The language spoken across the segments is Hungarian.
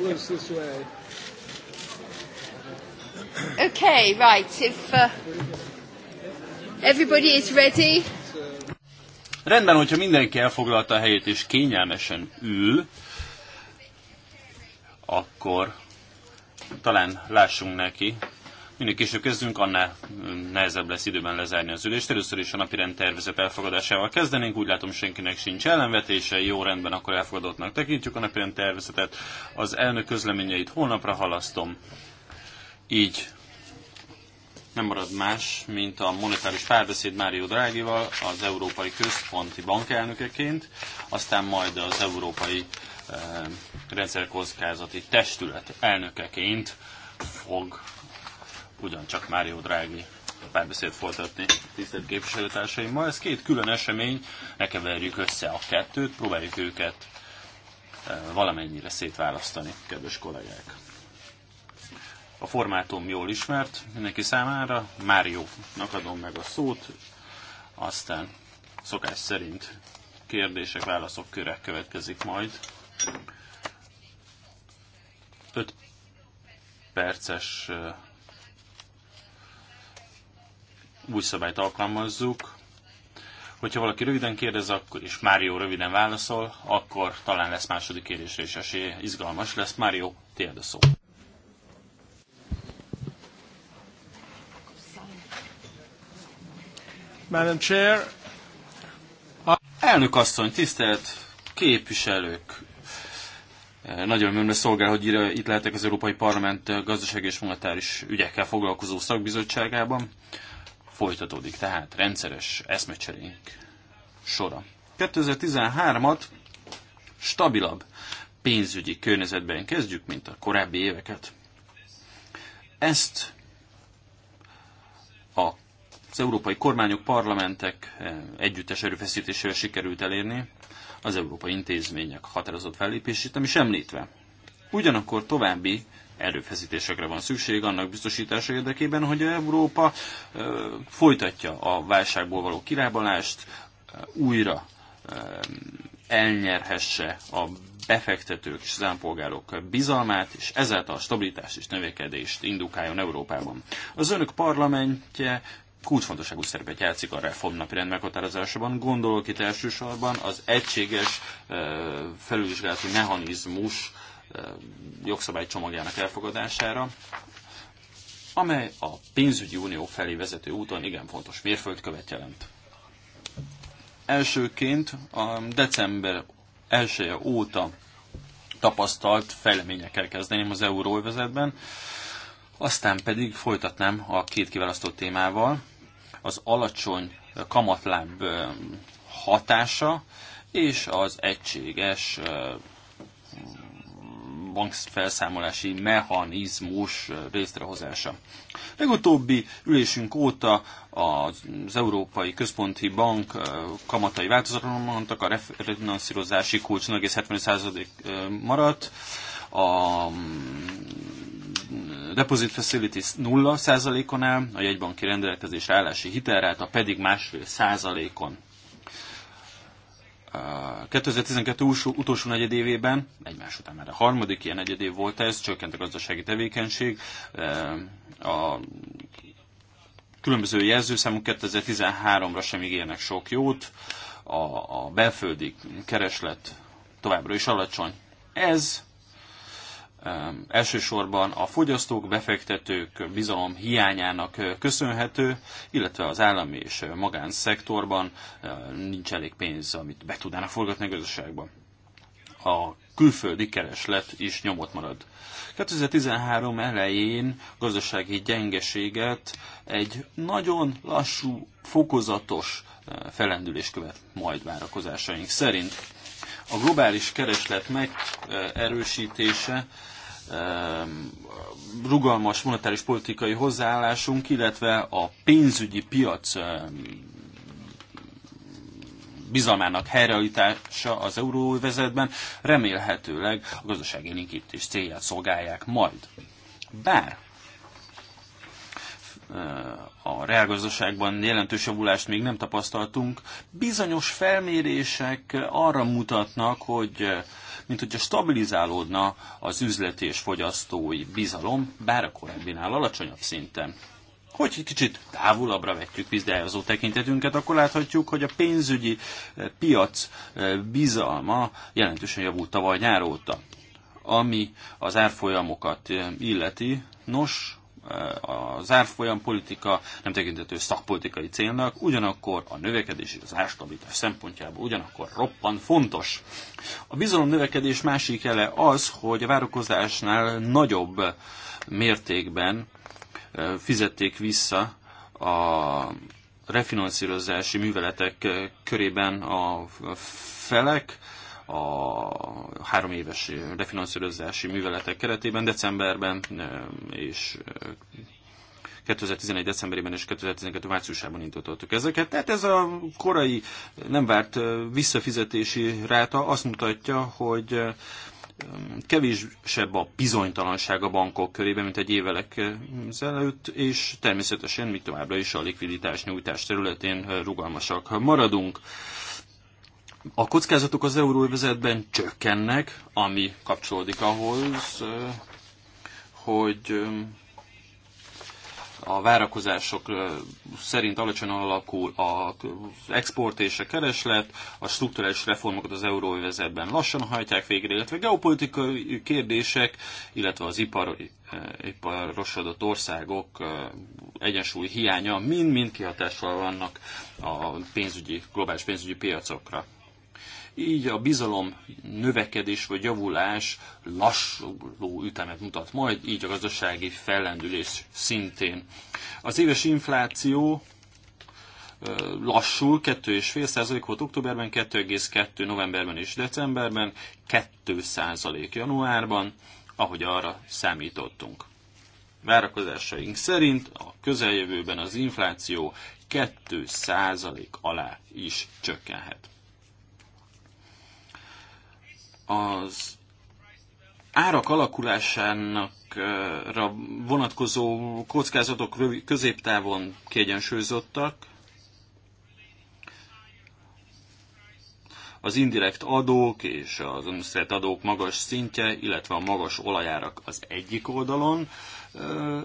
works this way. Okay, right. If uh, everybody is ready. Rendben, hogyha mindenki elfoglalta a helyét és kényelmesen ül, akkor talán lássunk neki, Minél később kezdünk, annál mm, nehezebb lesz időben lezárni az ülést. Először is a rend tervezet elfogadásával kezdenénk. Úgy látom, senkinek sincs ellenvetése. Jó rendben, akkor elfogadottnak tekintjük a rend tervezetet. Az elnök közleményeit holnapra halasztom. Így nem marad más, mint a monetáris párbeszéd Mário Drágival, az Európai Központi Bank elnökeként, aztán majd az Európai eh, Rendszerkockázati Testület elnökeként fog ugyancsak Mário Drági párbeszéd folytatni tisztelt képviselőtársaimmal. Ez két külön esemény, ne keverjük össze a kettőt, próbáljuk őket eh, valamennyire szétválasztani, kedves kollégák. A formátum jól ismert mindenki számára. Máriónak adom meg a szót, aztán szokás szerint kérdések, válaszok köre következik majd. 5 perces eh, új szabályt alkalmazzuk, hogyha valaki röviden kérdez, akkor és Mário röviden válaszol, akkor talán lesz második kérdésre is esélye. Izgalmas lesz. Mário, tiéd a szó. Madam Chair. A... Elnök asszony, tisztelt képviselők, nagyon örömmel szolgál, hogy itt lehetek az Európai Parlament gazdasági és monetáris ügyekkel foglalkozó szakbizottságában folytatódik, tehát rendszeres eszmecserénk sora. 2013-at stabilabb pénzügyi környezetben kezdjük, mint a korábbi éveket. Ezt a az európai kormányok, parlamentek eh, együttes erőfeszítésével sikerült elérni, az európai intézmények határozott fellépését, ami is említve. Ugyanakkor további erőfeszítésekre van szükség annak biztosítása érdekében, hogy Európa folytatja a válságból való kirábalást, újra elnyerhesse a befektetők és az állampolgárok bizalmát, és ezáltal a stabilitást és növekedést indukáljon Európában. Az önök parlamentje kulcsfontosságú szerepet játszik a reform napirend meghatározásában. Gondolok itt elsősorban az egységes felülvizsgálati mechanizmus jogszabály csomagjának elfogadására, amely a pénzügyi unió felé vezető úton igen fontos mérföldkövet jelent. Elsőként a december 1 -e óta tapasztalt fejleményekkel kezdeném az euróvezetben, aztán pedig folytatnám a két kiválasztó témával, az alacsony kamatláb hatása és az egységes bankfelszámolási mechanizmus részrehozása. Legutóbbi ülésünk óta az Európai Központi Bank kamatai változatlanul mondtak, a refinanszírozási kulcs 0,75% maradt, a mm, deposit facilities 0%-on áll, a jegybanki rendelkezés állási a pedig másfél százalékon 2012 utolsó negyedévében, egymás után már a harmadik ilyen negyedév volt ez, csökkent a gazdasági tevékenység, e, a különböző jelzőszámok 2013-ra sem ígérnek sok jót, a, a belföldi kereslet továbbra is alacsony. Ez elsősorban a fogyasztók, befektetők bizalom hiányának köszönhető, illetve az állami és magánszektorban nincs elég pénz, amit be tudnának forgatni a gazdaságban. A külföldi kereslet is nyomot marad. 2013 elején gazdasági gyengeséget egy nagyon lassú, fokozatos felendülés követ majd várakozásaink szerint. A globális kereslet megerősítése rugalmas monetáris politikai hozzáállásunk, illetve a pénzügyi piac bizalmának helyreállítása az euróvezetben remélhetőleg a gazdasági élénkítés célját szolgálják majd. Bár a reálgazdaságban jelentős javulást még nem tapasztaltunk, bizonyos felmérések arra mutatnak, hogy mint hogyha stabilizálódna az üzleti és fogyasztói bizalom, bár a korábbinál alacsonyabb szinten. Hogy egy kicsit távolabbra vetjük vizsgálózó tekintetünket, akkor láthatjuk, hogy a pénzügyi eh, piac eh, bizalma jelentősen javult tavaly nyár óta. Ami az árfolyamokat eh, illeti, nos, az árfolyam politika nem tekintető szakpolitikai célnak, ugyanakkor a növekedés és az árstabilitás szempontjából ugyanakkor roppan fontos. A bizalom növekedés másik ele az, hogy a várakozásnál nagyobb mértékben fizették vissza a refinanszírozási műveletek körében a felek, a három éves refinanszírozási műveletek keretében decemberben és 2011. decemberében és 2012. márciusában indítottuk ezeket. Tehát ez a korai nem várt visszafizetési ráta azt mutatja, hogy kevésebb a bizonytalanság a bankok körében, mint egy évelek ezelőtt, és természetesen mi továbbra is a likviditás nyújtás területén rugalmasak maradunk a kockázatok az euróvezetben csökkennek, ami kapcsolódik ahhoz, hogy a várakozások szerint alacsonyan alakul az export és a kereslet, a strukturális reformokat az euróvezetben lassan hajtják végre, illetve geopolitikai kérdések, illetve az ipar, iparosodott országok egyensúly hiánya mind-mind kihatással vannak a pénzügyi, globális pénzügyi piacokra így a bizalom növekedés vagy javulás lassuló ütemet mutat majd, így a gazdasági fellendülés szintén. Az éves infláció lassul, 2,5% volt októberben, 2,2 novemberben és decemberben, 2% januárban, ahogy arra számítottunk. Várakozásaink szerint a közeljövőben az infláció 2% alá is csökkenhet az árak alakulásánakra eh, vonatkozó kockázatok középtávon kiegyensúlyozottak, az indirekt adók és az önszert adók magas szintje, illetve a magas olajárak az egyik oldalon eh,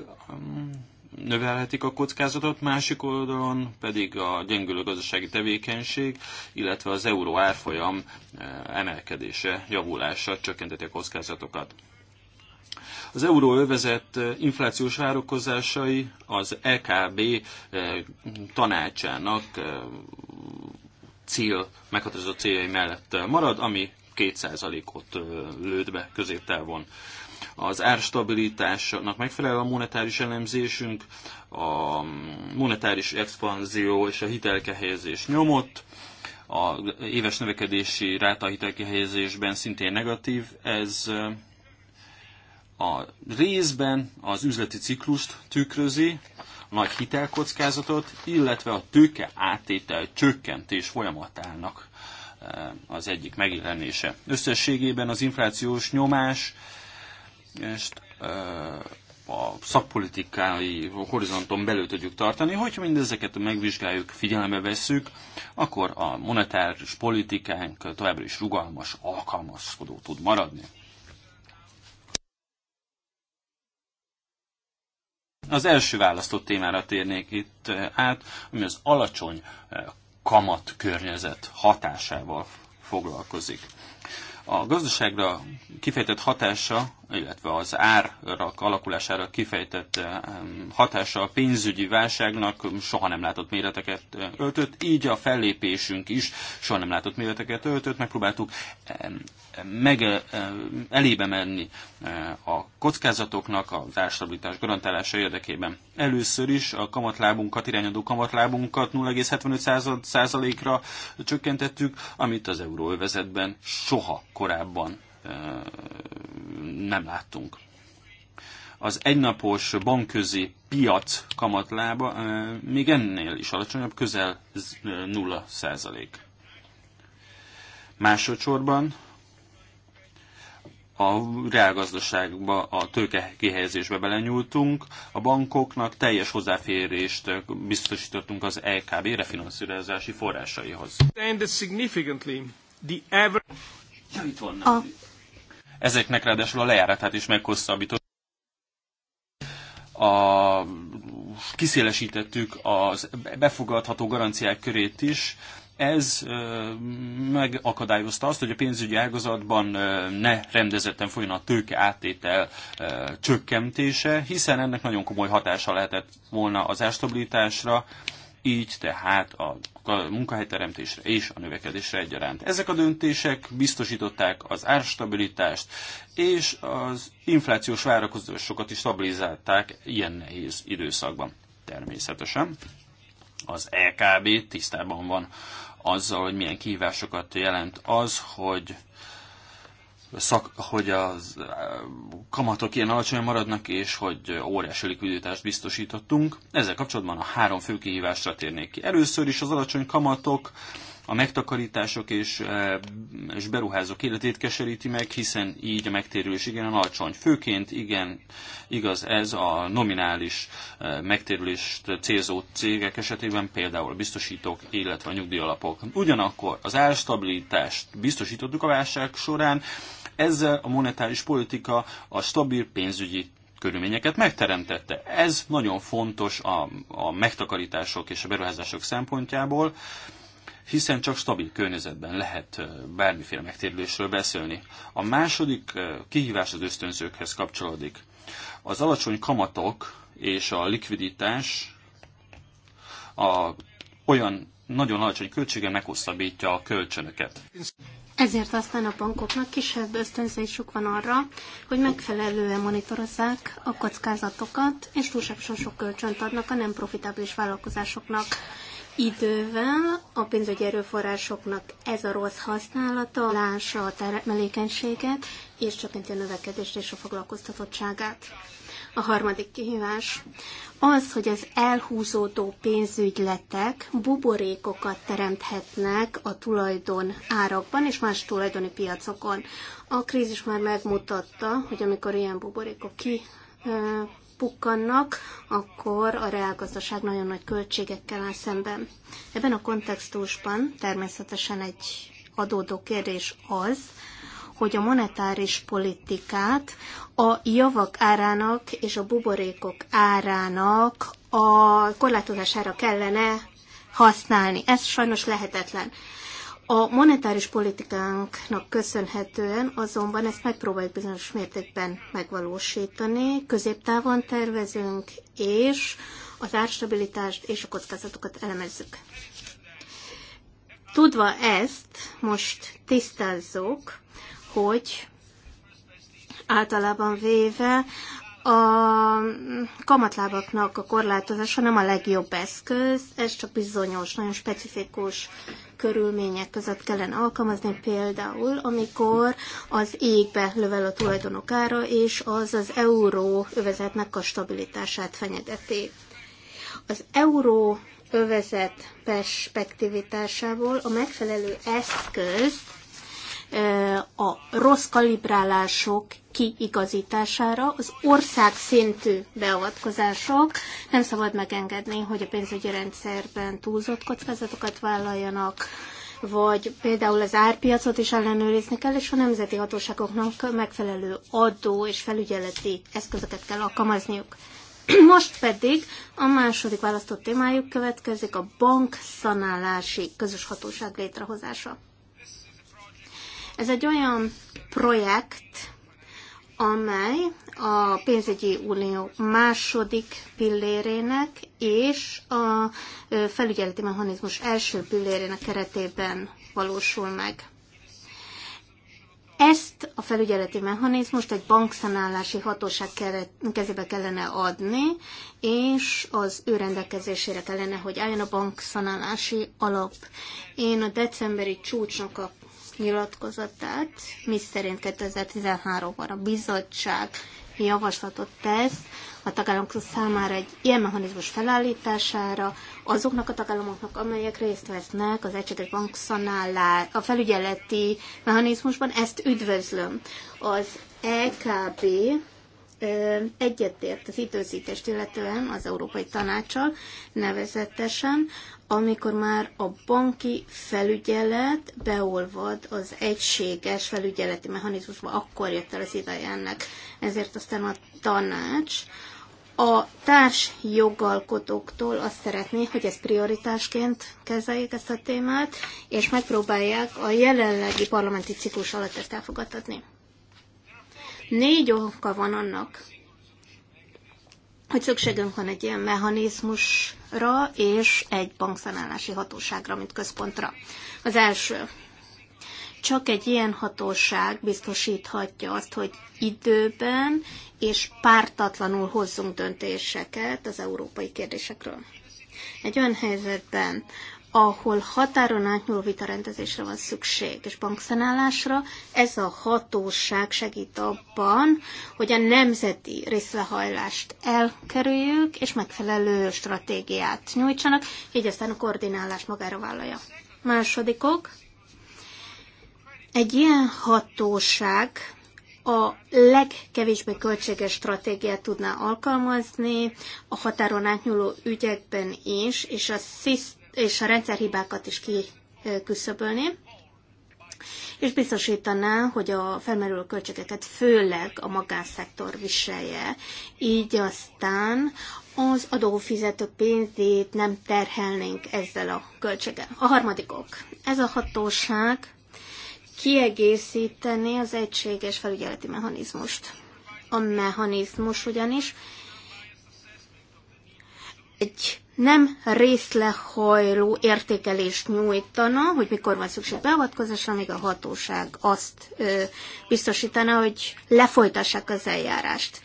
növelhetik a kockázatot, másik oldalon pedig a gyengülő gazdasági tevékenység, illetve az euró árfolyam eh, emelkedése, javulása csökkenteti a kockázatokat. Az euróövezet eh, inflációs várakozásai az LKB e eh, tanácsának cél, meghatározott céljai mellett marad, ami 2%-ot lőtt be középtávon az árstabilitásnak megfelel a monetáris elemzésünk, a monetáris expanzió és a hitelkehelyezés nyomott, a éves növekedési ráta a szintén negatív, ez eh, a részben az üzleti ciklust tükrözi, a nagy hitelkockázatot, illetve a tőke átétel csökkentés folyamatának eh, az egyik megjelenése. Összességében az inflációs nyomás ezt a szakpolitikai horizonton belül tudjuk tartani. Hogyha mindezeket megvizsgáljuk, figyelembe vesszük, akkor a monetáris politikánk továbbra is rugalmas, alkalmazkodó tud maradni. Az első választott témára térnék itt át, ami az alacsony kamat környezet hatásával foglalkozik. A gazdaságra kifejtett hatása illetve az árak alakulására kifejtett hatása a pénzügyi válságnak soha nem látott méreteket öltött, így a fellépésünk is soha nem látott méreteket öltött, megpróbáltuk meg, elébe menni a kockázatoknak a árstabilitás garantálása érdekében. Először is a kamatlábunkat, irányadó kamatlábunkat 0,75%-ra csökkentettük, amit az euróövezetben soha korábban nem láttunk. Az egynapos bankközi piac kamatlába még ennél is alacsonyabb, közel 0 százalék. Másodszorban a reálgazdaságba, a tőke kihelyezésbe belenyúltunk, a bankoknak teljes hozzáférést biztosítottunk az LKB e refinanszírozási forrásaihoz. And significantly the average... Ja, itt van. A ezeknek ráadásul a lejáratát is meghosszabbított. A, kiszélesítettük az befogadható garanciák körét is, ez megakadályozta azt, hogy a pénzügyi ágazatban ne rendezetten folyjon a tőke áttétel csökkentése, hiszen ennek nagyon komoly hatása lehetett volna az árstabilitásra, így tehát a munkahelyteremtésre és a növekedésre egyaránt. Ezek a döntések biztosították az árstabilitást, és az inflációs várakozásokat is stabilizálták ilyen nehéz időszakban. Természetesen az LKB e tisztában van azzal, hogy milyen kihívásokat jelent az, hogy szak, hogy a kamatok ilyen alacsony maradnak, és hogy óriási likviditást biztosítottunk. Ezzel kapcsolatban a három fő kihívásra térnék ki. Először is az alacsony kamatok a megtakarítások és, és beruházók életét keseríti meg, hiszen így a megtérülés igen alacsony. Főként igen igaz ez a nominális megtérülést célzó cégek esetében, például a biztosítók, illetve a nyugdíjalapok. Ugyanakkor az árstabilitást biztosítottuk a válság során, ezzel a monetáris politika a stabil pénzügyi körülményeket megteremtette. Ez nagyon fontos a, a megtakarítások és a beruházások szempontjából, hiszen csak stabil környezetben lehet bármiféle megtérülésről beszélni. A második kihívás az ösztönzőkhez kapcsolódik. Az alacsony kamatok és a likviditás a olyan nagyon alacsony költsége meghosszabbítja a kölcsönöket. Ezért aztán a bankoknak kisebb ösztönzésük van arra, hogy megfelelően monitorozzák a kockázatokat, és túlságosan sok kölcsönt adnak a nem profitábilis vállalkozásoknak. Idővel a pénzügyi erőforrásoknak ez a rossz használata lássa a termelékenységet, és csökkenti a növekedést és a foglalkoztatottságát. A harmadik kihívás az, hogy az elhúzódó pénzügyletek buborékokat teremthetnek a tulajdon árakban és más tulajdoni piacokon. A krízis már megmutatta, hogy amikor ilyen buborékok ki pukkannak, akkor a reálgazdaság nagyon nagy költségekkel áll szemben. Ebben a kontextusban természetesen egy adódó kérdés az, hogy a monetáris politikát a javak árának és a buborékok árának a korlátozására kellene használni. Ez sajnos lehetetlen. A monetáris politikánknak köszönhetően azonban ezt megpróbáljuk bizonyos mértékben megvalósítani. Középtávon tervezünk, és az árstabilitást és a kockázatokat elemezzük. Tudva ezt, most tisztázzuk, hogy általában véve a kamatlábaknak a korlátozása nem a legjobb eszköz, ez csak bizonyos, nagyon specifikus körülmények között kellene alkalmazni, például amikor az égbe lövel a tulajdonok ára, és az az euró övezetnek a stabilitását fenyegeti. Az euró övezet perspektivitásából a megfelelő eszközt a rossz kalibrálások kiigazítására, az ország szintű beavatkozások. Nem szabad megengedni, hogy a pénzügyi rendszerben túlzott kockázatokat vállaljanak, vagy például az árpiacot is ellenőrizni kell, és a nemzeti hatóságoknak megfelelő adó és felügyeleti eszközöket kell alkalmazniuk. Most pedig a második választott témájuk következik a bankszanálási közös hatóság létrehozása. Ez egy olyan projekt, amely a pénzügyi unió második pillérének és a felügyeleti mechanizmus első pillérének keretében valósul meg. Ezt a felügyeleti mechanizmust egy bankszanálási hatóság kezébe kellene adni, és az ő rendelkezésére kellene, hogy álljon a bankszanálási alap. Én a decemberi csúcsnak a nyilatkozatát, miszerint 2013-ban a bizottság javaslatot tesz a tagállamok számára egy ilyen mechanizmus felállítására, azoknak a tagállamoknak, amelyek részt vesznek az egységes bankszanálás, a felügyeleti mechanizmusban, ezt üdvözlöm. Az EKB egyetért az időzítést illetően az Európai Tanácsal nevezetesen, amikor már a banki felügyelet beolvad az egységes felügyeleti mechanizmusba, akkor jött el az ideje ennek. Ezért aztán a tanács a társ jogalkotóktól azt szeretné, hogy ezt prioritásként kezeljék ezt a témát, és megpróbálják a jelenlegi parlamenti ciklus alatt ezt elfogadtatni. Négy oka van annak, hogy szükségünk van egy ilyen mechanizmusra és egy bankszanálási hatóságra, mint központra. Az első, csak egy ilyen hatóság biztosíthatja azt, hogy időben és pártatlanul hozzunk döntéseket az európai kérdésekről. Egy olyan helyzetben, ahol határon átnyúló vitarendezésre van szükség, és bankszanálásra, ez a hatóság segít abban, hogy a nemzeti részlehajlást elkerüljük, és megfelelő stratégiát nyújtsanak, így aztán a koordinálás magára vállalja. Másodikok, egy ilyen hatóság a legkevésbé költséges stratégiát tudná alkalmazni a határon átnyúló ügyekben is, és a SZISZ és a rendszerhibákat is kiküszöbölni, és biztosítaná, hogy a felmerülő költségeket főleg a magánszektor viselje, így aztán az adófizetők pénzét nem terhelnénk ezzel a költséggel. A harmadikok. Ok. Ez a hatóság kiegészíteni az egységes felügyeleti mechanizmust. A mechanizmus ugyanis egy nem részlehajló értékelést nyújtana, hogy mikor van szükség beavatkozásra, még a hatóság azt ö, biztosítana, hogy lefolytassák az eljárást.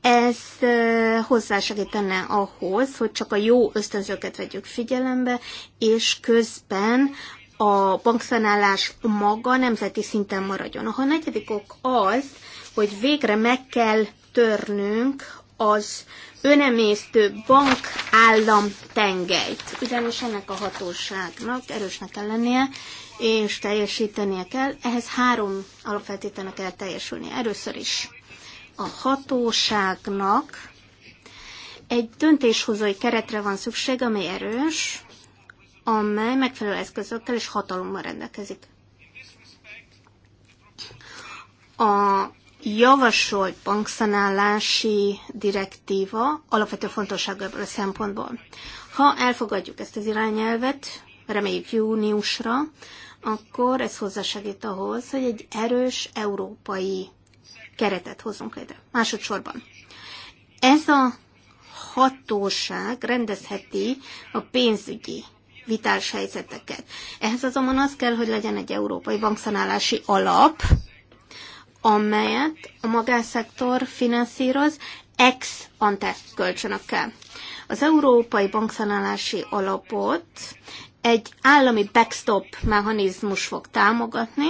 Ez ö, hozzásegítene ahhoz, hogy csak a jó ösztönzőket vegyük figyelembe, és közben a bankszanálás maga nemzeti szinten maradjon. A negyedik ok az, hogy végre meg kell törnünk az önemésztő bank állam tengelyt, ugyanis ennek a hatóságnak erősnek kell lennie, és teljesítenie kell. Ehhez három alapfeltételnek kell teljesülnie. Először is a hatóságnak egy döntéshozói keretre van szükség, amely erős, amely megfelelő eszközökkel és hatalommal rendelkezik. A javasolt bankszanálási direktíva alapvető fontosság ebből a szempontból. Ha elfogadjuk ezt az irányelvet, reméljük júniusra, akkor ez hozzásegít ahhoz, hogy egy erős európai keretet hozunk létre. Másodszorban. Ez a hatóság rendezheti a pénzügyi vitás helyzeteket. Ehhez azonban az kell, hogy legyen egy európai bankszanálási alap, amelyet a magánszektor finanszíroz ex ante kölcsönökkel. Az Európai Bankszanálási Alapot egy állami backstop mechanizmus fog támogatni,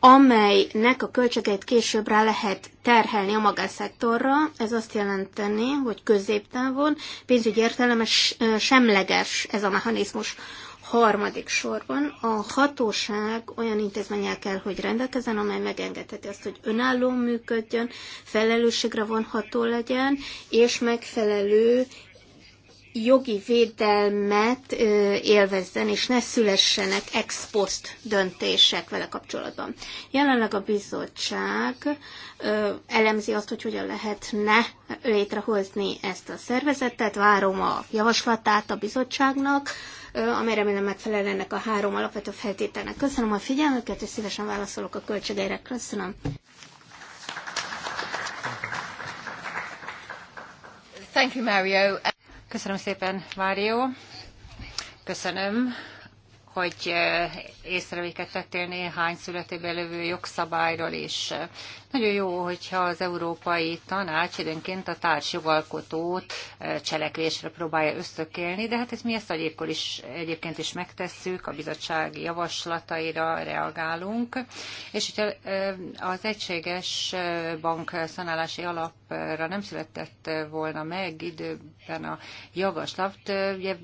amelynek a költségeit később rá lehet terhelni a magánszektorra. Ez azt jelenteni, hogy középtávon pénzügyi értelemes semleges ez a mechanizmus. Harmadik sorban a hatóság olyan intézménnyel kell, hogy rendelkezzen, amely megengedheti azt, hogy önálló működjön, felelősségre vonható legyen, és megfelelő jogi védelmet élvezzen, és ne szülessenek ex post döntések vele kapcsolatban. Jelenleg a bizottság elemzi azt, hogy hogyan lehetne létrehozni ezt a szervezetet. Várom a javaslatát a bizottságnak amely remélem megfelel ennek a három alapvető feltételnek. Köszönöm a figyelmüket, és szívesen válaszolok a költségeire. Köszönöm. Thank you, Mario. Köszönöm szépen, Mário. Köszönöm hogy észrevéket tettél néhány születébe lövő jogszabályról is. Nagyon jó, hogyha az Európai Tanács időnként a társjogalkotót cselekvésre próbálja összökélni, de hát ezt mi ezt egyébként is, egyébként is megtesszük, a bizottsági javaslataira reagálunk, és hogyha az egységes bank szanálási alapra nem született volna meg időben a javaslat, ugye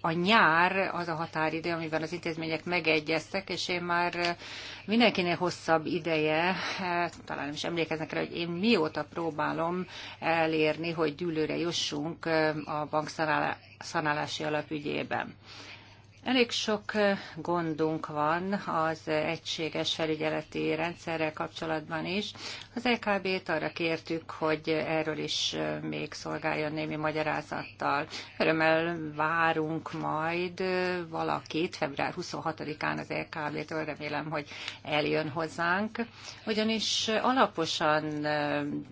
a nyár az a határidő, amivel amiben az intézmények megegyeztek, és én már mindenkinél hosszabb ideje, hát, talán nem is emlékeznek rá, hogy én mióta próbálom elérni, hogy gyűlőre jussunk a bankszanálási alapügyében. Elég sok gondunk van az egységes felügyeleti rendszerrel kapcsolatban is. Az lkb e t arra kértük, hogy erről is még szolgáljon némi magyarázattal. Örömmel várunk majd valakit február 26-án az lkb e től remélem, hogy eljön hozzánk. Ugyanis alaposan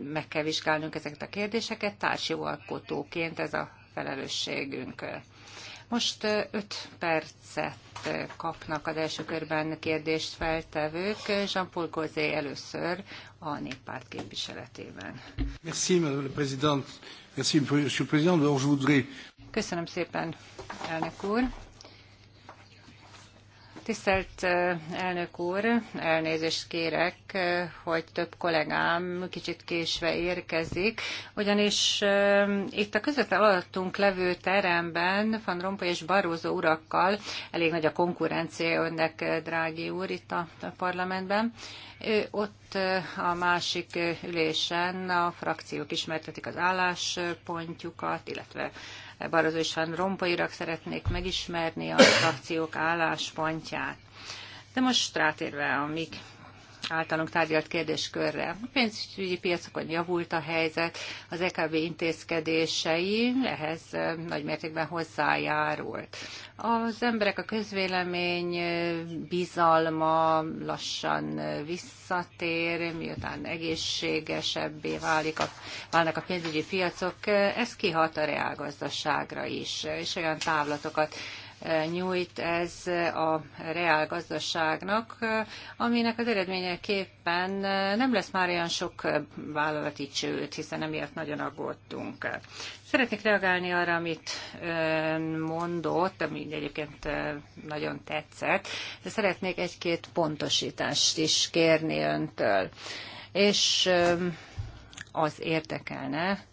meg kell vizsgálnunk ezeket a kérdéseket, társjóalkotóként ez a felelősségünk. Most öt percet kapnak az első körben kérdést feltevők. Jean-Paul Gauzé először a néppárt képviseletében. Merci, Madame la Présidente. Merci, Monsieur le Président. Alors, Köszönöm szépen, elnök úr. Tisztelt elnök úr, elnézést kérek, hogy több kollégám kicsit késve érkezik, ugyanis itt a közvetlen alattunk levő teremben Van Rompuy és Barózó urakkal elég nagy a konkurencia önnek, drági úr, itt a parlamentben. Ott a másik ülésen a frakciók ismertetik az álláspontjukat, illetve Barozó és Rompairak szeretnék megismerni a frakciók álláspontját. De most rátérve a MIG általunk tárgyalt kérdéskörre. A pénzügyi piacokon javult a helyzet, az EKB intézkedései ehhez nagy mértékben hozzájárult. Az emberek, a közvélemény bizalma lassan visszatér, miután egészségesebbé válik a, válnak a pénzügyi piacok, ez kihat a reálgazdaságra is, és olyan távlatokat nyújt ez a reál gazdaságnak, aminek az eredményeképpen nem lesz már olyan sok vállalati csőd, hiszen emiatt nagyon aggódtunk. Szeretnék reagálni arra, amit mondott, ami egyébként nagyon tetszett, de szeretnék egy-két pontosítást is kérni öntől. És az érdekelne,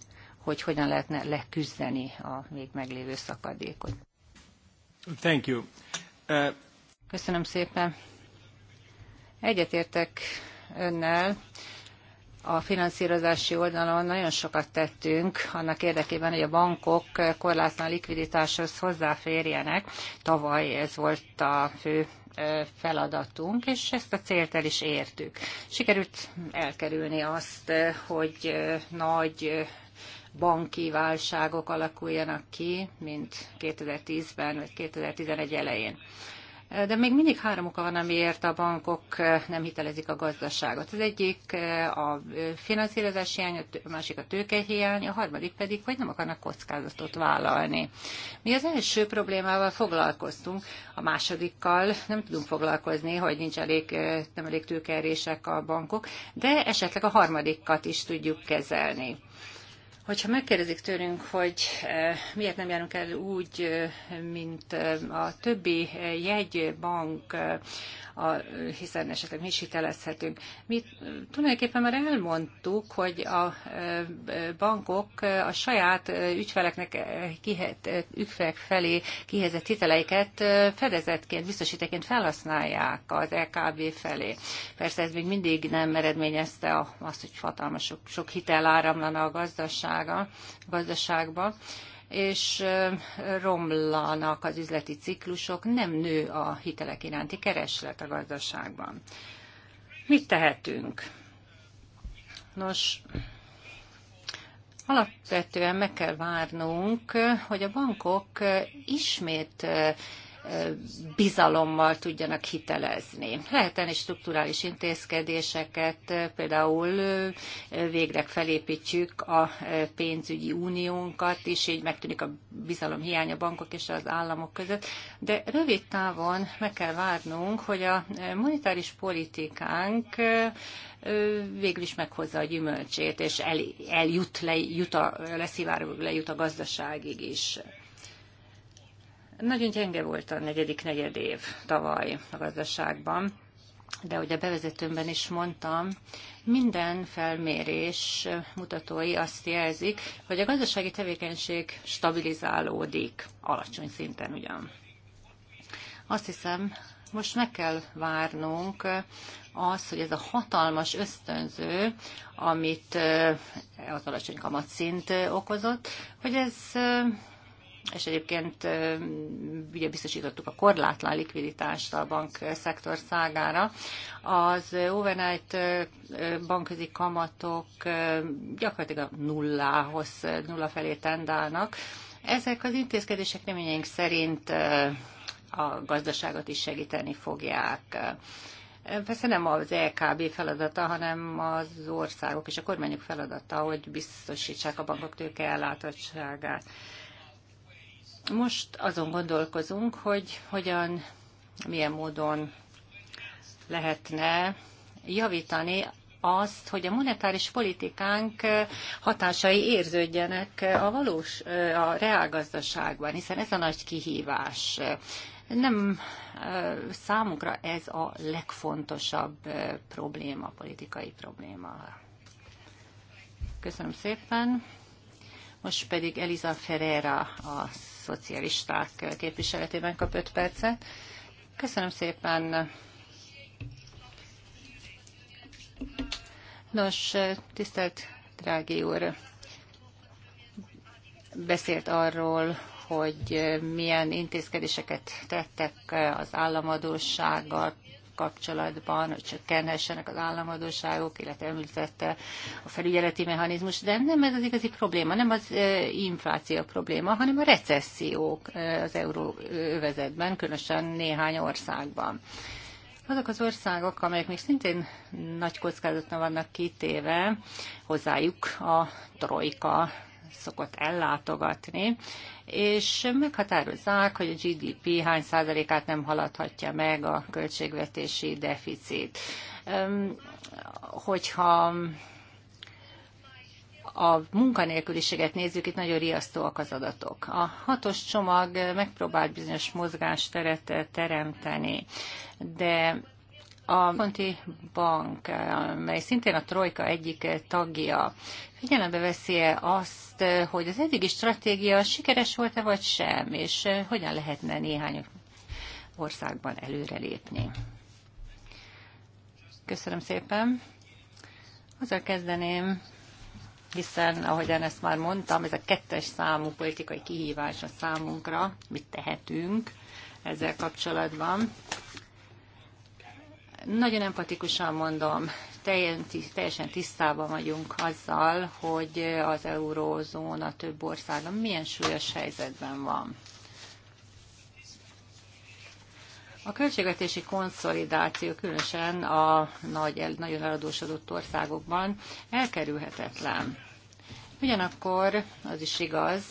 hogy hogyan lehetne leküzdeni a még meglévő szakadékot. Uh, Köszönöm szépen. Egyetértek önnel. A finanszírozási oldalon nagyon sokat tettünk annak érdekében, hogy a bankok korlátlan likviditáshoz hozzáférjenek. Tavaly ez volt a fő feladatunk, és ezt a célt el is értük. Sikerült elkerülni azt, hogy nagy banki válságok alakuljanak ki, mint 2010-ben vagy 2011 elején. De még mindig három oka van, amiért a bankok nem hitelezik a gazdaságot. Az egyik a finanszírozás hiány, a másik a tőkehiány, a harmadik pedig, hogy nem akarnak kockázatot vállalni. Mi az első problémával foglalkoztunk, a másodikkal nem tudunk foglalkozni, hogy nincs elég, nem elég tőkeerések a bankok, de esetleg a harmadikat is tudjuk kezelni. Hogyha megkérdezik tőlünk, hogy eh, miért nem járunk el úgy, eh, mint eh, a többi jegybank, a, hiszen esetleg mi is hitelezhetünk. Mi tulajdonképpen már elmondtuk, hogy a bankok a saját ügyfeleknek kihet, ügyfelek felé kihezett hiteleiket fedezetként, biztosítéként felhasználják az LKB e felé. Persze ez még mindig nem eredményezte azt, hogy hatalmas sok, sok hitel áramlana a gazdaság, gazdasága, gazdaságba, és romlanak az üzleti ciklusok, nem nő a hitelek iránti kereslet a gazdaságban. Mit tehetünk? Nos, alapvetően meg kell várnunk, hogy a bankok ismét bizalommal tudjanak hitelezni. Lehetne strukturális intézkedéseket, például végre felépítjük a pénzügyi uniónkat, és így megtűnik a bizalom hiánya bankok és az államok között, de rövid távon meg kell várnunk, hogy a monetáris politikánk végül is meghozza a gyümölcsét, és el, eljut, le, jut a, leszivárog, lejut a gazdaságig is. Nagyon gyenge volt a negyedik negyed év tavaly a gazdaságban, de ugye a bevezetőmben is mondtam, minden felmérés mutatói azt jelzik, hogy a gazdasági tevékenység stabilizálódik, alacsony szinten ugyan. Azt hiszem, most meg kell várnunk az, hogy ez a hatalmas ösztönző, amit eh, az alacsony kamatszint eh, okozott, hogy ez eh, és egyébként ugye biztosítottuk a korlátlan likviditást a bankszektor szágára. Az overnight bankközi kamatok gyakorlatilag a nullához, nulla felé tendálnak. Ezek az intézkedések reményeink szerint a gazdaságot is segíteni fogják. Persze nem az LKB e feladata, hanem az országok és a kormányok feladata, hogy biztosítsák a bankok tőke ellátottságát. Most azon gondolkozunk, hogy hogyan, milyen módon lehetne javítani azt, hogy a monetáris politikánk hatásai érződjenek a valós, a reálgazdaságban, hiszen ez a nagy kihívás. Nem számunkra ez a legfontosabb probléma, politikai probléma. Köszönöm szépen. Most pedig Eliza Ferreira az szocialisták képviseletében kap 5 percet. Köszönöm szépen. Nos, tisztelt Drági úr, beszélt arról, hogy milyen intézkedéseket tettek az államadósággal kapcsolatban, hogy csökkenhessenek az államadóságok, illetve említette a felügyeleti mechanizmus, de nem ez az igazi probléma, nem az infláció probléma, hanem a recessziók az euróövezetben, különösen néhány országban. Azok az országok, amelyek még szintén nagy kockázatnak vannak kitéve, hozzájuk a trojka szokott ellátogatni, és meghatározzák, hogy a GDP hány százalékát nem haladhatja meg a költségvetési deficit. Hogyha a munkanélküliséget nézzük, itt nagyon riasztóak az adatok. A hatos csomag megpróbált bizonyos mozgásteret teremteni, de a Konti Bank, mely szintén a Trojka egyik tagja, figyelembe veszi-e azt, hogy az eddigi stratégia sikeres volt-e vagy sem, és hogyan lehetne néhány országban előrelépni? Köszönöm szépen. Azzal kezdeném, hiszen, ahogyan ezt már mondtam, ez a kettes számú politikai kihívás a számunkra, mit tehetünk ezzel kapcsolatban. Nagyon empatikusan mondom, teljesen tisztában vagyunk azzal, hogy az eurózóna több országa milyen súlyos helyzetben van. A költségvetési konszolidáció különösen a nagy, nagyon eladósodott országokban elkerülhetetlen. Ugyanakkor az is igaz,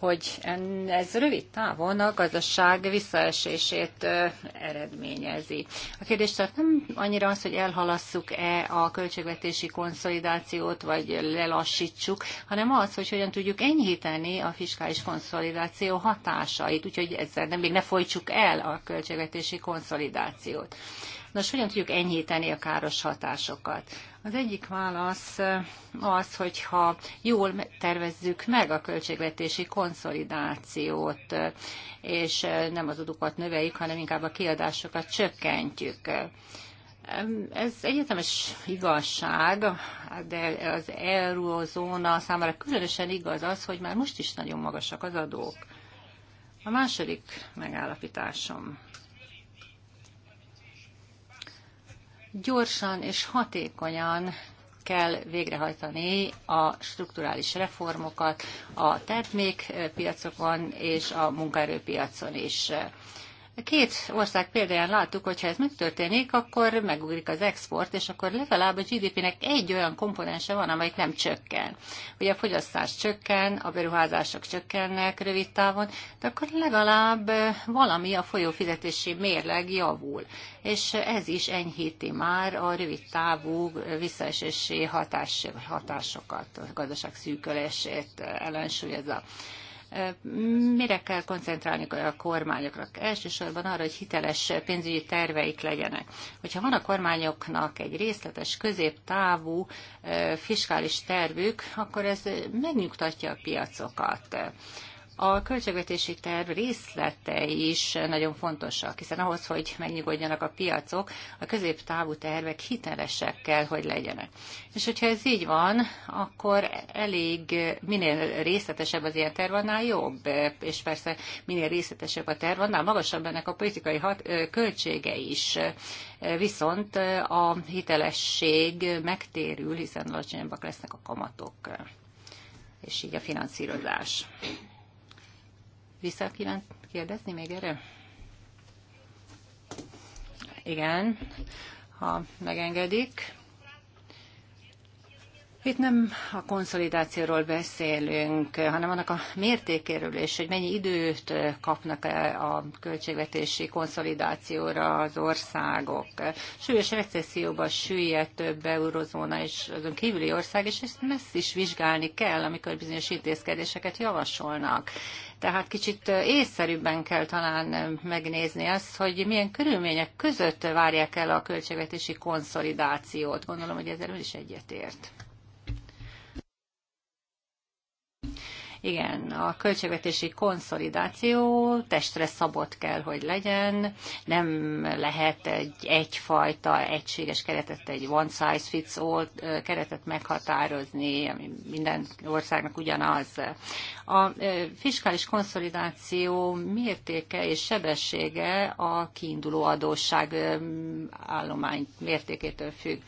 hogy ez rövid távon a gazdaság visszaesését eredményezi. A kérdés tehát nem annyira az, hogy elhalasszuk-e a költségvetési konszolidációt, vagy lelassítsuk, hanem az, hogy hogyan tudjuk enyhíteni a fiskális konszolidáció hatásait, úgyhogy ezzel nem, még ne folytsuk el a költségvetési konszolidációt. Nos, hogyan tudjuk enyhíteni a káros hatásokat? Az egyik válasz az, hogyha jól tervezzük meg a költségvetési konszolidációt, és nem az adókat növeljük, hanem inkább a kiadásokat csökkentjük. Ez egyetemes igazság, de az eurozóna számára különösen igaz az, hogy már most is nagyon magasak az adók. A második megállapításom gyorsan és hatékonyan kell végrehajtani a strukturális reformokat a termékpiacokon és a munkaerőpiacon is. Két ország példáján láttuk, hogyha ez megtörténik, akkor megugrik az export, és akkor legalább a GDP-nek egy olyan komponense van, amelyik nem csökken. Ugye a fogyasztás csökken, a beruházások csökkennek rövid távon, de akkor legalább valami a folyófizetési mérleg javul. És ez is enyhíti már a rövid távú visszaesési hatás, hatásokat, a gazdaság szűkölését ellensúlyozza. Mire kell koncentrálni a kormányokra? Elsősorban arra, hogy hiteles pénzügyi terveik legyenek. Hogyha van a kormányoknak egy részletes, középtávú fiskális tervük, akkor ez megnyugtatja a piacokat a költségvetési terv részletei is nagyon fontosak, hiszen ahhoz, hogy megnyugodjanak a piacok, a középtávú tervek hitelesek kell, hogy legyenek. És hogyha ez így van, akkor elég minél részletesebb az ilyen terv, annál jobb, és persze minél részletesebb a terv, annál magasabb ennek a politikai hat, költsége is. Viszont a hitelesség megtérül, hiszen alacsonyabbak lesznek a kamatok és így a finanszírozás. Vissza kívánt kérdezni még erre? Igen, ha megengedik. Itt nem a konszolidációról beszélünk, hanem annak a mértékéről és hogy mennyi időt kapnak a költségvetési konszolidációra az országok. Súlyos recesszióba süllyed több eurozóna és azon kívüli ország, és ezt messz is vizsgálni kell, amikor bizonyos intézkedéseket javasolnak. Tehát kicsit észszerűbben kell talán megnézni azt, hogy milyen körülmények között várják el a költségvetési konszolidációt. Gondolom, hogy ezzel is egyetért. Igen, a költségvetési konszolidáció testre szabott kell, hogy legyen. Nem lehet egy egyfajta egységes keretet, egy one size fits all keretet meghatározni, ami minden országnak ugyanaz. A fiskális konszolidáció mértéke és sebessége a kiinduló adósság állomány mértékétől függ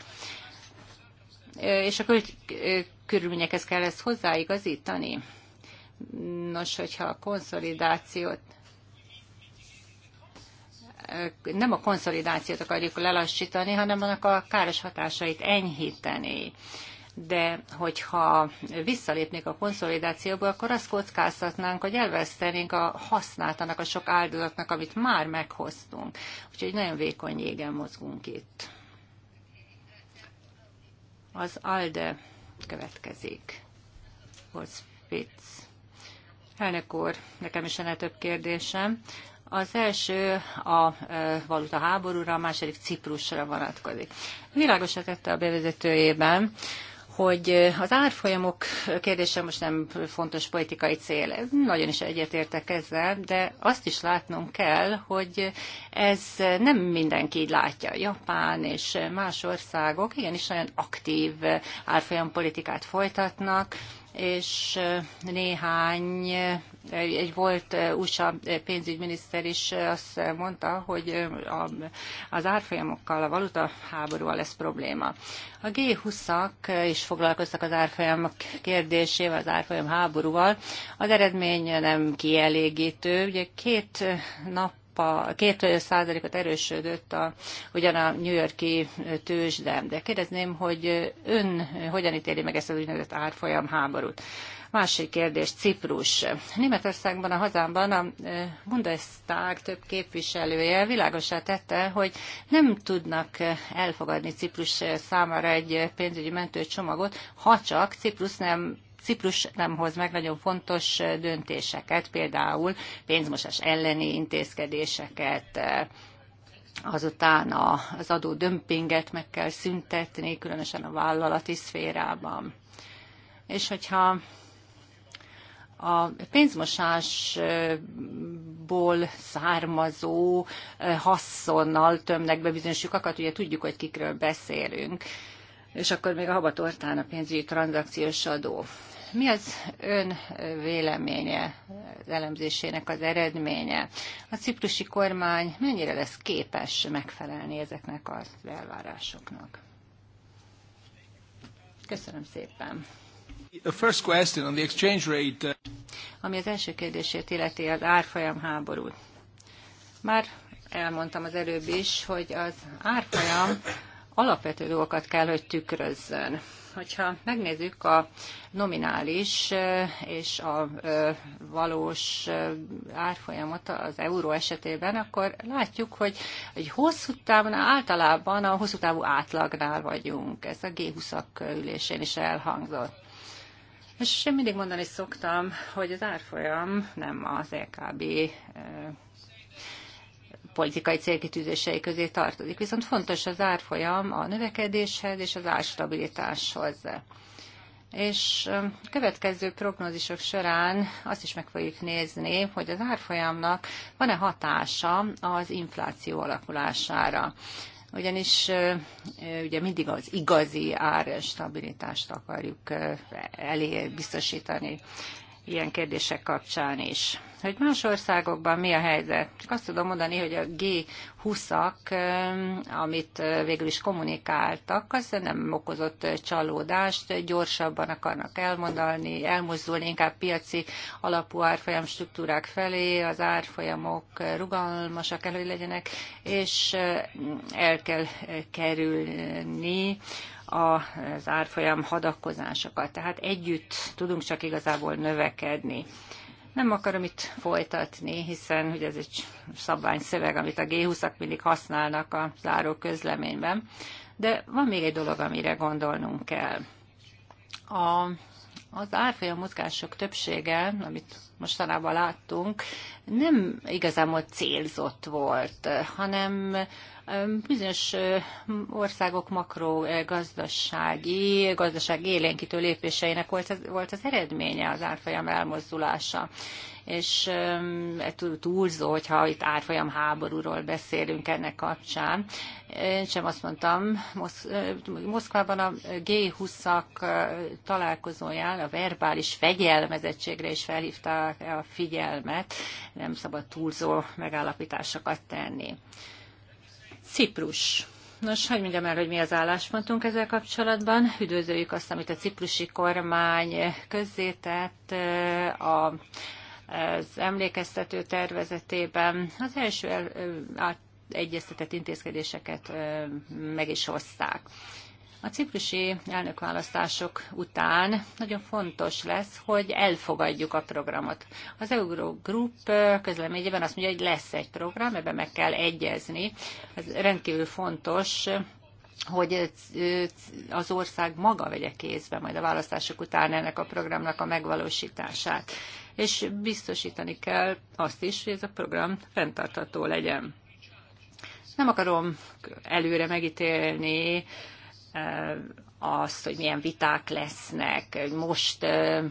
és a körülményekhez kell ezt hozzáigazítani. Nos, hogyha a konszolidációt nem a konszolidációt akarjuk lelassítani, hanem annak a káros hatásait enyhíteni. De hogyha visszalépnék a konszolidációba, akkor azt kockáztatnánk, hogy elvesztenénk a hasznát annak a sok áldozatnak, amit már meghoztunk. Úgyhogy nagyon vékony jégen mozgunk itt. Az ALDE következik. Volt Spitz Elnök úr, nekem is lenne több kérdésem. Az első a valuta háborúra, a második Ciprusra vonatkozik. Világosra tette a bevezetőjében, hogy az árfolyamok kérdése most nem fontos politikai cél. Nagyon is egyetértek ezzel, de azt is látnunk kell, hogy ez nem mindenki így látja. Japán és más országok igenis nagyon aktív árfolyampolitikát folytatnak, és néhány, egy volt USA pénzügyminiszter is azt mondta, hogy az árfolyamokkal, a valuta háborúval lesz probléma. A G20-ak is foglalkoztak az árfolyamok kérdésével, az árfolyam háborúval. Az eredmény nem kielégítő. Ugye két nap Európa 2%-ot erősödött a, ugyan a New Yorki tőzsde. De kérdezném, hogy ön hogyan ítéli meg ezt az úgynevezett árfolyam háborút? Másik kérdés, Ciprus. Németországban, a hazámban a e, Bundestag több képviselője világosá tette, hogy nem tudnak elfogadni Ciprus számára egy pénzügyi mentőcsomagot, ha csak Ciprus nem Ciprus nem hoz meg nagyon fontos döntéseket, például pénzmosás elleni intézkedéseket, azután az adó dömpinget meg kell szüntetni, különösen a vállalati szférában. És hogyha a pénzmosásból származó haszonnal tömnek be bizonyos lyukakat, ugye tudjuk, hogy kikről beszélünk. És akkor még a habatortán a pénzügyi tranzakciós adó. Mi az ön véleménye, az elemzésének az eredménye? A ciprusi kormány mennyire lesz képes megfelelni ezeknek az elvárásoknak? Köszönöm szépen. The first question on the exchange rate. Uh, Ami az első kérdését illeti az árfolyam háborút. Már elmondtam az előbb is, hogy az árfolyam alapvető dolgokat kell, hogy tükrözzön. Hogyha megnézzük a nominális és a valós árfolyamot az euró esetében, akkor látjuk, hogy egy hosszú távon általában a hosszú távú átlagnál vagyunk. Ez a G20-ak ülésén is elhangzott. És én mindig mondani szoktam, hogy az árfolyam nem az LKB e politikai célkitűzései közé tartozik. Viszont fontos az árfolyam a növekedéshez és az árstabilitáshoz. És következő prognózisok során azt is meg fogjuk nézni, hogy az árfolyamnak van-e hatása az infláció alakulására. Ugyanis ugye mindig az igazi árstabilitást akarjuk elé biztosítani ilyen kérdések kapcsán is. Hogy más országokban mi a helyzet? Csak azt tudom mondani, hogy a G20-ak, amit végül is kommunikáltak, az nem okozott csalódást, gyorsabban akarnak elmondani, elmozdulni inkább piaci alapú árfolyam struktúrák felé, az árfolyamok rugalmasak kell, hogy legyenek, és el kell kerülni az árfolyam hadakozásokat. Tehát együtt tudunk csak igazából növekedni. Nem akarom itt folytatni, hiszen hogy ez egy szabványszöveg, amit a G20-ak mindig használnak a záró közleményben. De van még egy dolog, amire gondolnunk kell. A, az árfolyam mozgások többsége, amit mostanában láttunk, nem igazából célzott volt, hanem Bizonyos országok makrogazdasági, gazdaság élénkítő lépéseinek volt az, volt az eredménye az árfolyam elmozdulása és túlzó, hogyha itt árfolyam háborúról beszélünk ennek kapcsán. Én sem azt mondtam, Mosz Moszkvában a G20-ak találkozóján a verbális fegyelmezettségre is felhívták a figyelmet, nem szabad túlzó megállapításokat tenni. Ciprus. Nos, hogy mondjam el, hogy mi az álláspontunk ezzel kapcsolatban. Üdvözöljük azt, amit a ciprusi kormány közzétett a az emlékeztető tervezetében az első egyeztetett intézkedéseket meg is hozták. A ciprusi elnökválasztások után nagyon fontos lesz, hogy elfogadjuk a programot. Az Eurogroup közleményében azt mondja, hogy lesz egy program, ebben meg kell egyezni. Ez rendkívül fontos, hogy az ország maga vegye kézbe majd a választások után ennek a programnak a megvalósítását. És biztosítani kell azt is, hogy ez a program fenntartható legyen. Nem akarom előre megítélni azt, hogy milyen viták lesznek. Most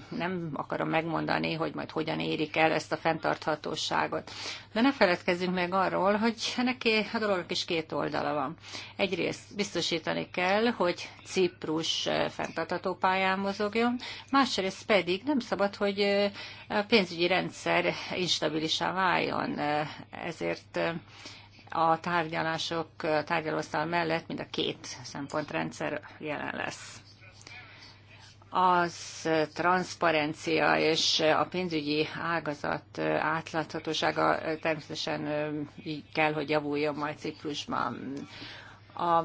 nem akarom megmondani, hogy majd hogyan érik el ezt a fenntarthatóságot. De ne feledkezzünk meg arról, hogy neki a dolognak is két oldala van. Egyrészt biztosítani kell, hogy Ciprus fenntartható pályán mozogjon, másrészt pedig nem szabad, hogy a pénzügyi rendszer instabilisá váljon. Ezért a tárgyalások tárgyalóasztal mellett mind a két szempontrendszer jelen lesz. Az transzparencia és a pénzügyi ágazat átláthatósága természetesen így kell, hogy javuljon majd Ciprusban. A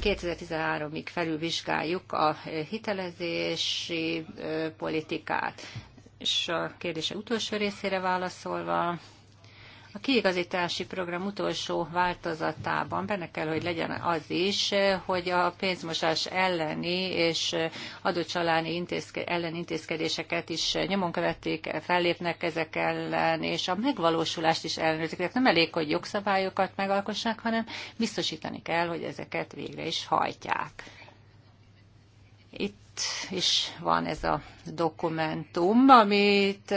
2013-ig felülvizsgáljuk a hitelezési politikát. És a kérdése utolsó részére válaszolva, a kiigazítási program utolsó változatában benne kell, hogy legyen az is, hogy a pénzmosás elleni és adócsaláni intézke, ellen intézkedéseket is nyomon követték, fellépnek ezek ellen, és a megvalósulást is ellenőrzik. Tehát nem elég, hogy jogszabályokat megalkossák, hanem biztosítani kell, hogy ezeket végre is hajtják. Itt itt is van ez a dokumentum, amit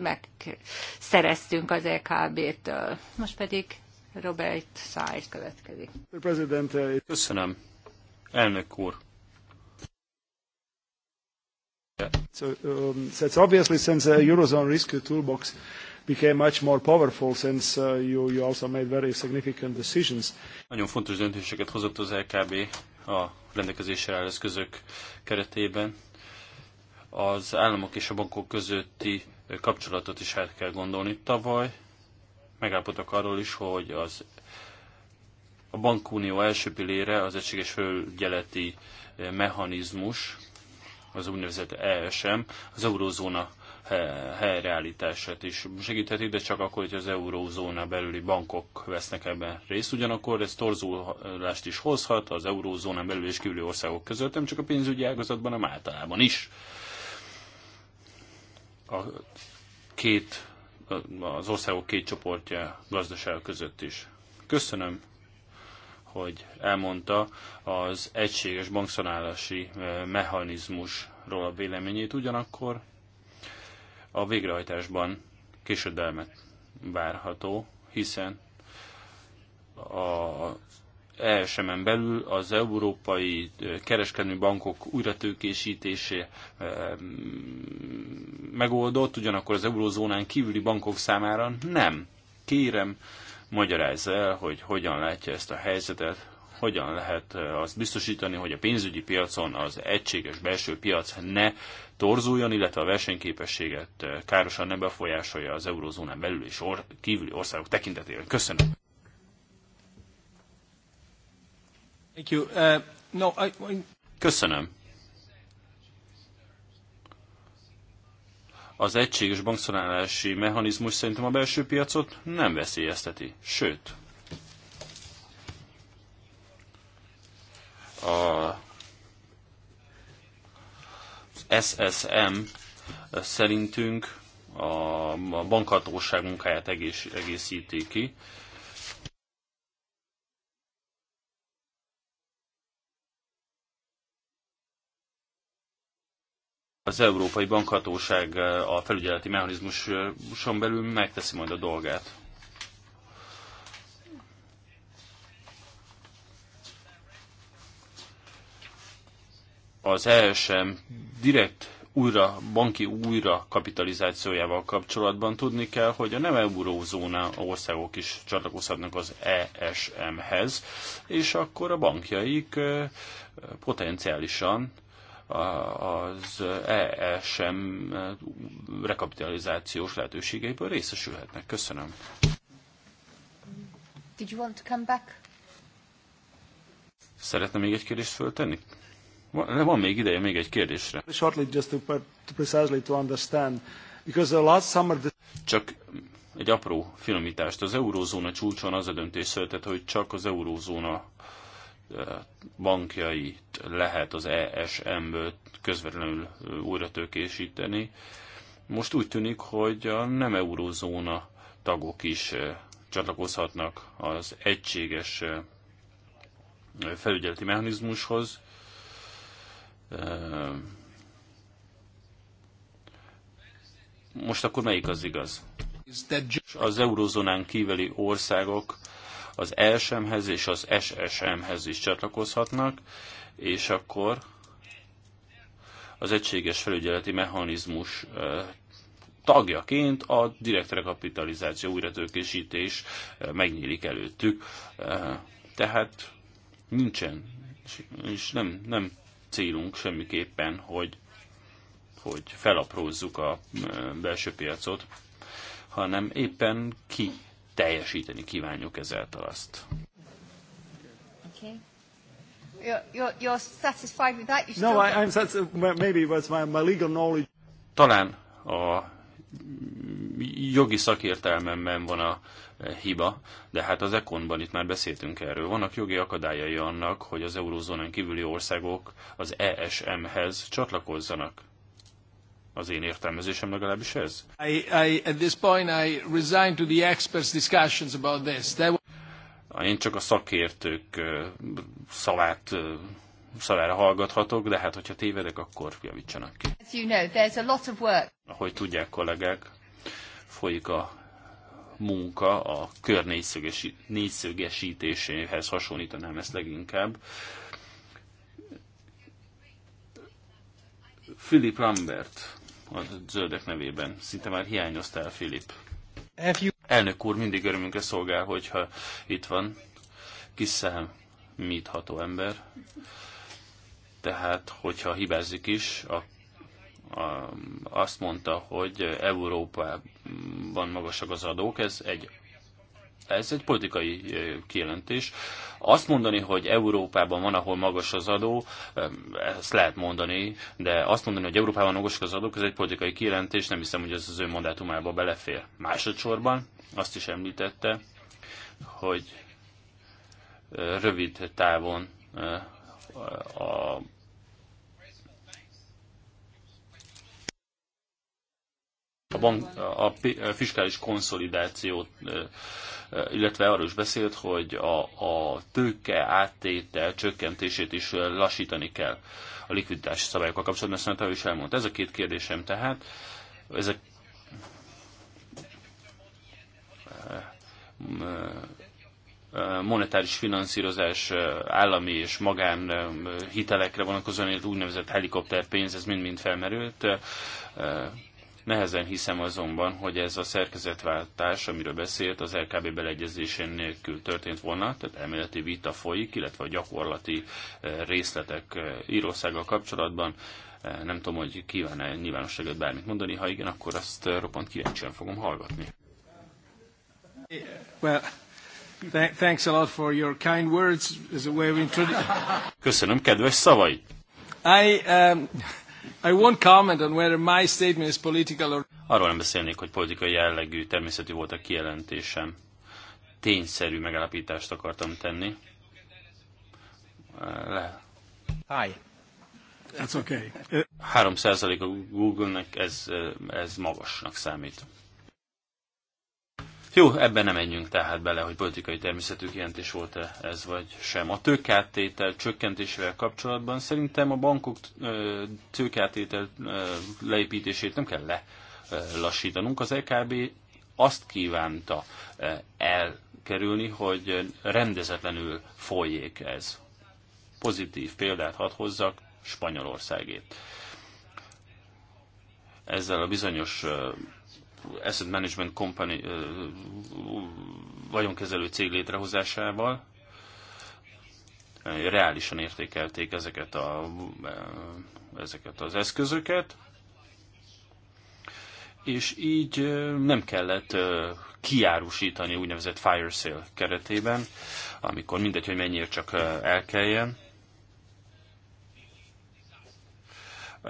megszereztünk az EKB-től. Most pedig Robert Szájt következik. Köszönöm. Elnök úr. So, um, so it's obviously since the uh, Eurozone risk toolbox became much more powerful since uh, you, you also made very significant decisions. Nagyon fontos döntéseket hozott az LKB e a rendelkezésre áll eszközök keretében az államok és a bankok közötti kapcsolatot is át kell gondolni. Tavaly megállapodtak arról is, hogy az a bankunió első pillére az egységes fölgyeleti mechanizmus, az úgynevezett ESM, az eurózóna helyreállítását is segítheti, de csak akkor, hogy az eurózóna belüli bankok vesznek ebben részt. Ugyanakkor ez torzulást is hozhat az eurózóna belül és kívüli országok között, nem csak a pénzügyi ágazatban, hanem általában is. A két, az országok két csoportja gazdaság között is. Köszönöm hogy elmondta az egységes bankszanálási eh, mechanizmusról a véleményét, ugyanakkor a végrehajtásban késedelmet várható, hiszen a ESM-en belül az európai kereskedelmi bankok újratőkésítése megoldott, ugyanakkor az eurózónán kívüli bankok számára nem. Kérem, magyarázz el, hogy hogyan látja ezt a helyzetet, hogyan lehet azt biztosítani, hogy a pénzügyi piacon az egységes belső piac ne torzuljon, illetve a versenyképességet károsan ne befolyásolja az eurozónán belül és or- kívüli országok tekintetében. Köszönöm. Thank you. Uh, no, I, I... Köszönöm. Az egységes bankszolálási mechanizmus szerintem a belső piacot nem veszélyezteti, sőt, SSM eh, szerintünk a, a bankhatóság munkáját egész, egészíti ki. Az Európai Bankhatóság eh, a felügyeleti mechanizmuson belül megteszi majd a dolgát. az ESM direkt újra, banki újra kapitalizációjával kapcsolatban tudni kell, hogy a nem eurózóna országok is csatlakozhatnak az ESM-hez, és akkor a bankjaik potenciálisan az ESM rekapitalizációs lehetőségeiből részesülhetnek. Köszönöm. Did you want to come back? Szeretne még egy kérdést föltenni? Van, van még ideje még egy kérdésre. just to, to precisely to understand. Because the last summer... Csak egy apró finomítást. Az eurózóna csúcson az a döntés született, hogy csak az eurózóna eh, bankjait lehet az ESM-ből közvetlenül eh, újra tőkésíteni. Most úgy tűnik, hogy a nem eurózóna tagok is eh, csatlakozhatnak az egységes felügyeleti mechanizmushoz, most akkor melyik az igaz? Az eurozónán kívüli országok az ESM-hez és az SSM-hez is csatlakozhatnak, és akkor az egységes felügyeleti mechanizmus tagjaként a direkt rekapitalizáció, újratőkésítés megnyílik előttük. Tehát nincsen, és nem, nem célunk semmiképpen, hogy, hogy felaprózzuk a belső piacot, hanem éppen ki teljesíteni kívánjuk ezáltal azt. Talán a jogi szakértelmemben van a hiba, de hát az Ekonban itt már beszéltünk erről. Vannak jogi akadályai annak, hogy az eurózónán kívüli országok az ESM-hez csatlakozzanak. Az én értelmezésem legalábbis ez. I, I, at this point I resign to the experts discussions about this. That... Ah, én csak a szakértők szavát szavára hallgathatok, de hát hogyha tévedek, akkor javítsanak ki. As you know, there's a lot of work. Ahogy tudják kollégák, folyik a munka a kör négyszögesítéséhez hasonlítanám ezt leginkább. Philip Lambert a zöldek nevében. Szinte már hiányoztál, Philip. You... Elnök úr, mindig örömünkre szolgál, hogyha itt van. Kiszámítható ember. Tehát, hogyha hibázik is, akkor azt mondta, hogy Európában magasak az adók, ez egy ez egy politikai kijelentés. Azt mondani, hogy Európában van, ahol magas az adó, ezt lehet mondani, de azt mondani, hogy Európában magasak az adók, ez egy politikai kijelentés, nem hiszem, hogy ez az ő mandátumába belefér. Másodszorban azt is említette, hogy rövid távon a a, bank, a fiskális konszolidációt, illetve arról is beszélt, hogy a, a tőke áttétel csökkentését is lassítani kell a likviditási szabályokkal kapcsolatban, ezt is elmondta. Ez a két kérdésem tehát. Ezek monetáris finanszírozás, állami és magán hitelekre vonatkozóan, úgynevezett helikopterpénz, ez mind-mind felmerült. Nehezen hiszem azonban, hogy ez a szerkezetváltás, amiről beszélt, az LKB beleegyezésén nélkül történt volna, tehát elméleti vita folyik, illetve a gyakorlati eh, részletek eh, Írószággal kapcsolatban. Eh, nem tudom, hogy kíván-e nyilvánosságot bármit mondani, ha igen, akkor azt roppant kíváncsian fogom hallgatni. Well, thanks a lot for your kind words as a way of Köszönöm kedves szavai. I, um... I won't comment on whether my statement is political or... Arról nem beszélnék, hogy politikai jellegű, természetű volt a kijelentésem. Tényszerű megállapítást akartam tenni. Le. Hi. That's okay. 3% a Google-nek ez, ez magasnak számít. Jó, ebben nem menjünk tehát bele, hogy politikai természetű kijelentés volt-e ez vagy sem. A tőkátétel csökkentésével kapcsolatban szerintem a bankok tőkátétel leépítését nem kell lelassítanunk. Az EKB azt kívánta elkerülni, hogy rendezetlenül folyék ez. Pozitív példát hadd hozzak Spanyolországét. Ezzel a bizonyos Asset Management Company vagyonkezelő cég létrehozásával reálisan értékelték ezeket, a, ezeket az eszközöket, és így nem kellett kiárusítani úgynevezett fire sale keretében, amikor mindegy, hogy mennyiért csak elkeljen,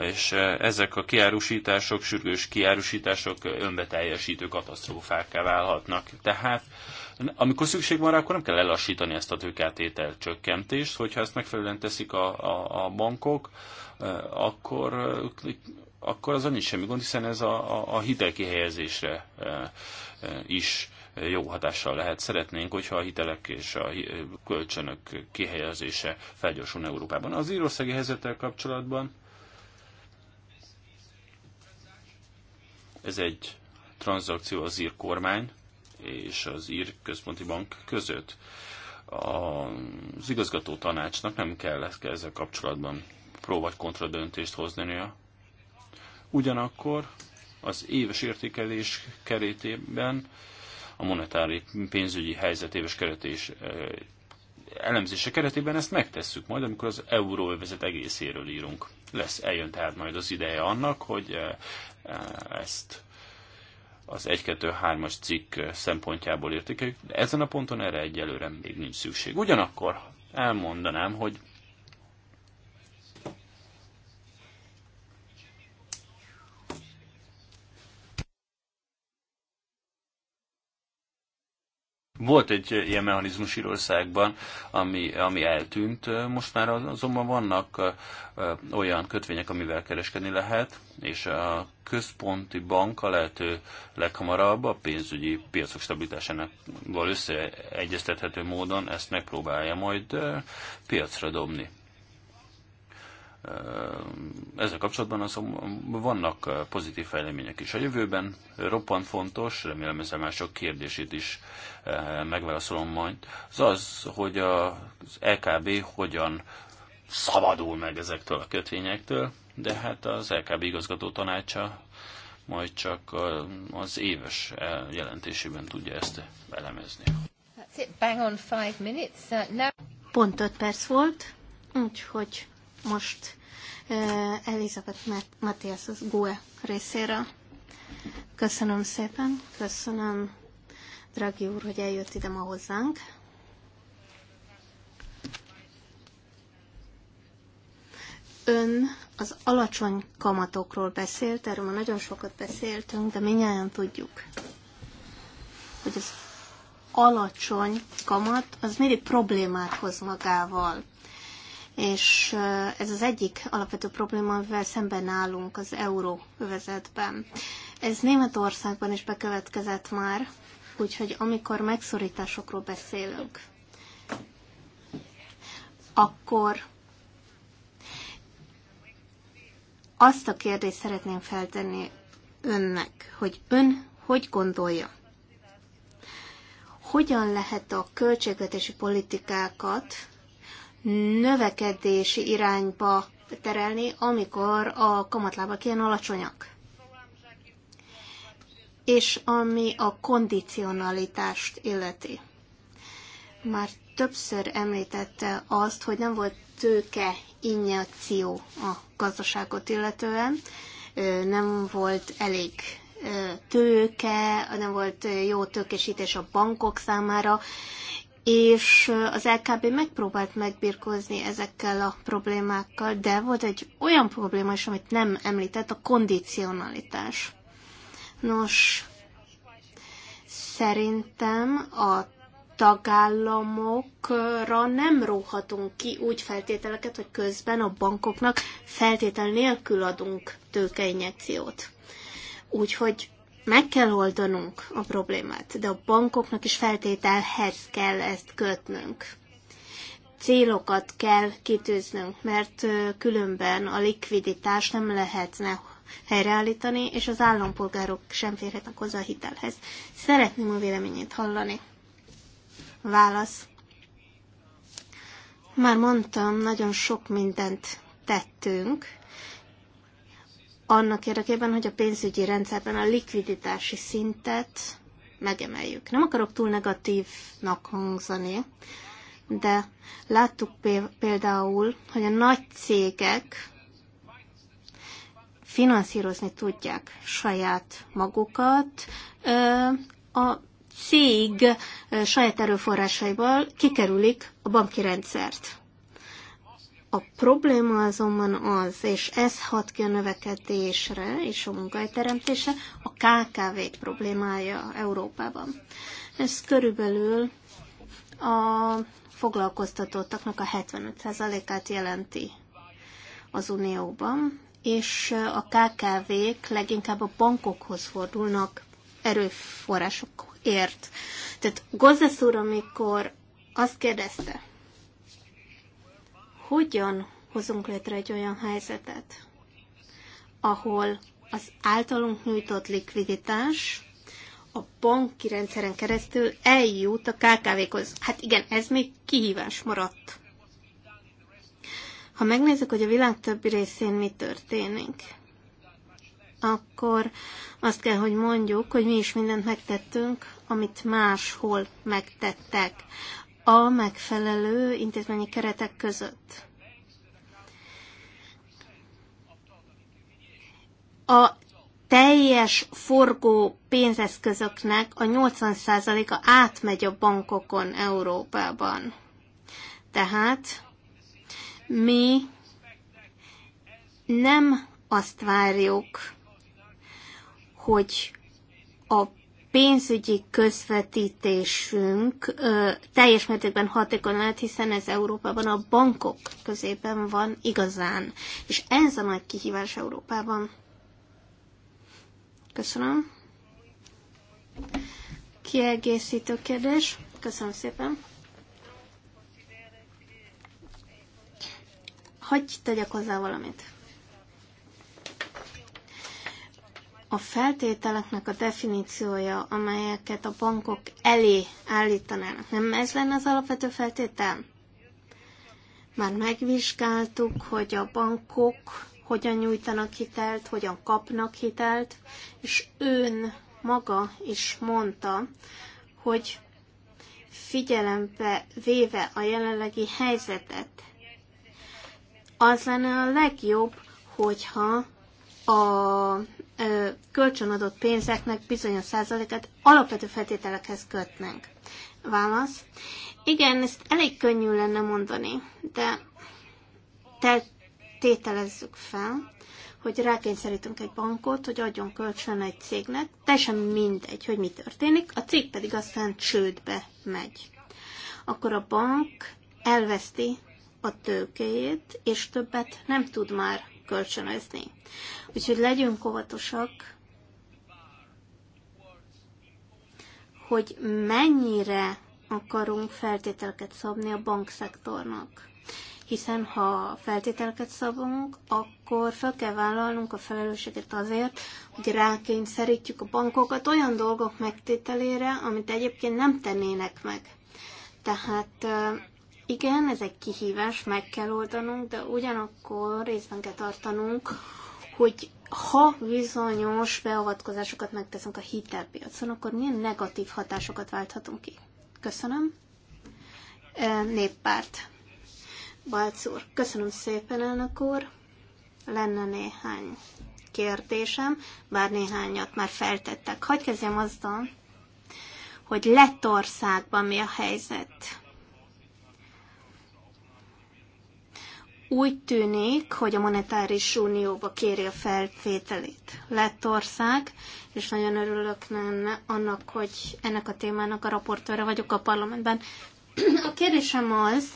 és e, ezek a kiárusítások, sürgős kiárusítások önbeteljesítő katasztrófákká válhatnak. Tehát amikor szükség van rá, akkor nem kell lelassítani ezt a tőkátétel csökkentést, hogyha ezt megfelelően teszik a, a, a bankok, e, akkor, e, akkor az nincs semmi gond, hiszen ez a, a hitelkihelyezésre is jó hatással lehet. Szeretnénk, hogyha a hitelek és a kölcsönök kihelyezése felgyorsul Európában. Az írószegi helyzettel kapcsolatban Ez egy tranzakció az ír kormány és az ír központi bank között. Az igazgató tanácsnak nem kell ezzel kapcsolatban pró vagy kontra döntést hoznia. Ugyanakkor az éves értékelés keretében a monetári pénzügyi helyzet éves keretés elemzése keretében ezt megtesszük majd, amikor az euróövezet egészéről írunk. Lesz, eljön tehát majd az ideje annak, hogy ezt az 1-2-3-as cikk szempontjából értékeljük, de ezen a ponton erre egyelőre még nincs szükség. Ugyanakkor elmondanám, hogy Volt egy ilyen mechanizmus Írországban, ami, ami eltűnt, most már azonban vannak olyan kötvények, amivel kereskedni lehet, és a központi bank a lehető leghamarabb a pénzügyi piacok stabilitásának összeegyeztethető módon ezt megpróbálja majd piacra dobni ezzel kapcsolatban azonban vannak pozitív fejlemények is. A jövőben roppant fontos, remélem ezzel mások kérdését is megválaszolom majd, az az, hogy az LKB hogyan szabadul meg ezektől a kötvényektől, de hát az LKB igazgató tanácsa majd csak az éves jelentésében tudja ezt elemezni. Uh, Pont 5 perc volt, úgyhogy most Elizabeth Matthias az GUE részéről. Köszönöm szépen, köszönöm, Dragi úr, hogy eljött ide ma hozzánk. Ön az alacsony kamatokról beszélt, erről ma nagyon sokat beszéltünk, de minnyáján tudjuk, hogy az alacsony kamat az mindig problémát hoz magával és ez az egyik alapvető probléma, amivel szemben állunk az euróövezetben. Ez Németországban is bekövetkezett már, úgyhogy amikor megszorításokról beszélünk, akkor azt a kérdést szeretném feltenni önnek, hogy ön hogy gondolja? Hogyan lehet a költségvetési politikákat növekedési irányba terelni, amikor a kamatlábak ilyen alacsonyak. És ami a kondicionalitást illeti. Már többször említette azt, hogy nem volt tőke injekció a gazdaságot illetően, nem volt elég tőke, nem volt jó tőkesítés a bankok számára, és az LKB megpróbált megbirkózni ezekkel a problémákkal, de volt egy olyan probléma is, amit nem említett, a kondicionalitás. Nos, szerintem a tagállamokra nem róhatunk ki úgy feltételeket, hogy közben a bankoknak feltétel nélkül adunk tőkeinjekciót. Úgyhogy meg kell oldanunk a problémát, de a bankoknak is feltételhez kell ezt kötnünk. Célokat kell kitűznünk, mert különben a likviditás nem lehetne helyreállítani, és az állampolgárok sem férhetnek hozzá a hitelhez. Szeretném a véleményét hallani. Válasz. Már mondtam, nagyon sok mindent tettünk, annak érdekében, hogy a pénzügyi rendszerben a likviditási szintet megemeljük. Nem akarok túl negatívnak hangzani, de láttuk például, hogy a nagy cégek finanszírozni tudják saját magukat a cég saját erőforrásaiból kikerülik a banki rendszert. A probléma azonban az, és ez hat ki a növekedésre és a munkahelyteremtésre, a KKV problémája Európában. Ez körülbelül a foglalkoztatottaknak a 75%-át jelenti az Unióban, és a KKV-k leginkább a bankokhoz fordulnak erőforrásokért. Tehát Gozesz úr, amikor azt kérdezte, hogyan hozunk létre egy olyan helyzetet, ahol az általunk nyújtott likviditás a banki rendszeren keresztül eljut a kkv hoz Hát igen, ez még kihívás maradt. Ha megnézzük, hogy a világ többi részén mi történik, akkor azt kell, hogy mondjuk, hogy mi is mindent megtettünk, amit máshol megtettek a megfelelő intézményi keretek között. A teljes forgó pénzeszközöknek a 80%-a átmegy a bankokon Európában. Tehát mi nem azt várjuk, hogy a pénzügyi közvetítésünk ö, teljes mértékben hatékony lehet, hiszen ez Európában a bankok közében van igazán. És ez a nagy kihívás Európában. Köszönöm. Kiegészítő kérdés. Köszönöm szépen. Hagyj tegyek hozzá valamit. a feltételeknek a definíciója, amelyeket a bankok elé állítanának. Nem ez lenne az alapvető feltétel? Már megvizsgáltuk, hogy a bankok hogyan nyújtanak hitelt, hogyan kapnak hitelt, és ön maga is mondta, hogy figyelembe véve a jelenlegi helyzetet, az lenne a legjobb, hogyha a kölcsönadott pénzeknek bizonyos százalékát alapvető feltételekhez kötnek. Válasz. Igen, ezt elég könnyű lenne mondani, de tételezzük fel, hogy rákényszerítünk egy bankot, hogy adjon kölcsön egy cégnek, teljesen mindegy, hogy mi történik, a cég pedig aztán csődbe megy. Akkor a bank elveszti a tőkéjét, és többet nem tud már kölcsönözni. Úgyhogy legyünk óvatosak, hogy mennyire akarunk feltételeket szabni a bankszektornak. Hiszen ha feltételeket szabunk, akkor fel kell vállalnunk a felelősséget azért, hogy rákényszerítjük a bankokat olyan dolgok megtételére, amit egyébként nem tennének meg. Tehát igen, ez egy kihívás, meg kell oldanunk, de ugyanakkor részben kell tartanunk, hogy ha bizonyos beavatkozásokat megteszünk a hitelpiacon, akkor milyen negatív hatásokat válthatunk ki. Köszönöm. Néppárt. Balc úr, köszönöm szépen, elnök úr. Lenne néhány kérdésem, bár néhányat már feltettek. Hagyj kezdjem azzal, hogy Lettországban mi a helyzet úgy tűnik, hogy a monetáris unióba kéri a felvételét Lettország, és nagyon örülök annak, hogy ennek a témának a raportőre vagyok a parlamentben. A kérdésem az,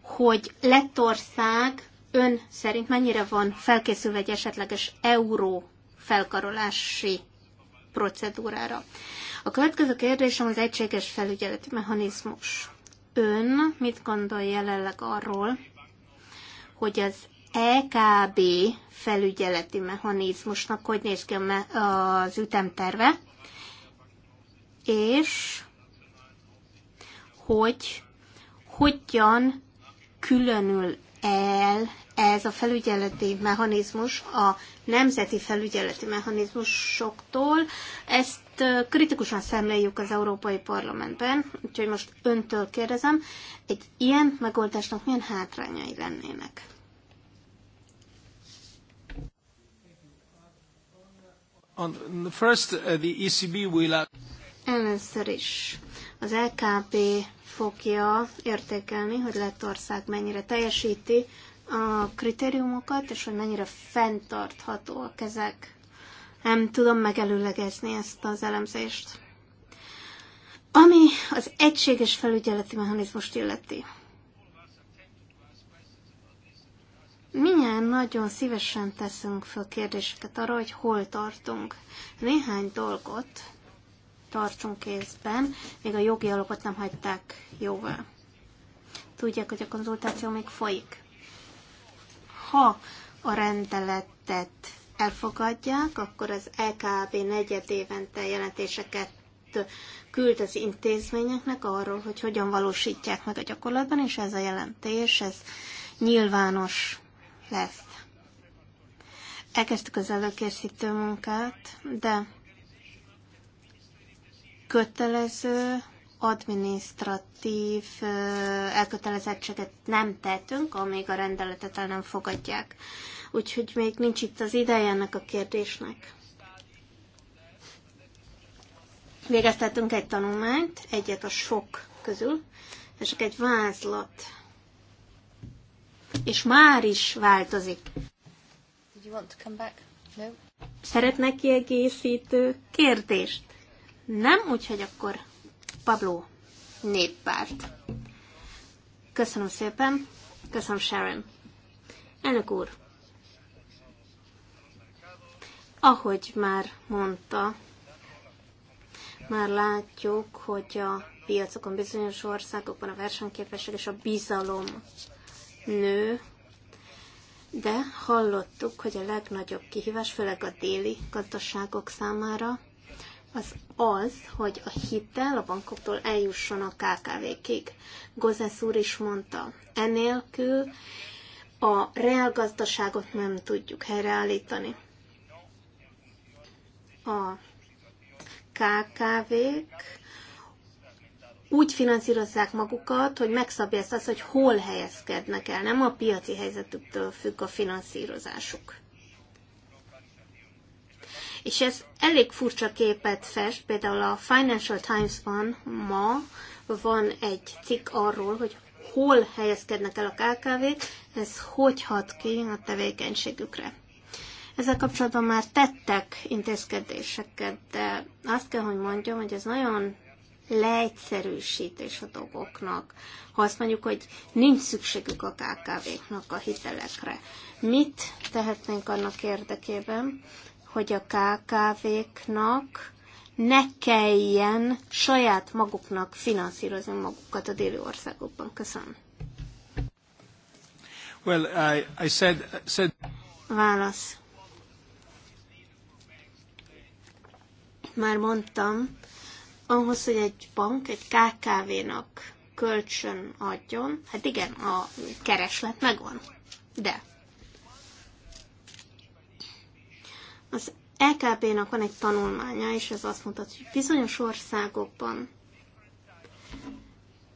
hogy Lettország ön szerint mennyire van felkészülve egy esetleges euró felkarolási procedúrára. A következő kérdésem az egységes felügyeleti mechanizmus. Ön mit gondol jelenleg arról, hogy az EKB felügyeleti mechanizmusnak hogy néz ki az ütemterve, és hogy hogyan különül el ez a felügyeleti mechanizmus a nemzeti felügyeleti mechanizmusoktól. Ezt kritikusan szemléljük az Európai Parlamentben, úgyhogy most öntől kérdezem, egy ilyen megoldásnak milyen hátrányai lennének? On the first, uh, the ECB will... Először is az LKP e fogja értékelni, hogy Lettország mennyire teljesíti a kritériumokat, és hogy mennyire fenntarthatóak ezek. Nem tudom megelőlegezni ezt az elemzést. Ami az egységes felügyeleti mechanizmust illeti. Minnyáján nagyon szívesen teszünk föl kérdéseket arra, hogy hol tartunk. Néhány dolgot tartsunk kézben, még a jogi alapot nem hagyták jóvá. Tudják, hogy a konzultáció még folyik ha a rendeletet elfogadják, akkor az LKB e negyed évente jelentéseket küld az intézményeknek arról, hogy hogyan valósítják meg a gyakorlatban, és ez a jelentés, ez nyilvános lesz. Elkezdtük az előkészítő munkát, de kötelező adminisztratív elkötelezettséget nem tettünk, amíg a rendeletet el nem fogadják. Úgyhogy még nincs itt az ideje ennek a kérdésnek. Végeztetünk egy tanulmányt, egyet a sok közül, és csak egy vázlat. És már is változik. Did you want to come back? No? Szeretne kiegészítő kérdést? Nem, úgyhogy akkor Pablo, néppárt. Köszönöm szépen. Köszönöm, Sharon. Elnök úr, ahogy már mondta, már látjuk, hogy a piacokon bizonyos országokban a versenyképesség és a bizalom nő, de hallottuk, hogy a legnagyobb kihívás, főleg a déli gazdaságok számára, az az, hogy a hitel a bankoktól eljusson a KKV-kig. Gozesz úr is mondta, enélkül a reálgazdaságot nem tudjuk helyreállítani. A KKV-k úgy finanszírozzák magukat, hogy megszabja ezt az, hogy hol helyezkednek el, nem a piaci helyzetüktől függ a finanszírozásuk. És ez elég furcsa képet fest, például a Financial Times-ban ma van egy cikk arról, hogy hol helyezkednek el a kkv ez hogy hat ki a tevékenységükre. Ezzel kapcsolatban már tettek intézkedéseket, de azt kell, hogy mondjam, hogy ez nagyon leegyszerűsítés a dolgoknak. Ha azt mondjuk, hogy nincs szükségük a KKV-knak a hitelekre, mit tehetnénk annak érdekében, hogy a KKV-knak ne kelljen saját maguknak finanszírozni magukat a déli országokban. Köszönöm. Well, I, I said, said... Válasz. Már mondtam, ahhoz, hogy egy bank egy KKV-nak kölcsön adjon, hát igen, a kereslet megvan. De Az lkp e nak van egy tanulmánya, és ez azt mutatja, hogy bizonyos országokban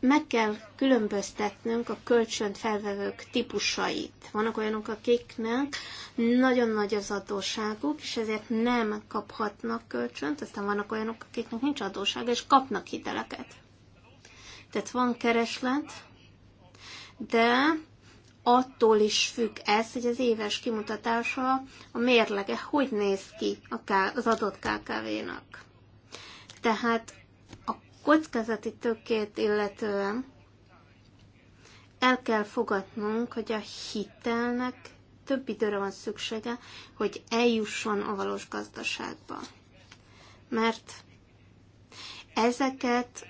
meg kell különböztetnünk a kölcsönt felvevők típusait. Vannak olyanok, akiknek nagyon nagy az adóságuk, és ezért nem kaphatnak kölcsönt, aztán vannak olyanok, akiknek nincs adóság, és kapnak hiteleket. Tehát van kereslet, de attól is függ ez, hogy az éves kimutatása, a mérlege hogy néz ki az adott KKV-nak. Tehát a kockázati tökét illetően el kell fogadnunk, hogy a hitelnek több időre van szüksége, hogy eljusson a valós gazdaságba. Mert ezeket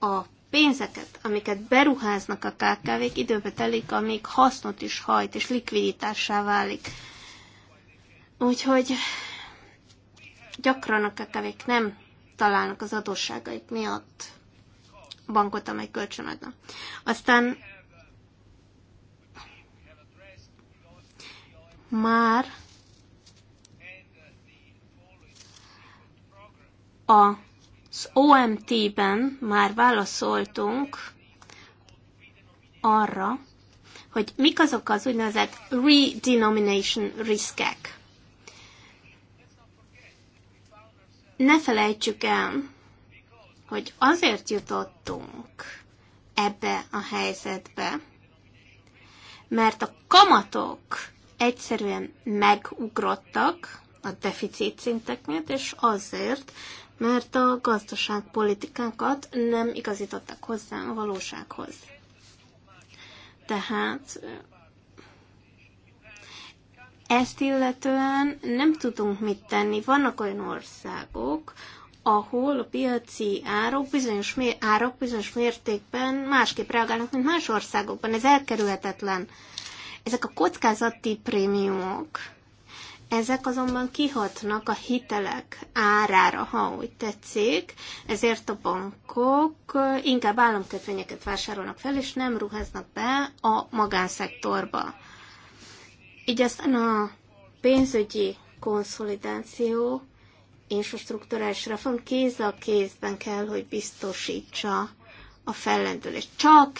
a pénzeket, amiket beruháznak a KKV-k, időbe telik, amíg hasznot is hajt, és likviditássá válik. Úgyhogy gyakran a kkv nem találnak az adósságaik miatt bankot, amely kölcsön adna. Aztán már a az OMT-ben már válaszoltunk arra, hogy mik azok az úgynevezett redenomination riskek. Ne felejtsük el, hogy azért jutottunk ebbe a helyzetbe, mert a kamatok egyszerűen megugrottak a deficit szinteknél, és azért, mert a gazdaságpolitikákat nem igazították hozzá a valósághoz. Tehát ezt illetően nem tudunk mit tenni. Vannak olyan országok, ahol a piaci árok bizonyos, árak bizonyos mértékben másképp reagálnak, mint más országokban. Ez elkerülhetetlen. Ezek a kockázati prémiumok ezek azonban kihatnak a hitelek árára, ha úgy tetszik, ezért a bankok inkább államkötvényeket vásárolnak fel, és nem ruháznak be a magánszektorba. Így aztán a pénzügyi konszolidáció és a struktúrális reform kéz a kézben kell, hogy biztosítsa a fellendülést. Csak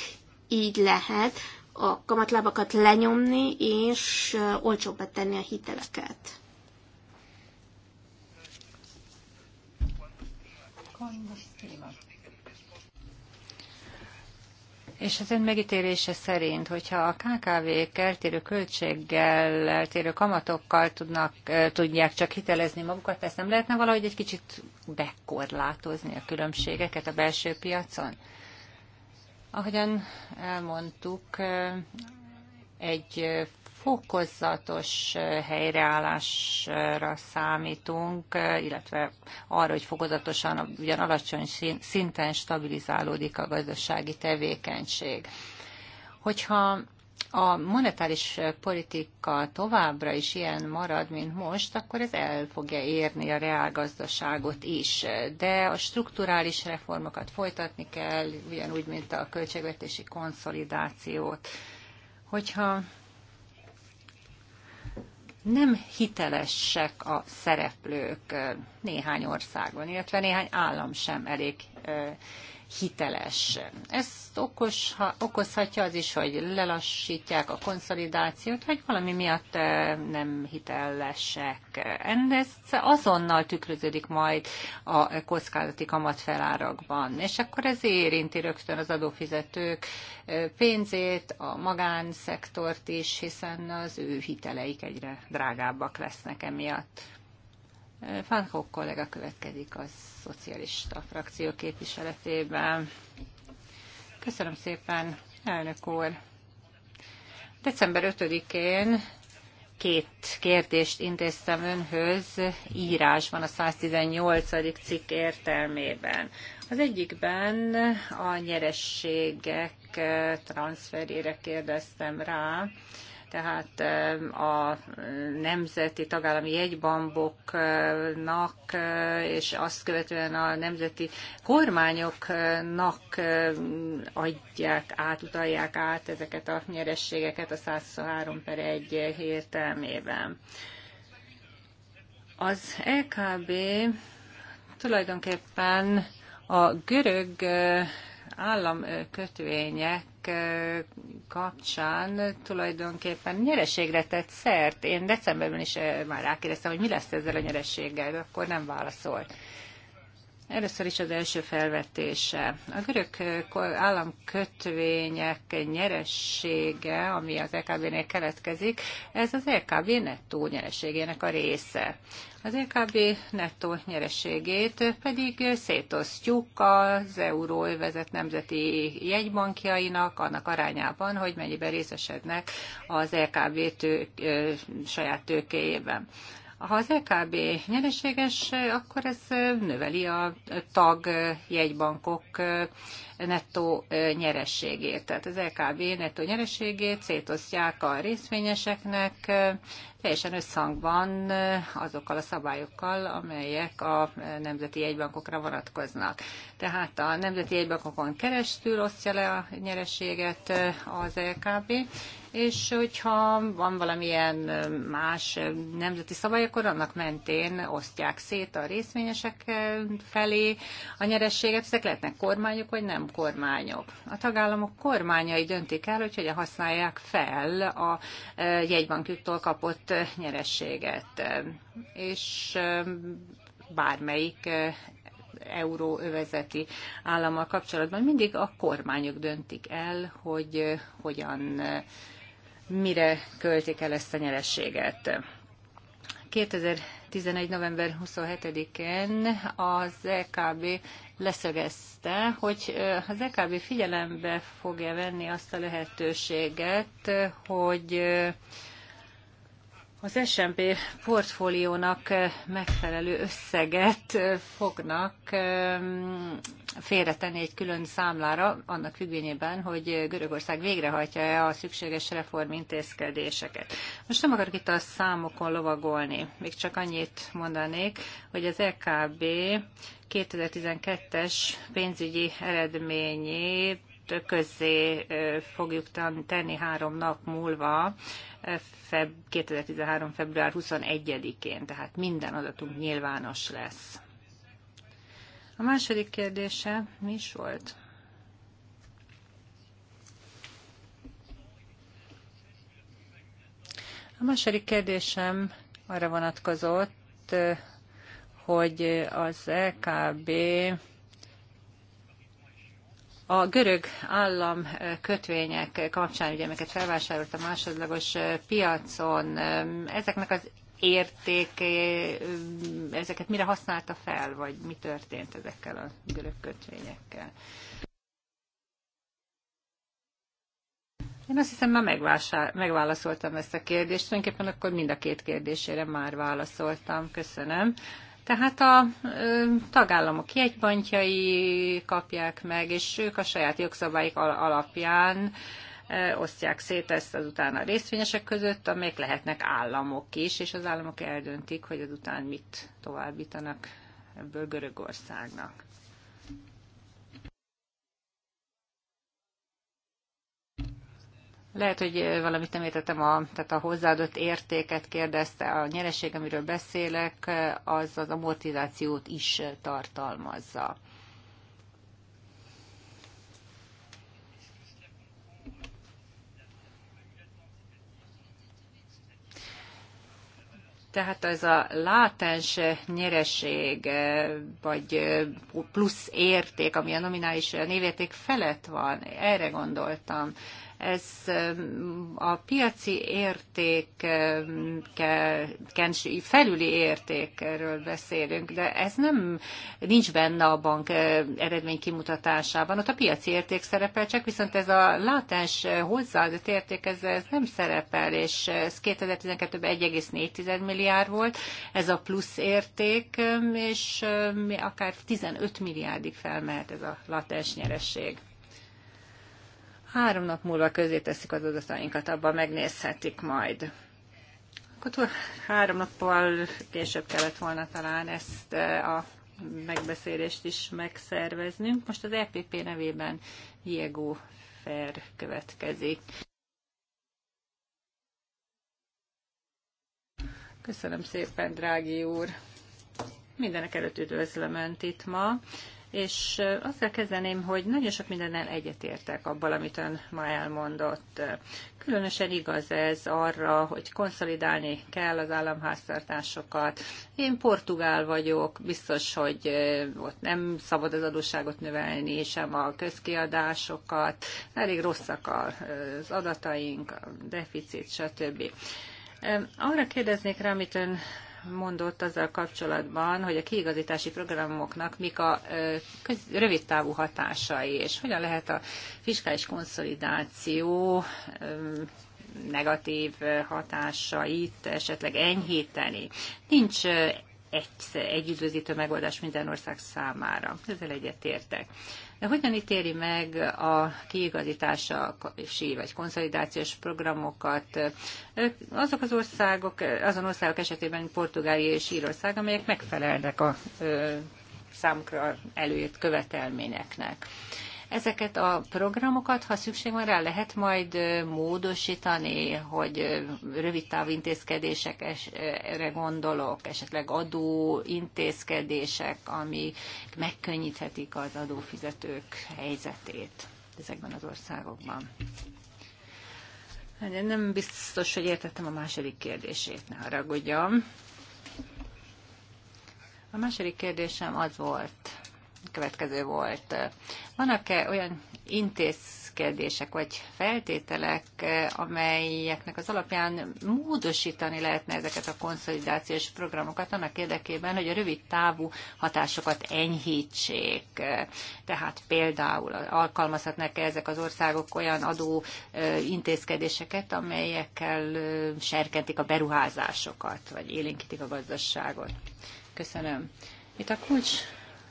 így lehet a kamatlábakat lenyomni, és olcsóbbá tenni a hiteleket. És az ön megítélése szerint, hogyha a KKV-k eltérő költséggel, eltérő kamatokkal tudnak, tudják csak hitelezni magukat, ezt nem lehetne valahogy egy kicsit bekorlátozni a különbségeket a belső piacon? Ahogyan elmondtuk, egy fokozatos helyreállásra számítunk, illetve arra, hogy fokozatosan ugyan alacsony szinten stabilizálódik a gazdasági tevékenység. Hogyha a monetáris politika továbbra is ilyen marad, mint most, akkor ez el fogja érni a reálgazdaságot is. De a strukturális reformokat folytatni kell, ugyanúgy, mint a költségvetési konszolidációt. Hogyha nem hitelesek a szereplők eh, néhány országban, illetve néhány állam sem elég eh, hiteles. Ezt okos, ha, okozhatja az is, hogy lelassítják a konszolidációt, vagy valami miatt eh, nem hitelesek. Ez azonnal tükröződik majd a kockázati kamatfelárakban, és akkor ez érinti rögtön az adófizetők eh, pénzét, a magánszektort is, hiszen az ő hiteleik egyre drágábbak lesznek emiatt. Fánkok kollega következik a szocialista frakció képviseletében. Köszönöm szépen, elnök úr. December 5-én két kérdést intéztem önhöz írásban a 118. cikk értelmében. Az egyikben a nyerességek transferére kérdeztem rá, tehát a nemzeti tagállami jegybamboknak, és azt követően a nemzeti kormányoknak adják át, utalják át ezeket a nyerességeket a 123 per 1 értelmében. Az EKB tulajdonképpen a görög államkötvények kapcsán tulajdonképpen nyereségre tett szert. Én decemberben is már rákérdeztem, hogy mi lesz ezzel a nyerességgel, de akkor nem válaszolt. Először is az első felvetése. A görög államkötvények nyeressége, ami az EKB-nél keletkezik, ez az EKB nettó nyerességének a része. Az LKB e nettó nyereségét pedig szétosztjuk az euróvezet vezet nemzeti jegybankjainak annak arányában, hogy mennyiben részesednek az LKB e tő, saját tőkéjében. Ha az LKB nyereséges, akkor ez növeli a tag jegybankok nettó nyerességét. Tehát az LKB nettó nyerességét szétosztják a részvényeseknek, teljesen összhangban azokkal a szabályokkal, amelyek a nemzeti jegybankokra vonatkoznak. Tehát a nemzeti jegybankokon keresztül osztja le a nyerességet az LKB, és hogyha van valamilyen más nemzeti szabály, akkor annak mentén osztják szét a részvényesek felé a nyerességet, ezek lehetnek kormányok, vagy nem kormányok. A tagállamok kormányai döntik el, hogy hogyan használják fel a jegybankjuktól kapott nyerességet. És bármelyik euróövezeti állammal kapcsolatban mindig a kormányok döntik el, hogy hogyan mire költik el ezt a nyerességet. 2011. november 27-én az EKB leszögezte, hogy az EKB figyelembe fogja venni azt a lehetőséget, hogy az S&P portfóliónak eh, megfelelő összeget eh, fognak eh, félretenni egy külön számlára, annak függvényében, hogy Görögország végrehajtja-e a szükséges reformintézkedéseket. Most nem akarok itt a számokon lovagolni, még csak annyit mondanék, hogy az EKB 2012-es pénzügyi eredményét közzé fogjuk tenni három nap múlva, feb 2013. február 21-én, tehát minden adatunk nyilvános lesz. A második kérdése mi is volt? A második kérdésem arra vonatkozott, hogy az LKB e a görög állam kötvények kapcsán, ugye, amiket felvásárolt a másodlagos piacon, ezeknek az érték, ezeket mire használta fel, vagy mi történt ezekkel a görög kötvényekkel? Én azt hiszem már megválaszoltam ezt a kérdést, tulajdonképpen akkor mind a két kérdésére már válaszoltam. Köszönöm. Tehát a tagállamok jegybantjai kapják meg, és ők a saját jogszabályik alapján osztják szét ezt azután a részvényesek között, amelyek lehetnek államok is, és az államok eldöntik, hogy azután mit továbbítanak ebből Görögországnak. Lehet, hogy eh, valamit nem értettem, a, tehát a hozzáadott értéket kérdezte, a nyereség, amiről beszélek, eh, az az amortizációt is tartalmazza. Tehát ez a látens nyereség, eh, vagy plusz érték, ami a nominális névérték felett van, erre gondoltam ez a piaci értéken felüli értékről beszélünk, de ez nem nincs benne a bank eredmény kimutatásában. Ott a piaci érték szerepel, csak viszont ez a látás hozzáadott érték, ez, ez nem szerepel, és ez 2012-ben 1,4 milliárd volt, ez a plusz érték, és akár 15 milliárdig felmehet ez a látás nyeresség. Három nap múlva közé teszik az adatainkat, abban megnézhetik majd. Akkor három nappal később kellett volna talán ezt eh, a megbeszélést is megszerveznünk. Most az EPP nevében Diego Fer következik. Köszönöm szépen, drági úr! Mindenek előtt üdvözlöm Önt itt ma és azzal kezdeném, hogy nagyon sok mindennel egyetértek abban, amit ön ma elmondott. Különösen igaz ez arra, hogy konszolidálni kell az államháztartásokat. Én portugál vagyok, biztos, hogy ott nem szabad az adósságot növelni, sem a közkiadásokat. Elég rosszak az adataink, a deficit, stb. Arra kérdeznék rá, amit ön mondott azzal kapcsolatban, hogy a kiigazítási programoknak mik a köz, rövidtávú hatásai, és hogyan lehet a fiskális konszolidáció negatív hatásait esetleg enyhíteni. Nincs egy, egy üdvözítő megoldás minden ország számára. Ezzel egyetértek. De hogyan ítéli meg a kiigazítási vagy konszolidációs programokat azok az országok, azon országok esetében Portugália és Írország, amelyek megfelelnek a számukra előírt követelményeknek. Ezeket a programokat, ha szükség van rá, lehet majd módosítani, hogy rövidtáv intézkedésekre gondolok, esetleg adó intézkedések, ami megkönnyíthetik az adófizetők helyzetét ezekben az országokban. Hát nem biztos, hogy értettem a második kérdését, ne haragudjam. A második kérdésem az volt, következő volt. Vannak-e olyan intézkedések vagy feltételek, amelyeknek az alapján módosítani lehetne ezeket a konszolidációs programokat annak érdekében, hogy a rövid távú hatásokat enyhítsék. Tehát például alkalmazhatnak -e ezek az országok olyan adó intézkedéseket, amelyekkel serkentik a beruházásokat, vagy élénkítik a gazdaságot. Köszönöm. Itt a kulcs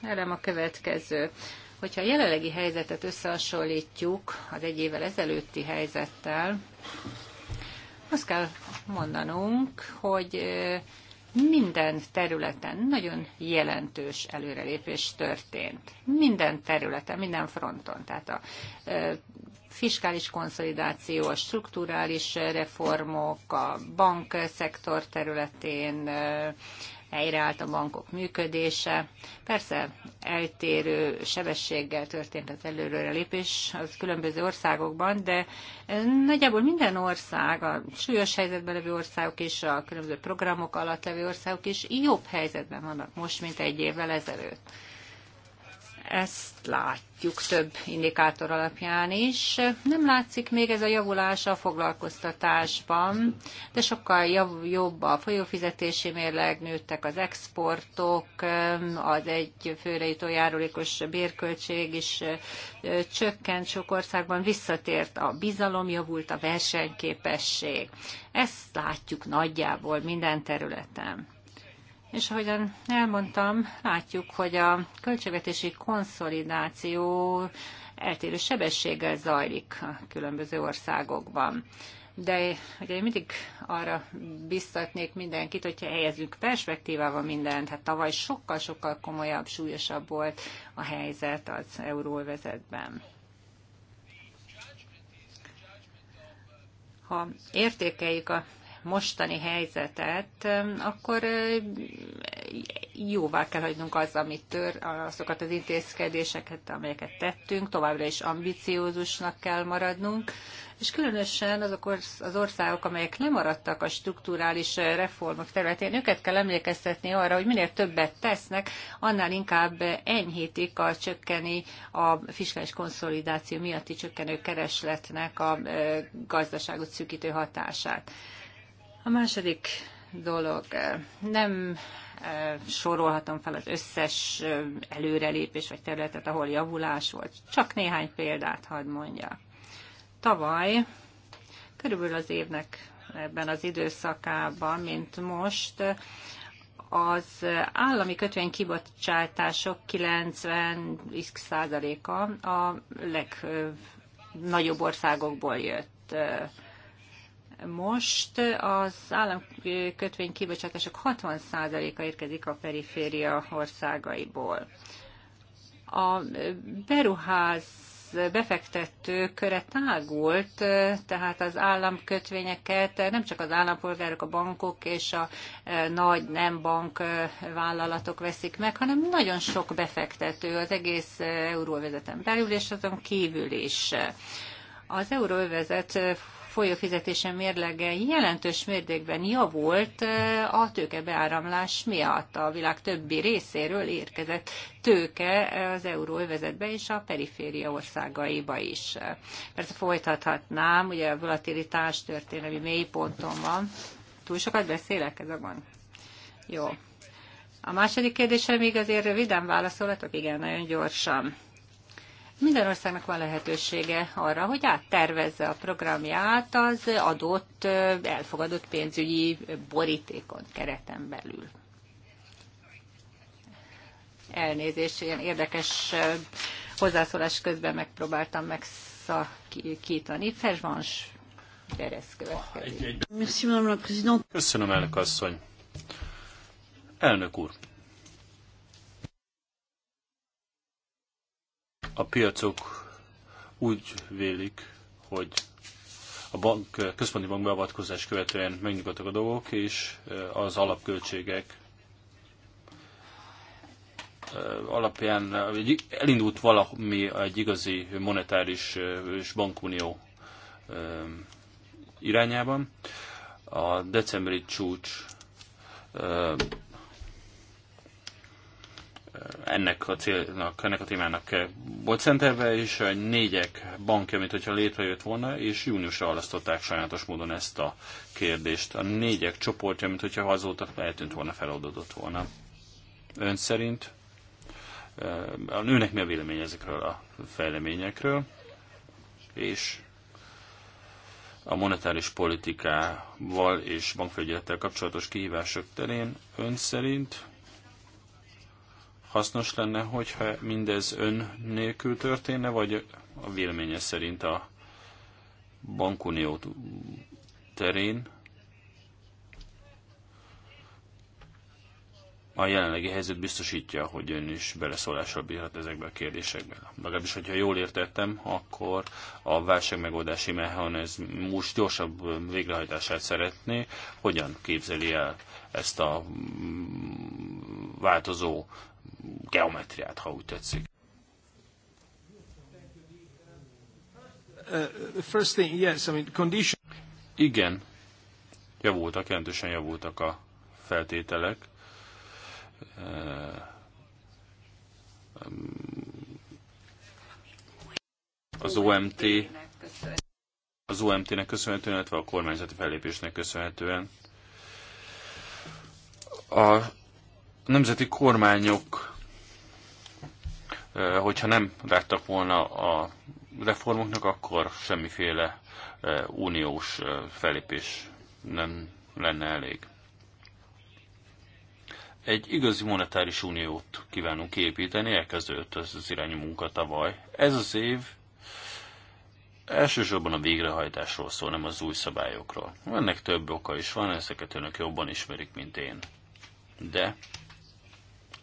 elem a következő. Hogyha a jelenlegi helyzetet összehasonlítjuk az egy évvel ezelőtti helyzettel, azt kell mondanunk, hogy minden területen nagyon jelentős előrelépés történt. Minden területen, minden fronton. Tehát a fiskális konszolidáció, a strukturális reformok, a bankszektor területén, helyreállt a bankok működése. Persze eltérő sebességgel történt az lépés az különböző országokban, de nagyjából minden ország, a súlyos helyzetben levő országok és a különböző programok alatt levő országok is jobb helyzetben vannak most, mint egy évvel ezelőtt. Ezt látjuk több indikátor alapján is. Nem látszik még ez a javulás a foglalkoztatásban, de sokkal jobb a folyófizetési mérleg, nőttek az exportok, az egy főre jutó járulékos bérköltség is csökkent sok országban, visszatért a bizalom, javult a versenyképesség. Ezt látjuk nagyjából minden területen. És ahogyan elmondtam, látjuk, hogy a költségvetési konszolidáció eltérő sebességgel zajlik a különböző országokban. De ugye én mindig arra biztatnék mindenkit, hogyha helyezünk perspektívába mindent, hát tavaly sokkal-sokkal komolyabb, súlyosabb volt a helyzet az euróvezetben. Ha értékeljük a mostani helyzetet, akkor jóvá kell hagynunk az, amit tör, azokat az intézkedéseket, amelyeket tettünk, továbbra is ambiciózusnak kell maradnunk, és különösen azok az országok, amelyek lemaradtak a strukturális reformok területén, őket kell emlékeztetni arra, hogy minél többet tesznek, annál inkább enyhítik a csökkeni a fiskális konszolidáció miatti csökkenő keresletnek a gazdaságot szűkítő hatását. A második dolog, eh, nem eh, sorolhatom fel az összes eh, előrelépés vagy területet, ahol javulás volt. Csak néhány példát hadd mondja. Tavaly, körülbelül az évnek ebben az időszakában, mint most, az állami kötvény kibocsátások 90 százaléka a legnagyobb országokból jött most az államkötvény kibocsátások 60%-a érkezik a periféria országaiból. A beruház befektető köre tágult, tehát az államkötvényeket nem csak az állampolgárok, a bankok és a e, nagy nem bank e, vállalatok veszik meg, hanem nagyon sok befektető az egész e, euróvezeten belül és azon kívül is. Az euróvezet folyófizetése mérlege jelentős mértékben javult eh, a tőkebeáramlás miatt. A világ többi részéről érkezett tőke az euróövezetbe és a periféria országaiba is. Persze folytathatnám, ugye a volatilitás történelmi mélyponton van. Túl sokat beszélek ez a gond? Jó. A második kérdésre még azért röviden válaszolhatok, igen, nagyon gyorsan. Minden országnak van lehetősége arra, hogy áttervezze a programját az adott, elfogadott pénzügyi borítékon, kereten belül. Elnézést, ilyen érdekes hozzászólás közben megpróbáltam megszakítani. Ferzsvans Beresz következik. Köszönöm, elnök asszony. Elnök úr, a piacok úgy vélik, hogy a bank, központi bank beavatkozás követően megnyugodtak a dolgok, és az alapköltségek alapján elindult valami egy igazi monetáris és bankunió irányában. A decemberi csúcs ennek a célnak, ennek a témának volt szentelve, és a négyek bankja, mint hogyha létrejött volna, és júniusra alasztották sajátos módon ezt a kérdést. A négyek csoportja, mint hogyha azóta eltűnt volna, feloldódott volna. Ön szerint? Eh, a nőnek mi a vélemény ezekről a fejleményekről? És a monetáris politikával és bankfelügyelettel kapcsolatos kihívások terén ön szerint hasznos lenne, hogyha mindez ön nélkül történne, vagy a véleménye szerint a bankunió terén a jelenlegi helyzet biztosítja, hogy ön is beleszólással bírhat ezekbe a kérdésekbe. Legalábbis, hogyha jól értettem, akkor a válságmegoldási mechanizmus gyorsabb végrehajtását szeretné. Hogyan képzeli el ezt a változó geometriát, ha úgy tetszik. Uh, first thing, yes, I mean, condition... Igen, javultak, jelentősen javultak a feltételek. Uh, az OMT az OMT-nek köszönhetően, illetve a kormányzati fellépésnek köszönhetően. A nemzeti kormányok, eh, hogyha nem láttak volna a reformoknak, akkor semmiféle eh, uniós eh, felépés nem lenne elég. Egy igazi monetáris uniót kívánunk építeni, elkezdődött ez az irányú munka tavaly. Ez az év elsősorban a végrehajtásról szól, nem az új szabályokról. Ennek több oka is van, ezeket önök jobban ismerik, mint én. De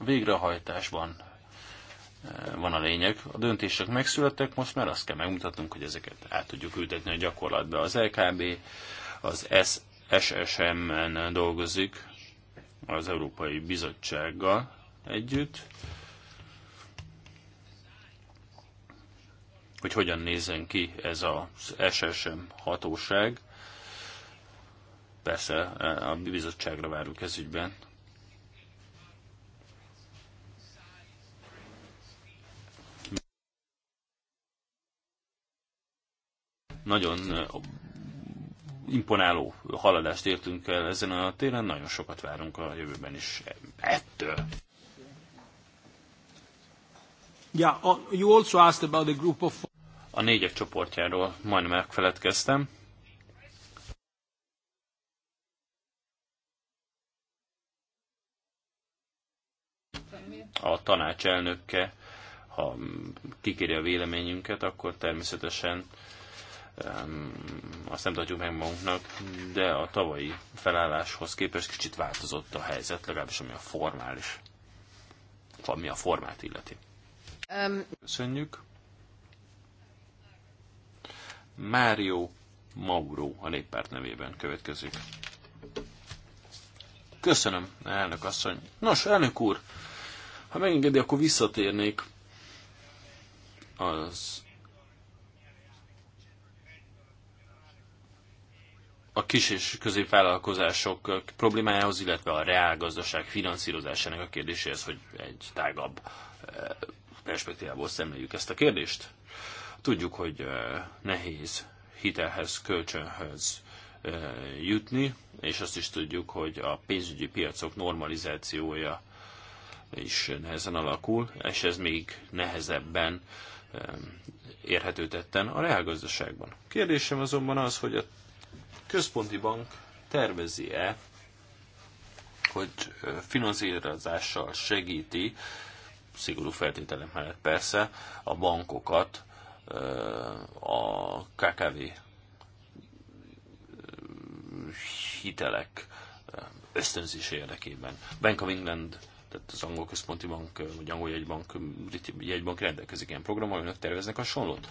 végrehajtásban eh, van a lényeg. A döntések megszülettek, most már azt kell megmutatnunk, hogy ezeket át tudjuk ültetni a gyakorlatba. Az LKB, az SSM-en dolgozik az Európai Bizottsággal együtt, hogy hogyan nézzen ki ez az SSM hatóság. Persze eh, a bizottságra várunk ez ügyben Nagyon imponáló haladást értünk el ezen a téren, nagyon sokat várunk a jövőben is ettől. Oh, you also asked about the group of... A négyek csoportjáról majdnem megfeledkeztem. A tanács elnöke, ha kikéri a véleményünket, akkor természetesen azt nem tudjuk meg magunknak, de a tavalyi felálláshoz képest kicsit változott a helyzet, legalábbis ami a formális, ami a formát illeti. Um. Köszönjük. Mário Mauro a néppárt nevében következik. Köszönöm, elnök asszony. Nos, elnök úr, ha megengedi, akkor visszatérnék az a kis és középvállalkozások problémájához, illetve a reálgazdaság finanszírozásának a kérdéséhez, hogy egy tágabb eh, perspektívából szemléljük ezt a kérdést. Tudjuk, hogy eh, nehéz hitelhez, kölcsönhöz eh, jutni, és azt is tudjuk, hogy a pénzügyi piacok normalizációja is nehezen alakul, és ez még nehezebben érhető tetten a reálgazdaságban. Kérdésem azonban az, hogy a központi bank tervezi-e, hogy finanszírozással segíti, szigorú feltételek mellett persze, a bankokat a KKV hitelek ösztönzés érdekében. Bank of England, tehát az angol központi bank, vagy angol jegybank, jegybank rendelkezik ilyen programmal, önök terveznek a sonlót.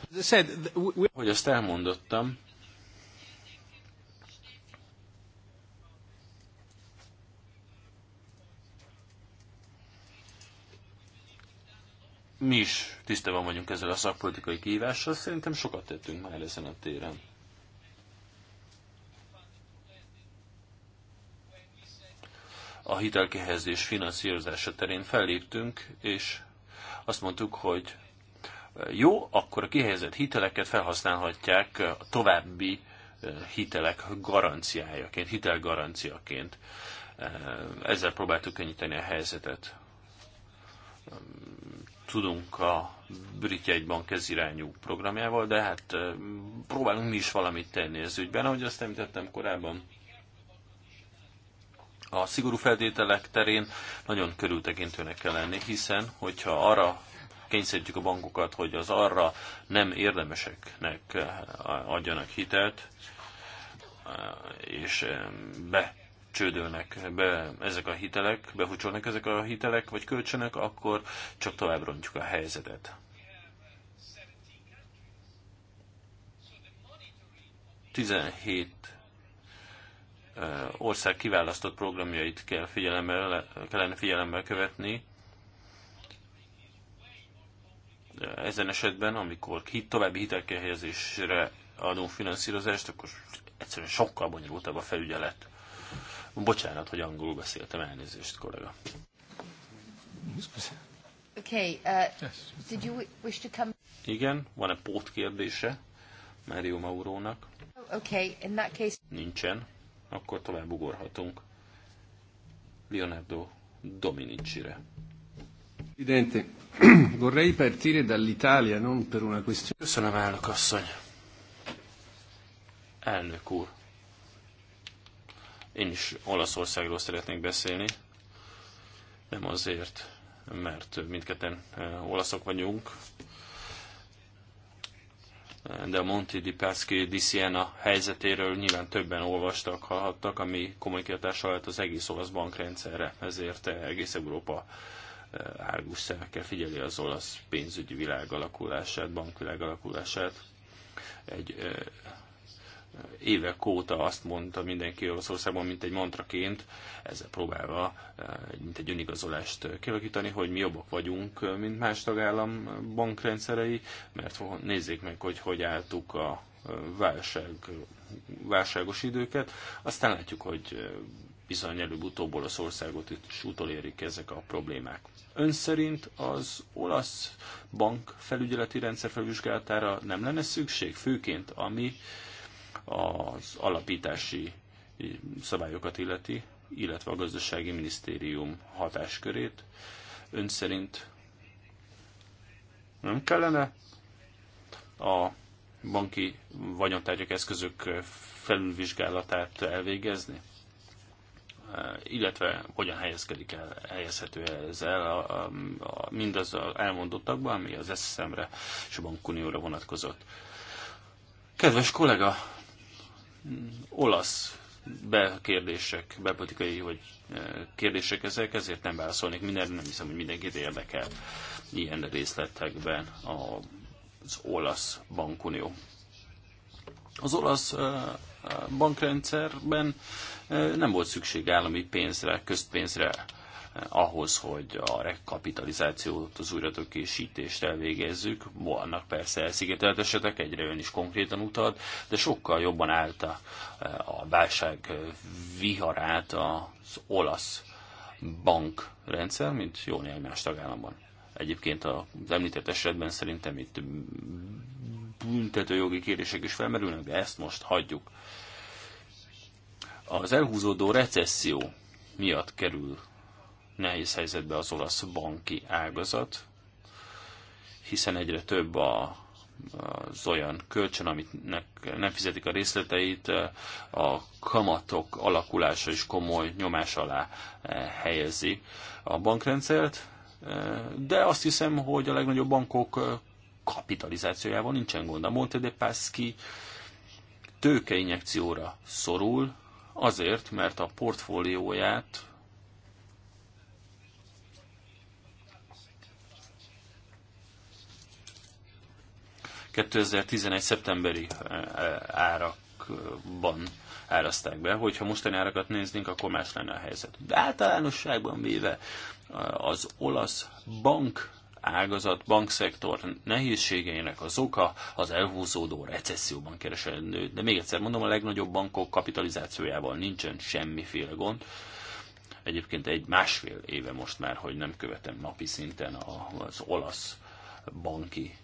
Hogy azt elmondottam, mi is tisztában vagyunk ezzel a szakpolitikai kihívással, szerintem sokat tettünk már ezen a téren. A hitelkehezés finanszírozása terén felléptünk, és azt mondtuk, hogy jó, akkor a kihelyezett hiteleket felhasználhatják a további eh, hitelek garanciájaként, hitelgaranciaként. Eh, ezzel próbáltuk könnyíteni a helyzetet tudunk a brit jegybank irányú programjával, de hát próbálunk mi is valamit tenni ez ügyben, ahogy azt említettem korábban. A szigorú feltételek terén nagyon körültekintőnek kell lenni, hiszen hogyha arra kényszerítjük a bankokat, hogy az arra nem érdemeseknek adjanak hitelt, és be csődölnek be ezek a hitelek, behucsolnak ezek a hitelek vagy kölcsönök, akkor csak tovább rontjuk a helyzetet. Tizenhét ország kiválasztott programjait kell figyelemmel, kellene figyelemmel követni. Ezen esetben, amikor hit, további hitelkehelyezésre adunk finanszírozást, akkor egyszerűen sokkal bonyolultabb a felügyelet. Bocsánat, hogy angolul beszéltem, elnézést, kollega. Okay, uh, did you wish to come? Igen, van egy pót kérdése Mário Maurónak? Okay, in that case... Nincsen, akkor tovább ugorhatunk Leonardo Dominicire. Presidente, vorrei partire dall'Italia, non per una questione... Köszönöm, elnök asszony. Elnök úr, én is Olaszországról szeretnék beszélni. Nem azért, mert mindketten eh, olaszok vagyunk, de a Monti di Paschi di Siena helyzetéről nyilván többen olvastak, hallhattak, ami komoly kihatással lett az egész olasz bankrendszerre, ezért eh, egész Európa eh, árgus szemekkel figyeli az olasz pénzügyi világ alakulását, bankvilág alakulását. Egy évek óta azt mondta mindenki Olaszországban, mint egy mantraként, ezzel próbálva, eh, mint egy önigazolást kialakítani, hogy mi jobbak vagyunk, eh, mint más tagállam bankrendszerei, mert nézzék meg, hogy hogy álltuk a eh, válság, válságos időket. Aztán látjuk, hogy bizony előbb-utóbb Olaszországot is utolérik ezek a problémák. Ön szerint az olasz bank felügyeleti rendszer felvizsgálatára nem lenne szükség, főként ami az alapítási szabályokat illeti, illetve a gazdasági minisztérium hatáskörét. Ön szerint nem kellene a banki vagyontárgyak eszközök felülvizsgálatát elvégezni? Illetve hogyan helyezkedik el, helyezhető ez el a, a, a, mindaz az elmondottakban, ami az SSM-re és a bankunióra vonatkozott. Kedves kollega, olasz bekérdések, belpolitikai vagy eh, kérdések ezek, ezért nem válaszolnék mindenre, nem hiszem, hogy mindenkit érdekel ilyen részletekben az olasz bankunió. Az olasz eh, eh, bankrendszerben nem volt szükség állami pénzre, közpénzre, ahhoz, hogy a rekapitalizációt, az újratökésítést elvégezzük. Vannak persze elszigetelt esetek, egyre ön is konkrétan utalt, de sokkal jobban állt a, a válság viharát az olasz bankrendszer, mint jó néhány más tagállamban. Egyébként az említett esetben szerintem itt büntetőjogi kérdések is felmerülnek, de ezt most hagyjuk. Az elhúzódó recesszió miatt kerül nehéz helyzetbe az olasz banki ágazat, hiszen egyre több a az olyan kölcsön, amit nem fizetik a részleteit, a kamatok alakulása is komoly nyomás alá eh, helyezi a bankrendszert, eh, de azt hiszem, hogy a legnagyobb bankok eh, kapitalizációjával nincsen gond. A Monte de Paschi tőkeinjekcióra szorul, azért, mert a portfólióját 2011. szeptemberi eh, árakban árazták be. Hogyha mostani árakat néznénk, akkor más lenne a helyzet. De általánosságban véve eh, az olasz bank ágazat, bankszektor nehézségeinek az oka az elhúzódó recesszióban keresendő. De még egyszer mondom, a legnagyobb bankok kapitalizációjával nincsen semmiféle gond. Egyébként egy másfél éve most már, hogy nem követem napi szinten az olasz banki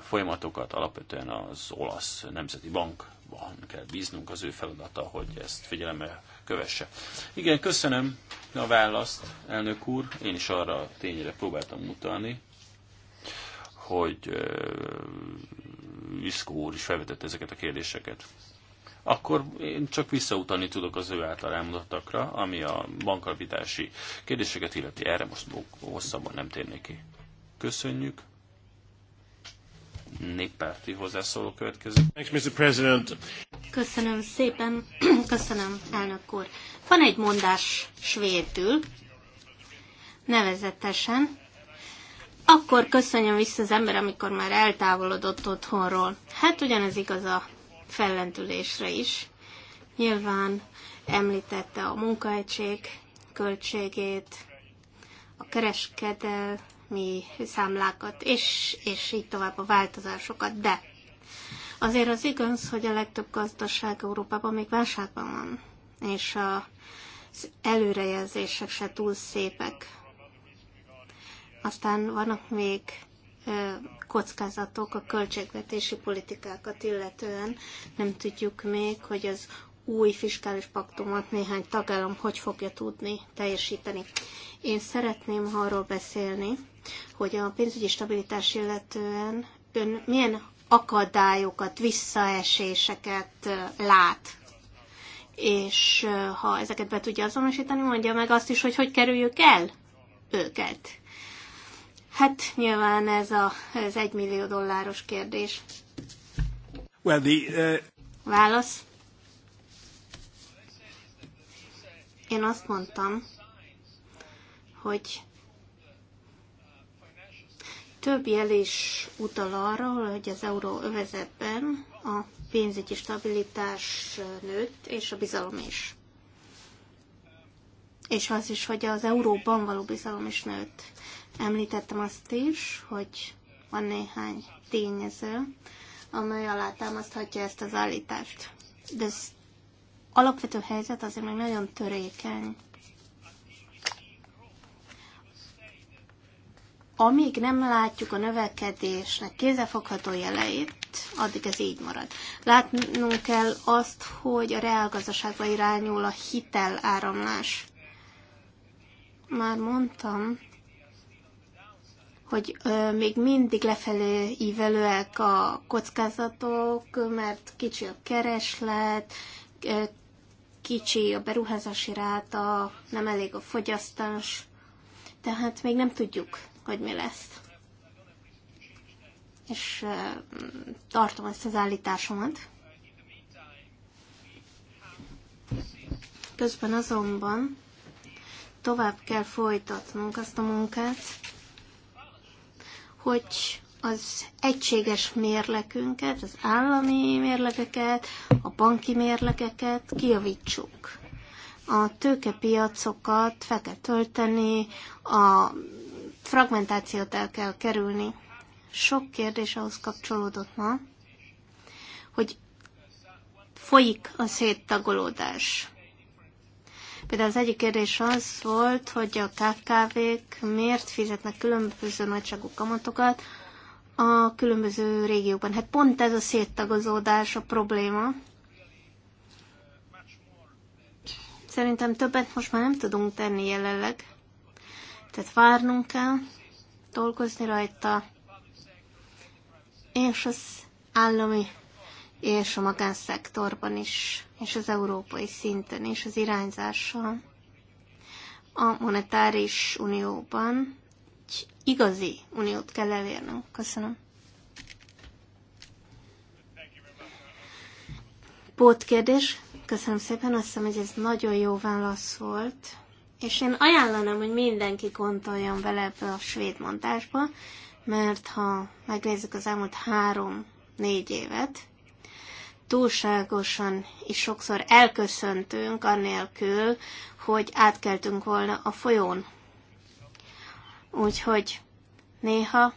folyamatokat alapvetően az olasz nemzeti bankban kell bíznunk, az ő feladata, hogy ezt figyelemmel kövesse. Igen, köszönöm a választ, elnök úr. Én is arra a tényre próbáltam mutatni, hogy Viszkó úr is felvetette ezeket a kérdéseket. Akkor én csak visszautalni tudok az ő által elmondottakra, ami a bankalapítási kérdéseket illeti. Erre most hosszabban nem térnék ki. Köszönjük! néppárti hozzászóló következik. Köszönöm szépen, köszönöm, elnök úr. Van egy mondás svédül, nevezetesen, akkor köszönjön vissza az ember, amikor már eltávolodott otthonról. Hát ugyanez igaz a fellentülésre is. Nyilván említette a munkahegység költségét, a kereskedelmi mi számlákat, és, és így tovább a változásokat, de azért az igaz, hogy a legtöbb gazdaság Európában még válságban van, és az előrejelzések se túl szépek. Aztán vannak még kockázatok a költségvetési politikákat illetően. Nem tudjuk még, hogy az új fiskális paktumot néhány tagállam hogy fogja tudni teljesíteni. Én szeretném arról beszélni, hogy a pénzügyi stabilitás illetően ön milyen akadályokat, visszaeséseket lát. És ha ezeket be tudja azonosítani, mondja meg azt is, hogy hogy kerüljük el őket. Hát nyilván ez a, az egymillió dolláros kérdés. Well, the, uh... Válasz? Én azt mondtam, hogy több jel is utal arra, hogy az euróövezetben a pénzügyi stabilitás nőtt, és a bizalom is. És az is, hogy az euróban való bizalom is nőtt. Említettem azt is, hogy van néhány tényező, amely alátámaszthatja ezt az állítást. De alapvető helyzet azért még nagyon törékeny. Amíg nem látjuk a növekedésnek kézefogható jeleit, addig ez így marad. Látnunk kell azt, hogy a reálgazdaságba irányul a hitel áramlás. Már mondtam, hogy ö, még mindig lefelé ívelőek a kockázatok, mert kicsi a kereslet, kicsi a beruházási ráta, nem elég a fogyasztás, tehát még nem tudjuk, hogy mi lesz. És tartom ezt az állításomat. Közben azonban tovább kell folytatnunk azt a munkát, hogy az egységes mérlekünket, az állami mérlekeket, a banki mérlekeket kiavítsuk, A tőkepiacokat fel kell tölteni, a fragmentációt el kell kerülni. Sok kérdés ahhoz kapcsolódott ma, hogy folyik a széttagolódás. Például az egyik kérdés az volt, hogy a KKV-k miért fizetnek különböző nagyságú kamatokat, a különböző régiókban. Hát pont ez a széttagozódás a probléma. Szerintem többet most már nem tudunk tenni jelenleg. Tehát várnunk kell, dolgozni rajta, és az állami és a magánszektorban is, és az európai szinten is az irányzással a monetáris unióban igazi uniót kell elérnünk. Köszönöm. Pótkérdés. Köszönöm szépen, azt hiszem, hogy ez nagyon jó válasz volt. És én ajánlanám, hogy mindenki gondoljon vele ebbe a svéd mondásba, mert ha megnézzük az elmúlt három-négy évet, túlságosan és sokszor elköszöntünk annélkül, hogy átkeltünk volna a folyón. Úgyhogy néha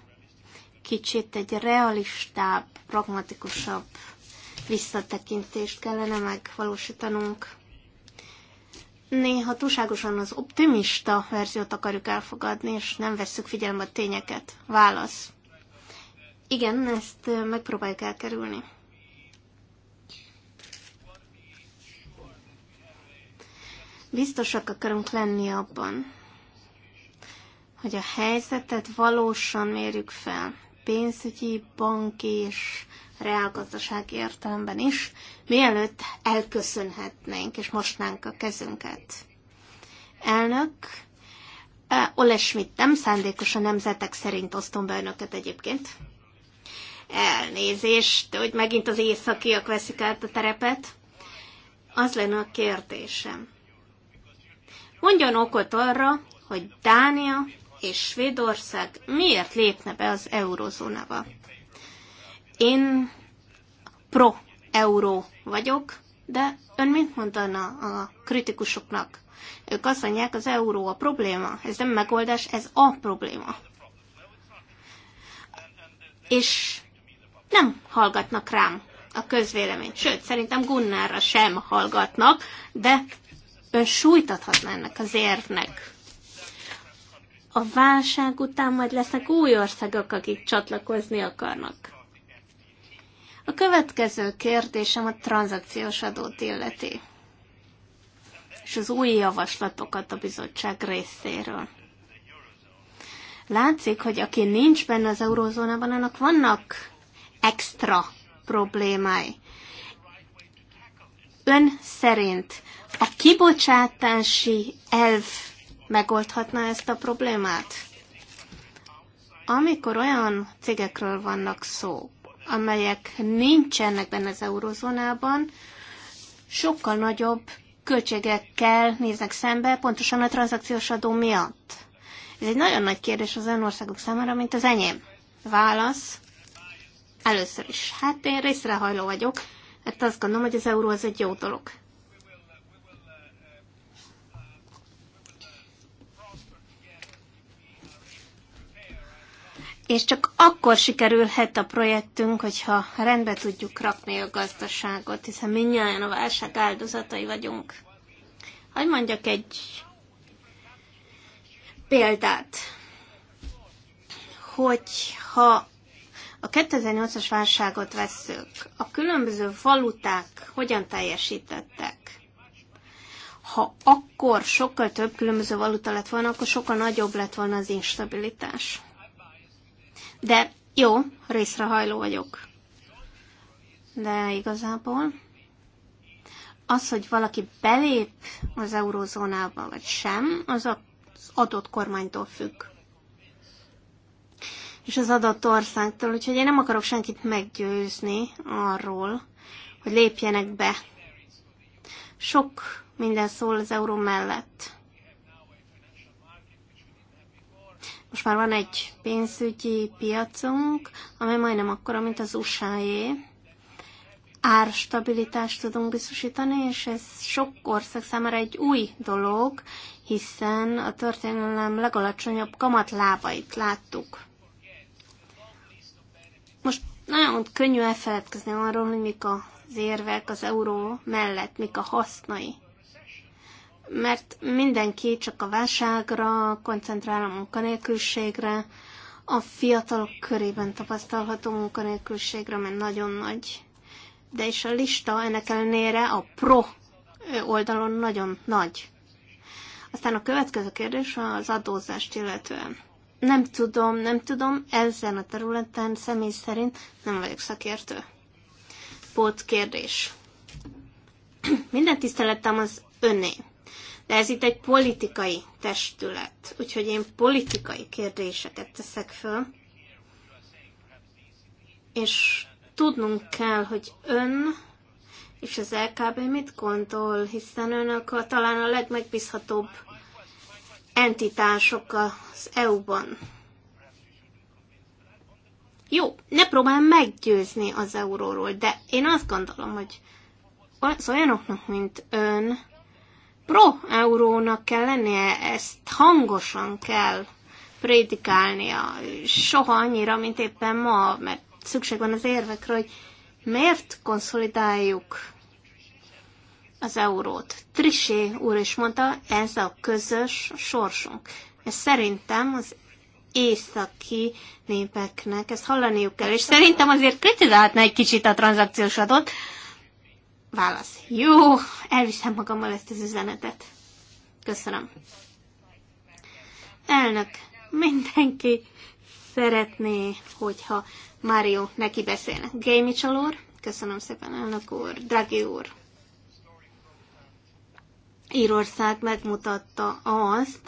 kicsit egy realistább, pragmatikusabb visszatekintést kellene megvalósítanunk. Néha túlságosan az optimista verziót akarjuk elfogadni, és nem vesszük figyelembe a tényeket. Válasz. Igen, ezt megpróbáljuk elkerülni. Biztosak akarunk lenni abban, hogy a helyzetet valósan mérjük fel, pénzügyi, banki és reálgazdaság értelemben is, mielőtt elköszönhetnénk és mosnánk a kezünket. Elnök, e, Ole Schmidt nem szándékosan nemzetek szerint osztom be önöket egyébként. Elnézést, hogy megint az északiak veszik át a terepet. Az lenne a kérdésem. Mondjon okot arra, hogy Dánia és Svédország miért lépne be az eurozónába? Én pro-euró vagyok, de ön mit mondana a kritikusoknak? Ők azt mondják, az euró a probléma. Ez nem megoldás, ez a probléma. És nem hallgatnak rám a közvélemény. Sőt, szerintem Gunnárra sem hallgatnak, de ön sújtathatná ennek az érvnek a válság után majd lesznek új országok, akik csatlakozni akarnak. A következő kérdésem a tranzakciós adót illeti, és az új javaslatokat a bizottság részéről. Látszik, hogy aki nincs benne az eurózónában, annak vannak extra problémái. Ön szerint a kibocsátási elv megoldhatná ezt a problémát? Amikor olyan cégekről vannak szó, amelyek nincsenek benne az eurozónában, sokkal nagyobb költségekkel néznek szembe, pontosan a tranzakciós adó miatt. Ez egy nagyon nagy kérdés az országok számára, mint az enyém. Válasz. Először is. Hát én részrehajló vagyok, mert azt gondolom, hogy az euró az egy jó dolog. és csak akkor sikerülhet a projektünk, hogyha rendbe tudjuk rakni a gazdaságot, hiszen mindjárt a válság áldozatai vagyunk. Hogy mondjak egy példát, hogyha a 2008-as válságot vesszük, a különböző valuták hogyan teljesítettek? Ha akkor sokkal több különböző valuta lett volna, akkor sokkal nagyobb lett volna az instabilitás. De jó, részre hajló vagyok. De igazából az, hogy valaki belép az eurózónába vagy sem, az az adott kormánytól függ. És az adott országtól. Úgyhogy én nem akarok senkit meggyőzni arról, hogy lépjenek be. Sok minden szól az euró mellett. Most már van egy pénzügyi piacunk, ami majdnem akkora, mint az USA-é. Árstabilitást tudunk biztosítani, és ez sok ország számára egy új dolog, hiszen a történelem legalacsonyabb kamatlábait láttuk. Most nagyon könnyű elfeledkezni arról, hogy mik az érvek az euró mellett, mik a hasznai mert mindenki csak a válságra koncentrál, a munkanélkülségre, a fiatalok körében tapasztalható munkanélkülségre, mert nagyon nagy. De is a lista ennek ellenére a pro oldalon nagyon nagy. Aztán a következő kérdés az adózást illetően. Nem tudom, nem tudom, ezen a területen személy szerint nem vagyok szakértő. Pót kérdés. Minden tisztelettem az öné. De ez itt egy politikai testület, úgyhogy én politikai kérdéseket teszek föl. És tudnunk kell, hogy ön és az LKB mit gondol, hiszen önök a, talán a legmegbízhatóbb entitások az EU-ban. Jó, ne próbál meggyőzni az euróról, de én azt gondolom, hogy az olyanoknak, mint ön, pro-eurónak kell lennie, ezt hangosan kell prédikálnia, soha annyira, mint éppen ma, mert szükség van az érvekre, hogy miért konszolidáljuk az eurót. Trisé úr is mondta, ez a közös sorsunk. És szerintem az északi népeknek ezt hallaniuk kell, és szerintem azért kritizálhatna egy kicsit a tranzakciós adót, Válasz. Jó, elviszem magammal ezt az üzenetet. Köszönöm. Elnök, mindenki szeretné, hogyha Mário neki beszélne. Gémi csalór. köszönöm szépen, elnök úr, Draghi úr. Írország megmutatta azt,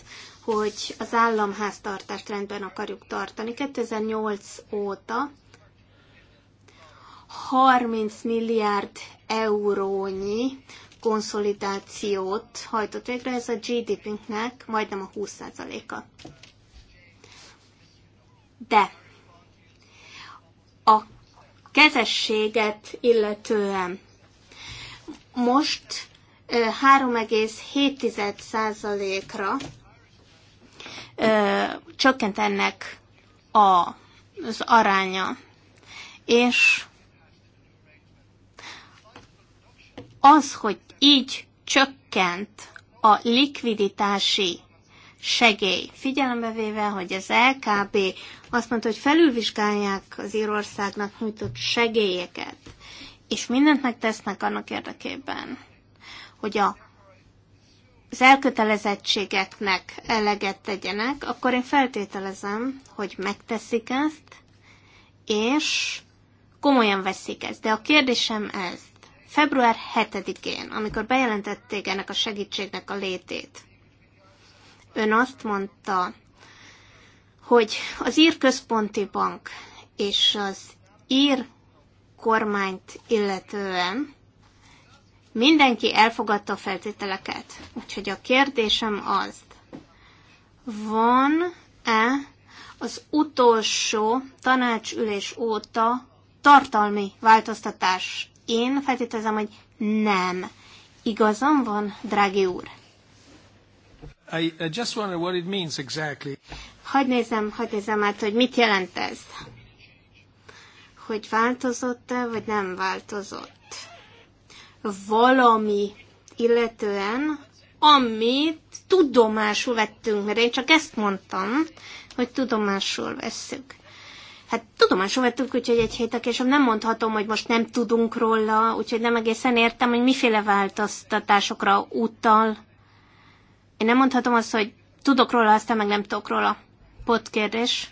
hogy az államháztartást rendben akarjuk tartani. 2008 óta 30 milliárd eurónyi konszolidációt hajtott végre, ez a GDP-nknek majdnem a 20%-a. De a kezességet illetően most 3,7%-ra csökkent ennek a, az aránya. És Az, hogy így csökkent a likviditási segély. Figyelembe véve, hogy az LKB azt mondta, hogy felülvizsgálják az Írországnak nyújtott segélyeket, és mindent megtesznek annak érdekében, hogy a, az elkötelezettségeknek eleget tegyenek, akkor én feltételezem, hogy megteszik ezt, és komolyan veszik ezt. De a kérdésem ez, Február 7-én, amikor bejelentették ennek a segítségnek a létét, ön azt mondta, hogy az Ír Központi Bank és az Ír kormányt illetően mindenki elfogadta a feltételeket. Úgyhogy a kérdésem az, van-e az utolsó tanácsülés óta tartalmi változtatás én feltételezem, hogy nem. Igazam van, drági úr? I, I just wonder what it means exactly. Hagy nézem, hagy nézem át, hogy mit jelent ez. Hogy változott-e, vagy nem változott. Valami illetően, amit tudomásul vettünk, mert én csak ezt mondtam, hogy tudomásul vesszük. Hát tudomásul vettük, úgyhogy egy héttel később nem mondhatom, hogy most nem tudunk róla, úgyhogy nem egészen értem, hogy miféle változtatásokra utal. Én nem mondhatom azt, hogy tudok róla, aztán meg nem tudok róla. Pot kérdés.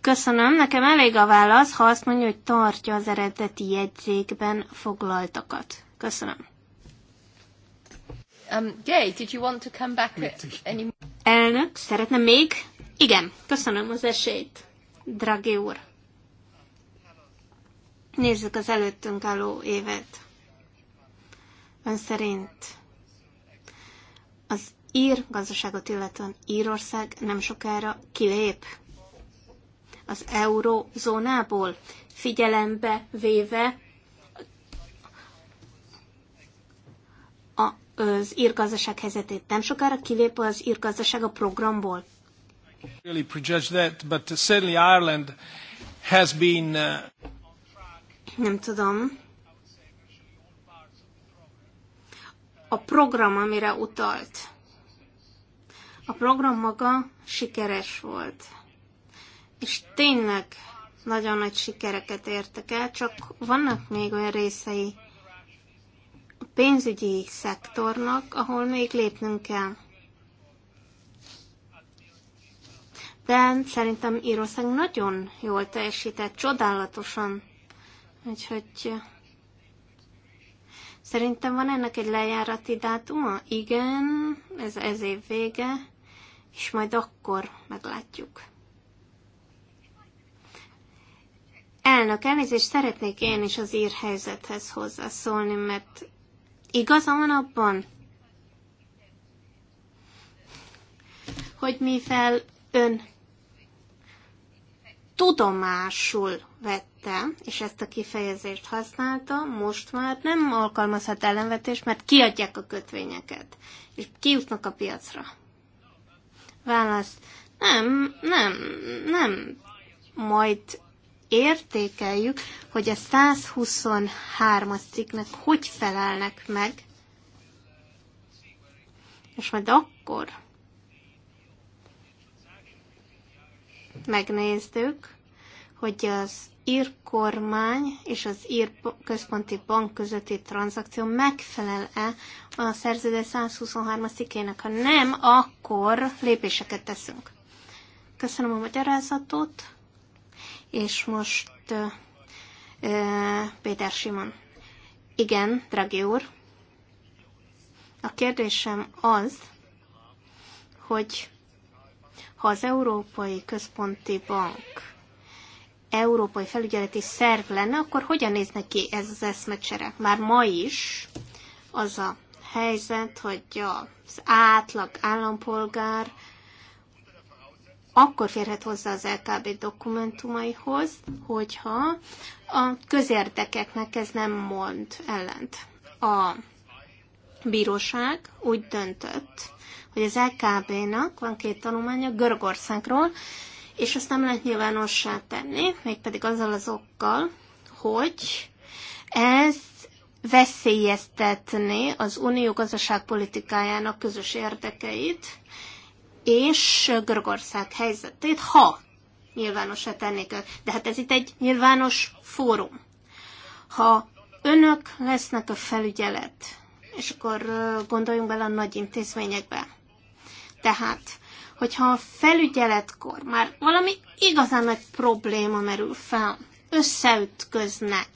Köszönöm, nekem elég a válasz, ha azt mondja, hogy tartja az eredeti jegyzékben foglaltakat. Köszönöm. Um, Gay, did you want to come back any... Elnök, szeretne még igen, köszönöm az esélyt, dragi úr. Nézzük az előttünk álló évet. Ön szerint az ír gazdaságot illetően Írország nem sokára kilép az eurózónából, figyelembe véve az írgazdaság helyzetét. Nem sokára kilép az írgazdaság a programból. Really prejudge that, but certainly Ireland has been... Uh, Nem tudom. A program, amire utalt. A program maga sikeres volt. És tényleg nagyon nagy sikereket értek el, csak vannak még olyan részei a pénzügyi szektornak, ahol még lépnünk kell. de szerintem Írország nagyon jól teljesített, csodálatosan. Úgyhogy szerintem van ennek egy lejárati dátuma? Igen, ez ez év vége, és majd akkor meglátjuk. Elnök, elnézést szeretnék én is az ír helyzethez hozzászólni, mert igaza van abban, hogy mivel ön tudomásul vette, és ezt a kifejezést használta, most már nem alkalmazhat ellenvetést, mert kiadják a kötvényeket, és kijutnak a piacra. Válasz. Nem, nem, nem. Majd értékeljük, hogy a 123-as cikknek hogy felelnek meg, és majd akkor megnéztük, hogy az ír kormány és az ír központi bank közötti tranzakció megfelel-e a szerződés 123 cikkének. Ha nem, akkor lépéseket teszünk. Köszönöm a magyarázatot, és most uh, uh, Péter Simon. Igen, Dragi úr. A kérdésem az, hogy ha az Európai Központi Bank európai felügyeleti szerv lenne, akkor hogyan néz neki ez az eszmecsere? Már ma is az a helyzet, hogy az átlag állampolgár akkor férhet hozzá az LKB dokumentumaihoz, hogyha a közérdekeknek ez nem mond ellent. A bíróság úgy döntött, hogy az LKB-nak e van két tanulmánya Görögországról, és azt nem lehet nyilvánossá tenni, mégpedig azzal az okkal, hogy ez veszélyeztetni az unió gazdaságpolitikájának közös érdekeit és Görögország helyzetét, ha nyilvánosra tennék ők. De hát ez itt egy nyilvános fórum. Ha önök lesznek a felügyelet, és akkor gondoljunk bele a nagy intézményekbe, tehát, hogyha a felügyeletkor már valami igazán nagy probléma merül fel, összeütköznek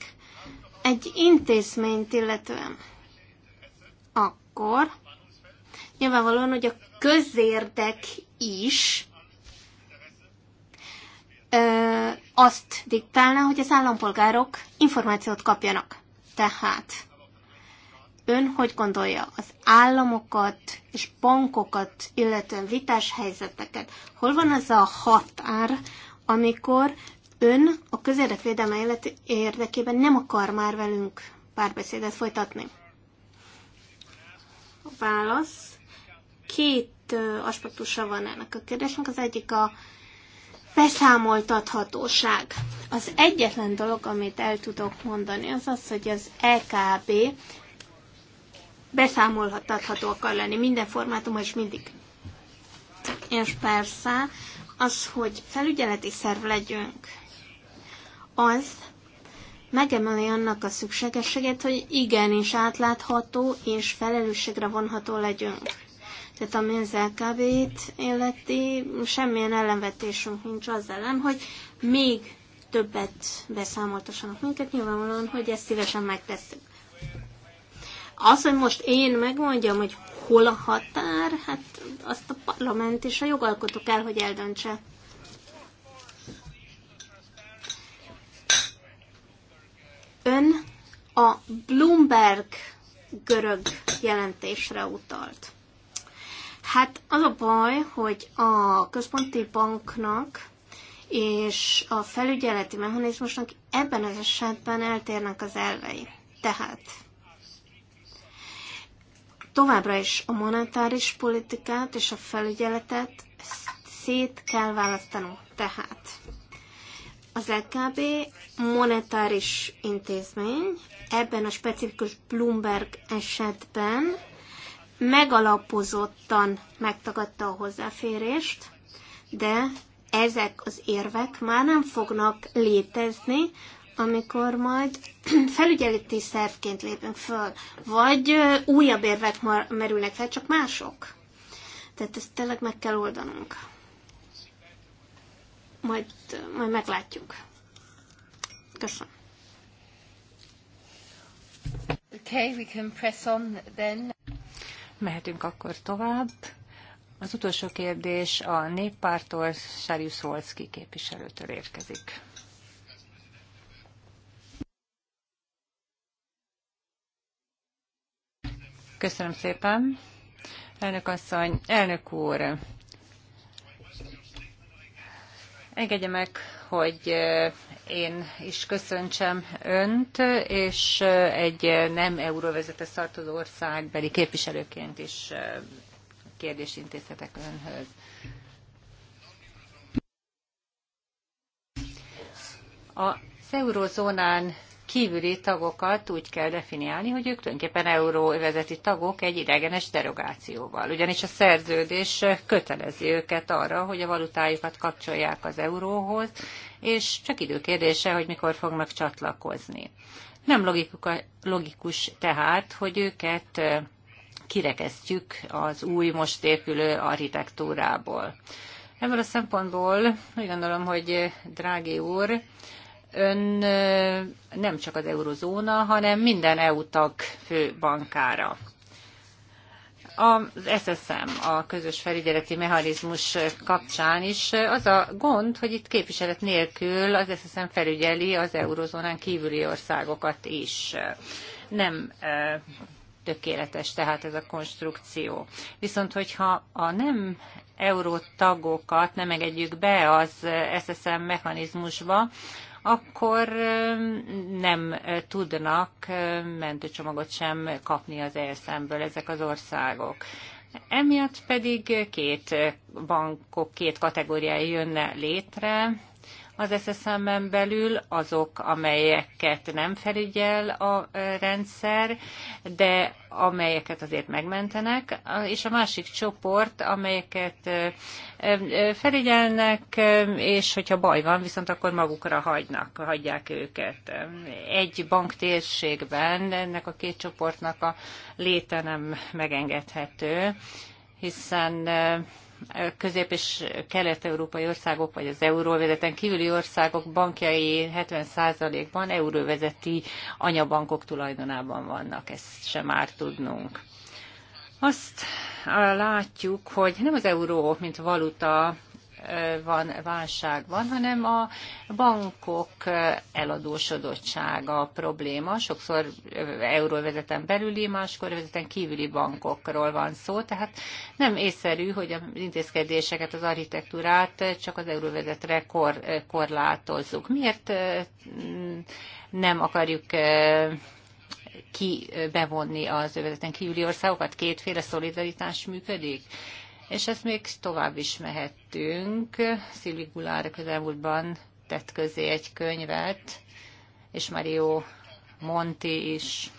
egy intézményt illetően, akkor nyilvánvalóan, hogy a közérdek is ö, azt diktálná, hogy az állampolgárok információt kapjanak. Tehát Ön hogy gondolja az államokat és bankokat, illetően vitás helyzeteket? Hol van az a határ, amikor ön a közérdek védelme érdekében nem akar már velünk párbeszédet folytatni? A válasz. Két aspektusa van ennek a kérdésnek. Az egyik a beszámoltathatóság. Az egyetlen dolog, amit el tudok mondani, az az, hogy az EKB beszámolhatatható akar lenni minden formátum és mindig. És persze az, hogy felügyeleti szerv legyünk, az megemeli annak a szükségességet, hogy igenis átlátható és felelősségre vonható legyünk. Tehát a az LKB-t illeti, semmilyen ellenvetésünk nincs az ellen, hogy még többet beszámoltassanak minket, nyilvánvalóan, hogy ezt szívesen megtesszük. Az, hogy most én megmondjam, hogy hol a határ, hát azt a parlament és a jogalkotó kell, hogy eldöntse. Ön a Bloomberg görög jelentésre utalt. Hát az a baj, hogy a központi banknak és a felügyeleti mechanizmusnak ebben az esetben eltérnek az elvei. Tehát továbbra is a monetáris politikát és a felügyeletet szét kell választanunk. Tehát az LKB monetáris intézmény ebben a specifikus Bloomberg esetben megalapozottan megtagadta a hozzáférést, de ezek az érvek már nem fognak létezni, amikor majd felügyeleti szervként lépünk föl, vagy újabb érvek merülnek fel, csak mások. Tehát ezt tényleg meg kell oldanunk. Majd, majd meglátjuk. Köszönöm. Okay, we can press on then. Mehetünk akkor tovább. Az utolsó kérdés a néppártól Sárius Holszki képviselőtől érkezik. Köszönöm szépen. Elnök asszony, elnök úr, engedje meg, hogy eh, én is köszöntsem önt, és eh, egy eh, nem euróvezethez tartozó országbeli képviselőként is kérdést intézhetek önhöz. A eurozónán kívüli tagokat úgy kell definiálni, hogy ők tulajdonképpen euróvezeti tagok egy idegenes derogációval. Ugyanis a szerződés kötelezi őket arra, hogy a valutájukat kapcsolják az euróhoz, és csak időkérdése, hogy mikor fognak csatlakozni. Nem logikus tehát, hogy őket kirekesztjük az új, most épülő architektúrából. Ebből a szempontból úgy gondolom, hogy Drági úr ön nem csak az eurozóna, hanem minden EU tag főbankára. Az SSM, a közös felügyeleti mechanizmus kapcsán is az a gond, hogy itt képviselet nélkül az SSM felügyeli az eurozónán kívüli országokat is. Nem tökéletes tehát ez a konstrukció. Viszont hogyha a nem euró tagokat nem engedjük be az SSM mechanizmusba, akkor nem eh, tudnak mentőcsomagot sem kapni az ESM-ből ezek az országok. Emiatt pedig két eh, bankok, két kategóriája jönne létre, az SSM-en belül, azok, amelyeket nem felügyel a rendszer, de amelyeket azért megmentenek, és a másik csoport, amelyeket felügyelnek, és hogyha baj van, viszont akkor magukra hagynak, hagyják őket. Egy banktérségben ennek a két csoportnak a léte nem megengedhető, hiszen közép- és kelet-európai országok, vagy az euróvezeten kívüli országok bankjai 70%-ban euróvezeti anyabankok tulajdonában vannak, ezt sem már tudnunk. Azt látjuk, hogy nem az euró, mint valuta van válságban, hanem a bankok eladósodottsága a probléma. Sokszor euróvezeten belüli, máskor vezeten kívüli bankokról van szó, tehát nem észszerű, hogy az intézkedéseket, az architektúrát csak az euróvezetre kor, korlátozzuk. Miért nem akarjuk ki bevonni az övezeten kívüli országokat? Kétféle szolidaritás működik? És ezt még tovább is mehettünk. Szilvi Gulár közelmúltban tett közé egy könyvet, és Mario Monti is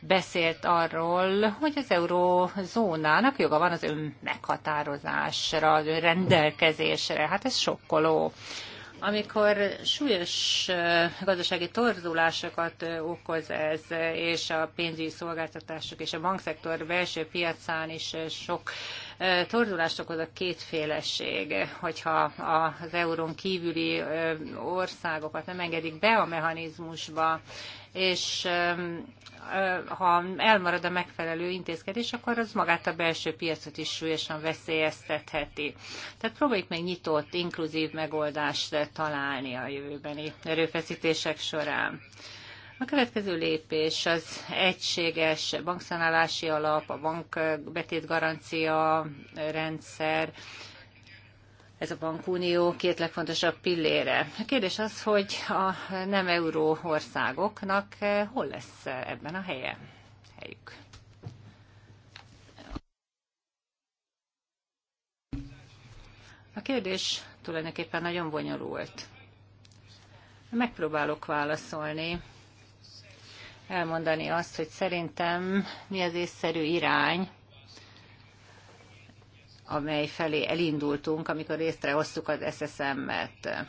beszélt arról, hogy az eurózónának joga van az meghatározásra, az rendelkezésre. Hát ez sokkoló. Amikor súlyos gazdasági torzulásokat okoz ez, és a pénzügyi szolgáltatások és a bankszektor belső piacán is sok tordulást okoz a kétféleség, hogyha az eurón kívüli országokat nem engedik be a mechanizmusba, és ha elmarad a megfelelő intézkedés, akkor az magát a belső piacot is súlyosan veszélyeztetheti. Tehát próbáljuk meg nyitott, inkluzív megoldást találni a jövőbeni erőfeszítések során. A következő lépés az egységes bankszanálási alap, a bankbetét garancia rendszer, ez a bankunió két legfontosabb pillére. A kérdés az, hogy a nem euró országoknak hol lesz ebben a helye, helyük. A kérdés tulajdonképpen nagyon bonyolult. Megpróbálok válaszolni elmondani azt, hogy szerintem mi az észszerű irány, amely felé elindultunk, amikor hoztuk az SSM-et.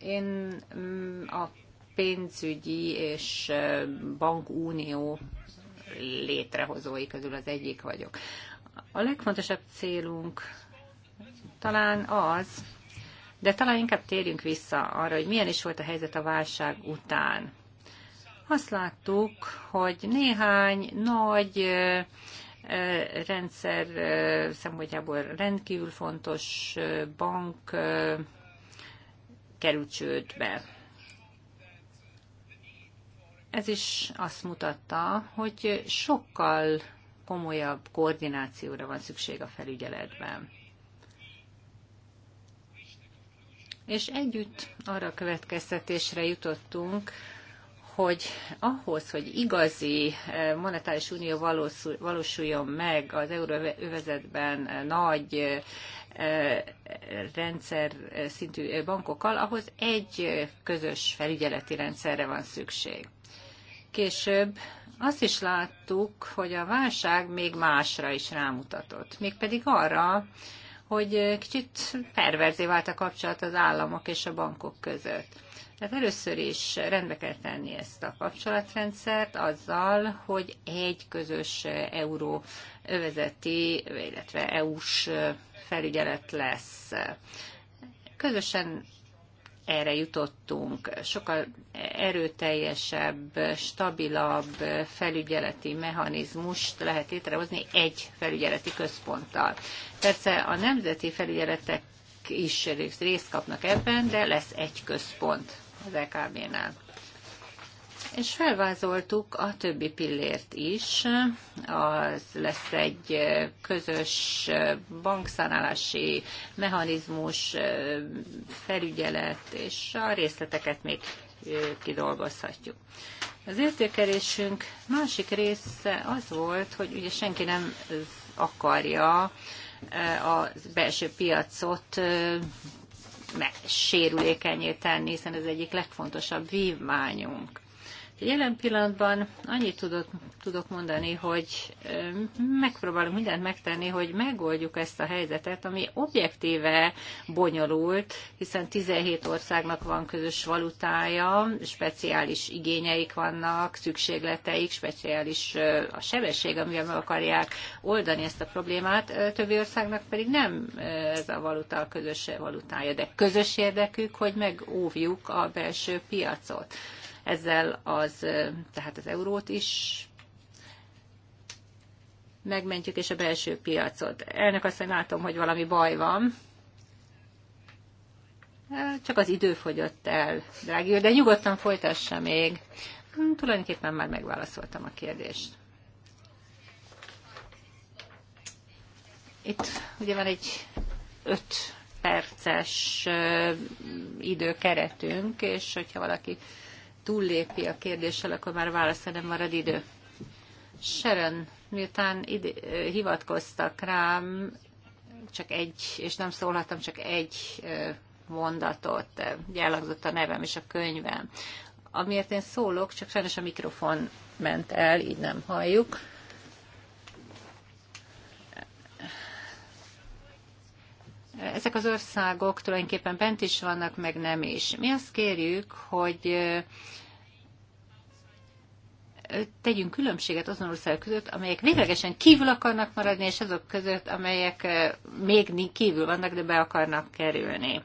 Én mm, a pénzügyi és bankunió létrehozói közül az egyik vagyok. A legfontosabb célunk talán az, de talán inkább térjünk vissza arra, hogy milyen is volt a helyzet a válság után azt láttuk, hogy néhány nagy rendszer szempontjából rendkívül fontos bank került csődbe. Ez is azt mutatta, hogy sokkal komolyabb koordinációra van szükség a felügyeletben. És együtt arra a következtetésre jutottunk, hogy ahhoz, hogy igazi eh, monetáris unió valósuljon meg az euróövezetben eh, nagy eh, rendszer szintű bankokkal, ahhoz egy közös felügyeleti rendszerre van szükség. Később azt is láttuk, hogy a válság még másra is rámutatott, mégpedig arra, hogy kicsit perverzé vált a kapcsolat az államok és a bankok között. Tehát először is rendbe kell tenni ezt a kapcsolatrendszert azzal, hogy egy közös euró övezeti, illetve EU-s felügyelet lesz. Közösen erre jutottunk. Sokkal erőteljesebb, stabilabb felügyeleti mechanizmust lehet létrehozni egy felügyeleti központtal. Persze a nemzeti felügyeletek is részt kapnak ebben, de lesz egy központ az ekb nál És felvázoltuk a többi pillért is. Az lesz egy közös bankszanálási mechanizmus, felügyelet, és a részleteket még kidolgozhatjuk. Az értékelésünk másik része az volt, hogy ugye senki nem akarja eh, a belső piacot eh, sérülékenyé tenni, hiszen ez egyik legfontosabb vívmányunk. Jelen pillanatban annyit tudok, tudok mondani, hogy megpróbálunk mindent megtenni, hogy megoldjuk ezt a helyzetet, ami objektíve bonyolult, hiszen 17 országnak van közös valutája, speciális igényeik vannak, szükségleteik, speciális a sebesség, amivel meg akarják oldani ezt a problémát, többi országnak pedig nem ez a valuta a közös valutája, de közös érdekük, hogy megóvjuk a belső piacot ezzel az, tehát az eurót is megmentjük, és a belső piacot. Elnök azt mondja, látom, hogy valami baj van. Hát, csak az idő fogyott el, drági de nyugodtan folytassa még. Hmm, tulajdonképpen már megválaszoltam a kérdést. Itt ugye van egy öt perces időkeretünk, és hogyha valaki túllépi a kérdéssel, akkor már válaszol, nem marad idő. Sharon, miután ide, hivatkoztak rám, csak egy, és nem szólhattam, csak egy mondatot, ugye elhangzott a nevem és a könyvem. Amiért én szólok, csak sajnos a mikrofon ment el, így nem halljuk. Ezek az országok tulajdonképpen bent is vannak, meg nem is. Mi azt kérjük, hogy tegyünk különbséget azon országok között, amelyek véglegesen kívül akarnak maradni, és azok között, amelyek eh, még kívül vannak, de be akarnak kerülni.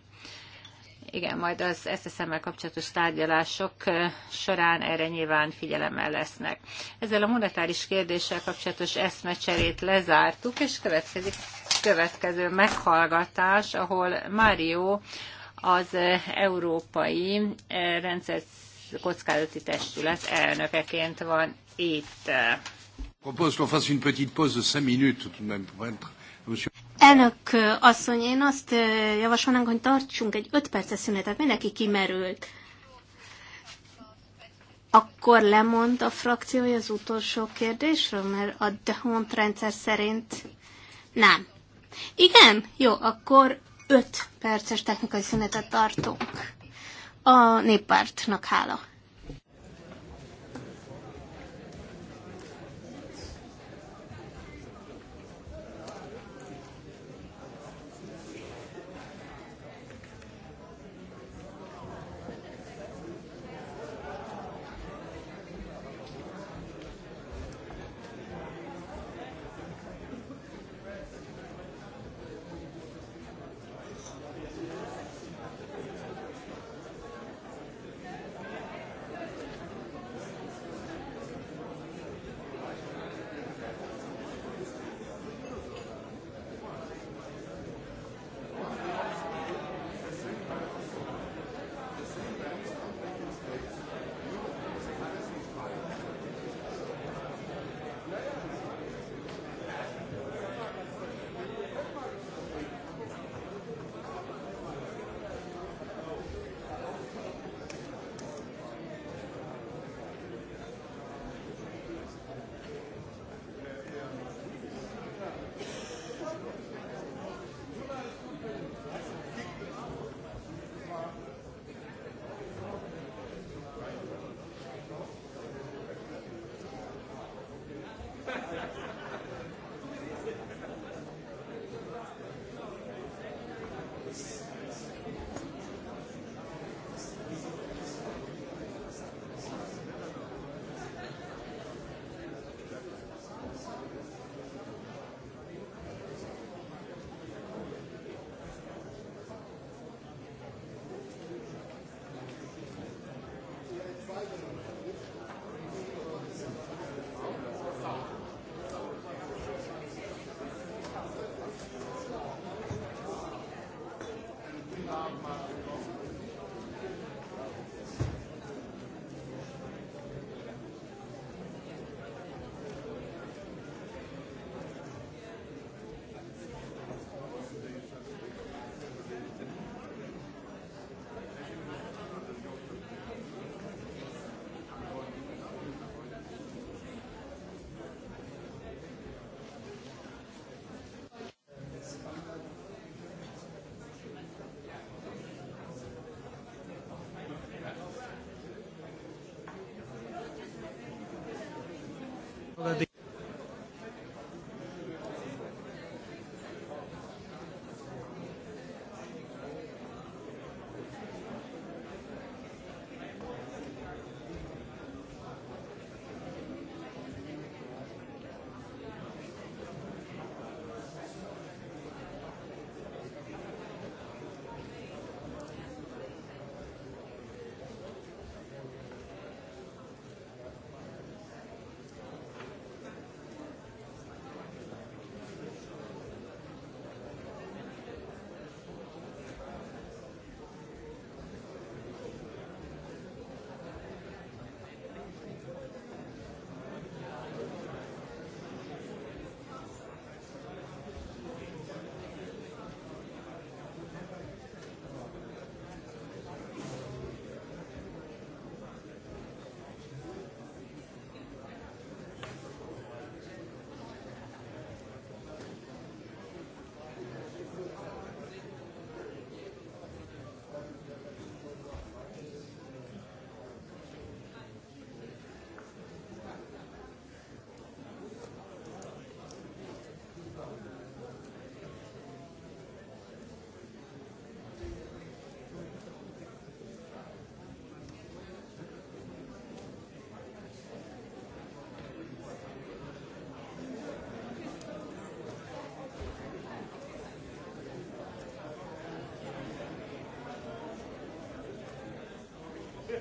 Igen, majd az ssm szemmel kapcsolatos tárgyalások eh, során erre nyilván figyelemmel lesznek. Ezzel a monetáris kérdéssel kapcsolatos eszmecserét lezártuk, és következik következő meghallgatás, ahol Mário az eh, európai rendszer kockázati testület elnökeként van itt. Elnök euh, asszony, én azt euh, javasolnánk, hogy tartsunk egy 5 perces szünetet, mindenki kimerült. Akkor lemond a frakciója az utolsó kérdésről, mert a DeHont rendszer szerint nem. Igen? Jó, akkor 5 perces technikai szünetet tartunk. A néppártnak hála.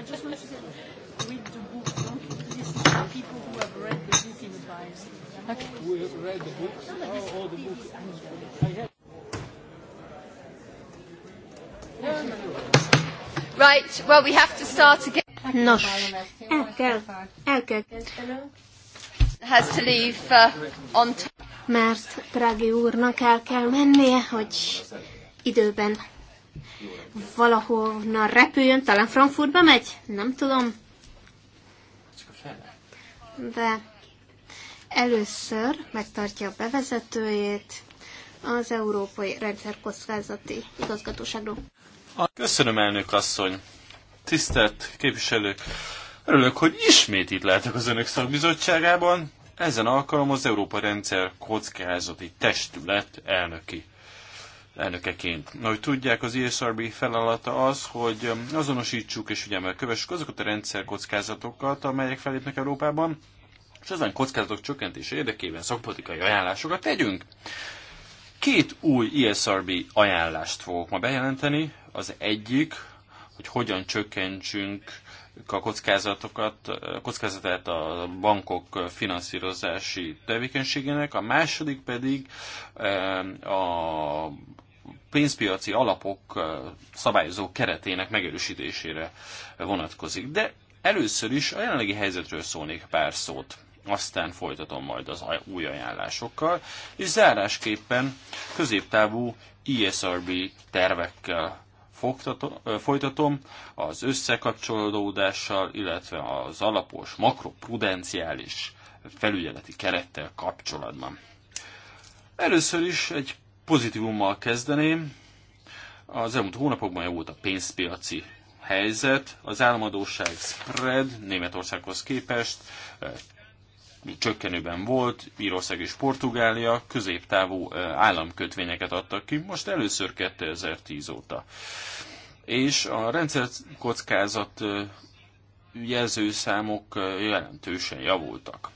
I just want to say, read the book. Don't listen to people who have read the book in advance. Okay. have read the No, oh, all the books. Right, well, we have to start again. Nos, el kell, el kell Has to leave uh, on time. Mert drági úrnak el kell mennie, hogy időben valahonnan repüljön, talán Frankfurtba megy? Nem tudom. De először megtartja a bevezetőjét az Európai Kockázati Igazgatóságról. Köszönöm, elnök asszony! Tisztelt képviselők! Örülök, hogy ismét itt lehetek az Önök szakbizottságában. Ezen alkalom az Európa Rendszer Kockázati Testület elnöki elnökeként. Ahogy tudják, az ESRB feladata az, hogy um, azonosítsuk és figyelmel kövessük azokat a rendszerkockázatokat, amelyek felépnek Európában, és ezen kockázatok csökkentése érdekében szakpolitikai ajánlásokat tegyünk. Két új ESRB ajánlást fogok ma bejelenteni. Az egyik, hogy hogyan csökkentsünk a kockázatokat, a kockázatát a bankok finanszírozási tevékenységének, a második pedig eh, a pénzpiaci alapok eh, szabályozó keretének megerősítésére vonatkozik. De először is a jelenlegi helyzetről szólnék pár szót aztán folytatom majd az új ajánlásokkal, és zárásképpen középtávú ESRB tervekkel folytatom, az összekapcsolódással, illetve az alapos makroprudenciális felügyeleti kerettel kapcsolatban. Először is egy pozitívummal kezdeném. Az elmúlt hónapokban volt a pénzpiaci helyzet, az államadóság spread Németországhoz képest csökkenőben volt, Írország és Portugália középtávú államkötvényeket adtak ki, most először 2010 óta. És a rendszerkockázat jelzőszámok jelentősen javultak.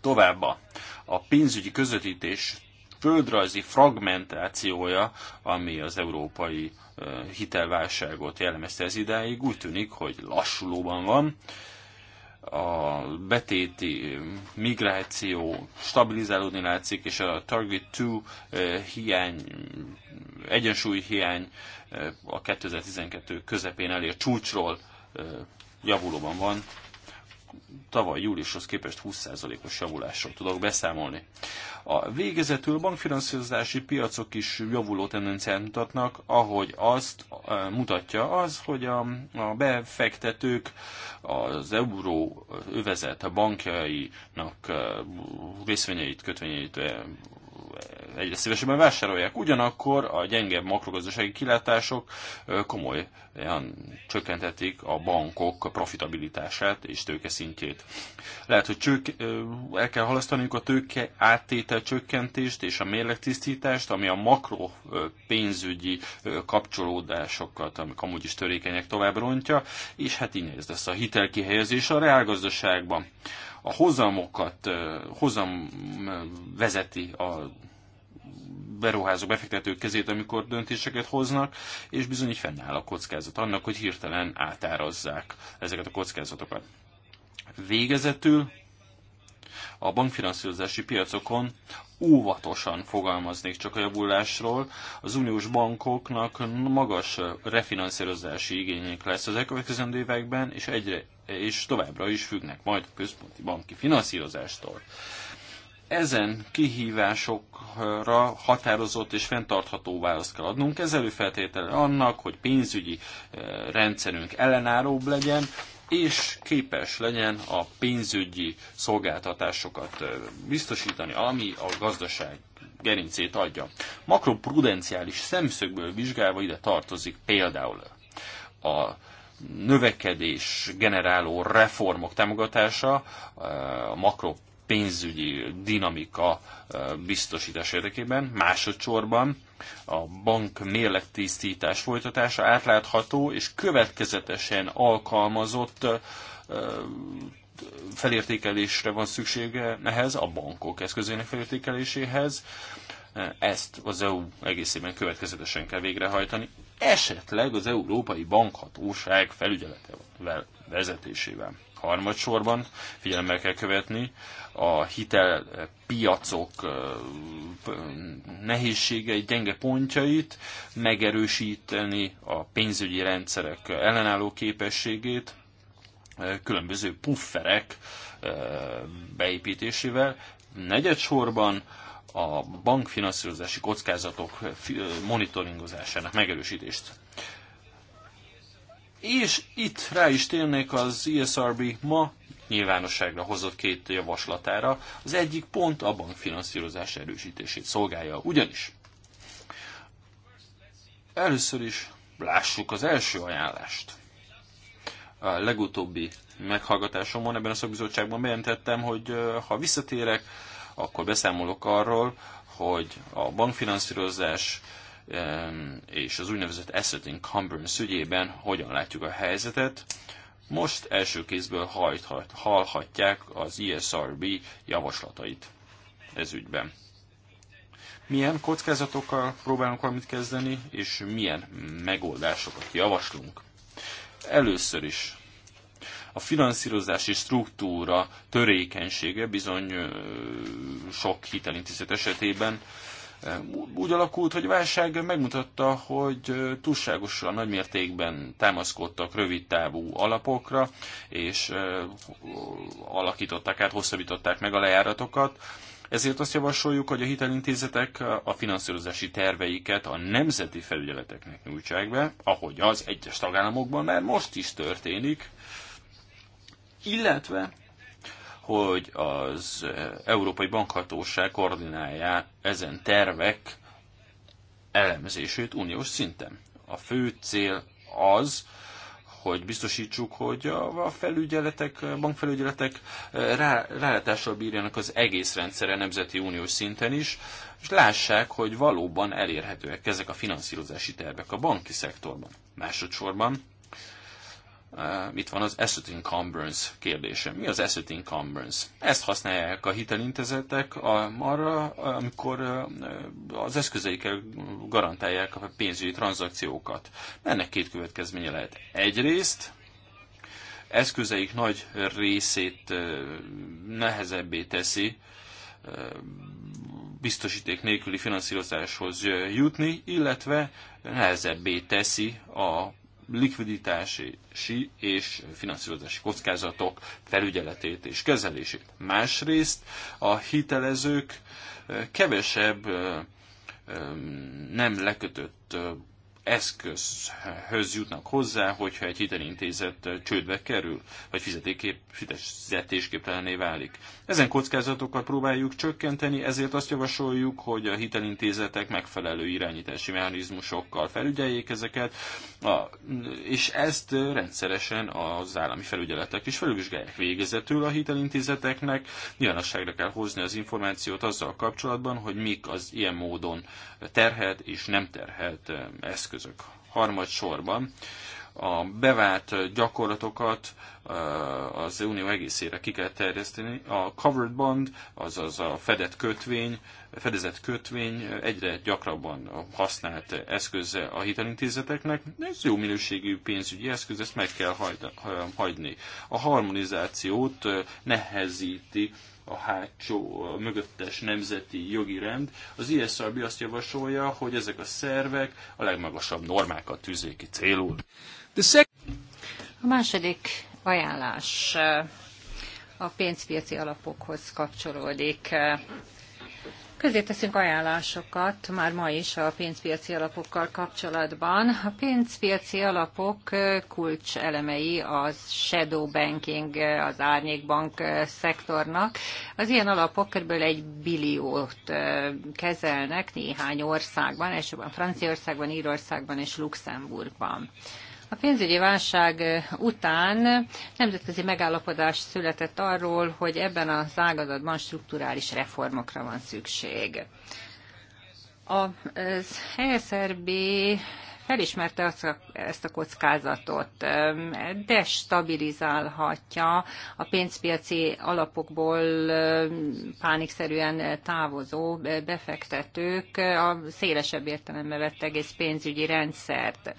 Továbbá a pénzügyi közvetítés földrajzi fragmentációja, ami az európai hitelválságot jellemezte ez idáig, úgy tűnik, hogy lassulóban van a betéti migráció stabilizálódni látszik, és a Target 2 hiány, egyensúly hiány a 2012 közepén elér csúcsról javulóban van, tavaly júliushoz képest 20%-os javulásról tudok beszámolni. A végezetül bankfinanszírozási piacok is javuló tendenciát mutatnak, ahogy azt mutatja az, hogy a, a befektetők az euró övezet a bankjainak részvényeit, kötvényeit egyre szívesebben vásárolják. Ugyanakkor a gyengebb makrogazdasági kilátások komolyan csökkentetik a bankok profitabilitását és szintjét. Lehet, hogy csök- el kell halasztaniuk a tőke áttétel csökkentést és a mérlegtisztítást, ami a makro pénzügyi kapcsolódásokat, amik amúgy is törékenyek tovább rontja, és hát így ez lesz a hitelkihelyezés a reálgazdaságban a hozamokat, hozam vezeti a beruházók befektetők kezét, amikor döntéseket hoznak, és bizony így fennáll a kockázat annak, hogy hirtelen átárazzák ezeket a kockázatokat. Végezetül a bankfinanszírozási piacokon óvatosan fogalmaznék csak a javulásról. Az uniós bankoknak magas refinanszírozási igények lesz az elkövetkező években, és egyre és továbbra is függnek majd a központi banki finanszírozástól. Ezen kihívásokra határozott és fenntartható választ kell adnunk. Ez előfeltétele annak, hogy pénzügyi eh, rendszerünk ellenáróbb legyen, és képes legyen a pénzügyi szolgáltatásokat eh, biztosítani, ami a gazdaság gerincét adja. Makroprudenciális szemszögből vizsgálva ide tartozik például a növekedés generáló reformok támogatása, a makro pénzügyi dinamika biztosítás érdekében. Másodszorban a bank mérlektisztítás folytatása átlátható és következetesen alkalmazott felértékelésre van szüksége ehhez, a bankok eszközének felértékeléséhez. Ezt az EU egészében következetesen kell végrehajtani esetleg az Európai Bankhatóság felügyeletevel vezetésével. Harmadsorban figyelemmel kell követni a hitelpiacok eh, eh, nehézségei, gyenge pontjait, megerősíteni a pénzügyi rendszerek ellenálló képességét, eh, különböző pufferek beépítésével, negyedsorban a bankfinanszírozási kockázatok monitoringozásának megerősítést. És itt rá is térnék az ESRB ma nyilvánosságra hozott két javaslatára. Az egyik pont a bankfinanszírozás erősítését szolgálja. Ugyanis először is lássuk az első ajánlást. A legutóbbi meghallgatásomon ebben a szakbizottságban bejelentettem, hogy ha visszatérek, akkor beszámolok arról, hogy a bankfinanszírozás és az úgynevezett asset encumbrance ügyében hogyan látjuk a helyzetet. Most első kézből hajthat, hallhatják az ISRB e javaslatait ez ügyben. Milyen kockázatokkal próbálunk valamit kezdeni, és milyen megoldásokat javaslunk. Először is a finanszírozási struktúra törékenysége bizony sok hitelintézet esetében úgy alakult, hogy a válság megmutatta, hogy túlságosan nagy mértékben támaszkodtak rövid távú alapokra, és alakították át, hosszabbították meg a lejáratokat. Ezért azt javasoljuk, hogy a hitelintézetek a finanszírozási terveiket a nemzeti felügyeleteknek nyújtsák be, ahogy az egyes tagállamokban már most is történik, illetve hogy az eh, Európai Bankhatóság koordinálja ezen tervek elemzését uniós szinten. A fő cél az, hogy biztosítsuk, hogy a felügyeletek, bankfelügyeletek eh, rá, rálátással bírjanak az egész rendszere nemzeti uniós szinten is, és lássák, hogy valóban elérhetőek ezek a finanszírozási tervek a banki szektorban. Másodszorban itt van az asset encumbrance kérdése. Mi az asset encumbrance? Ezt használják a hitelintézetek arra, amikor az eszközeikkel garantálják a pénzügyi tranzakciókat. Ennek két következménye lehet. Egyrészt eszközeik nagy részét nehezebbé teszi biztosíték nélküli finanszírozáshoz jutni, illetve nehezebbé teszi a likviditási és finanszírozási kockázatok felügyeletét és kezelését. Másrészt a hitelezők eh, kevesebb eh, nem lekötött eh, eszközhöz jutnak hozzá, hogyha egy hitelintézet csődbe kerül, vagy fizetésképtelené válik. Ezen kockázatokat próbáljuk csökkenteni, ezért azt javasoljuk, hogy a hitelintézetek megfelelő irányítási mechanizmusokkal felügyeljék ezeket, és ezt rendszeresen az állami felügyeletek is felülvizsgálják végezetül a hitelintézeteknek. Nyilvánosságra kell hozni az információt azzal kapcsolatban, hogy mik az ilyen módon terhelt és nem terhelt eszköz eszközök. sorban a bevált gyakorlatokat az Unió egészére ki kell terjeszteni. A covered bond, azaz a fedett kötvény, fedezett kötvény egyre gyakrabban használt eszköze a hitelintézeteknek. Ez jó minőségű pénzügyi eszköz, ezt meg kell hagyni. A harmonizációt nehezíti a hátsó, a mögöttes nemzeti jogi rend. Az ISRB azt javasolja, hogy ezek a szervek a legmagasabb normákat tűzik ki célul. A második ajánlás eh, a pénzpiaci alapokhoz kapcsolódik. Eh, Közé teszünk ajánlásokat már ma is a pénzpiaci alapokkal kapcsolatban. A pénzpiaci alapok kulcs elemei a shadow banking, az árnyékbank szektornak. Az ilyen alapok kb. egy billiót kezelnek néhány országban, elsősorban Franciaországban, Írországban és Luxemburgban. A pénzügyi válság után nemzetközi megállapodás született arról, hogy ebben az ágazatban strukturális reformokra van szükség. Az ESRB felismerte azt a, ezt a kockázatot, destabilizálhatja a pénzpiaci alapokból pánikszerűen távozó befektetők a szélesebb értelembe vett egész pénzügyi rendszert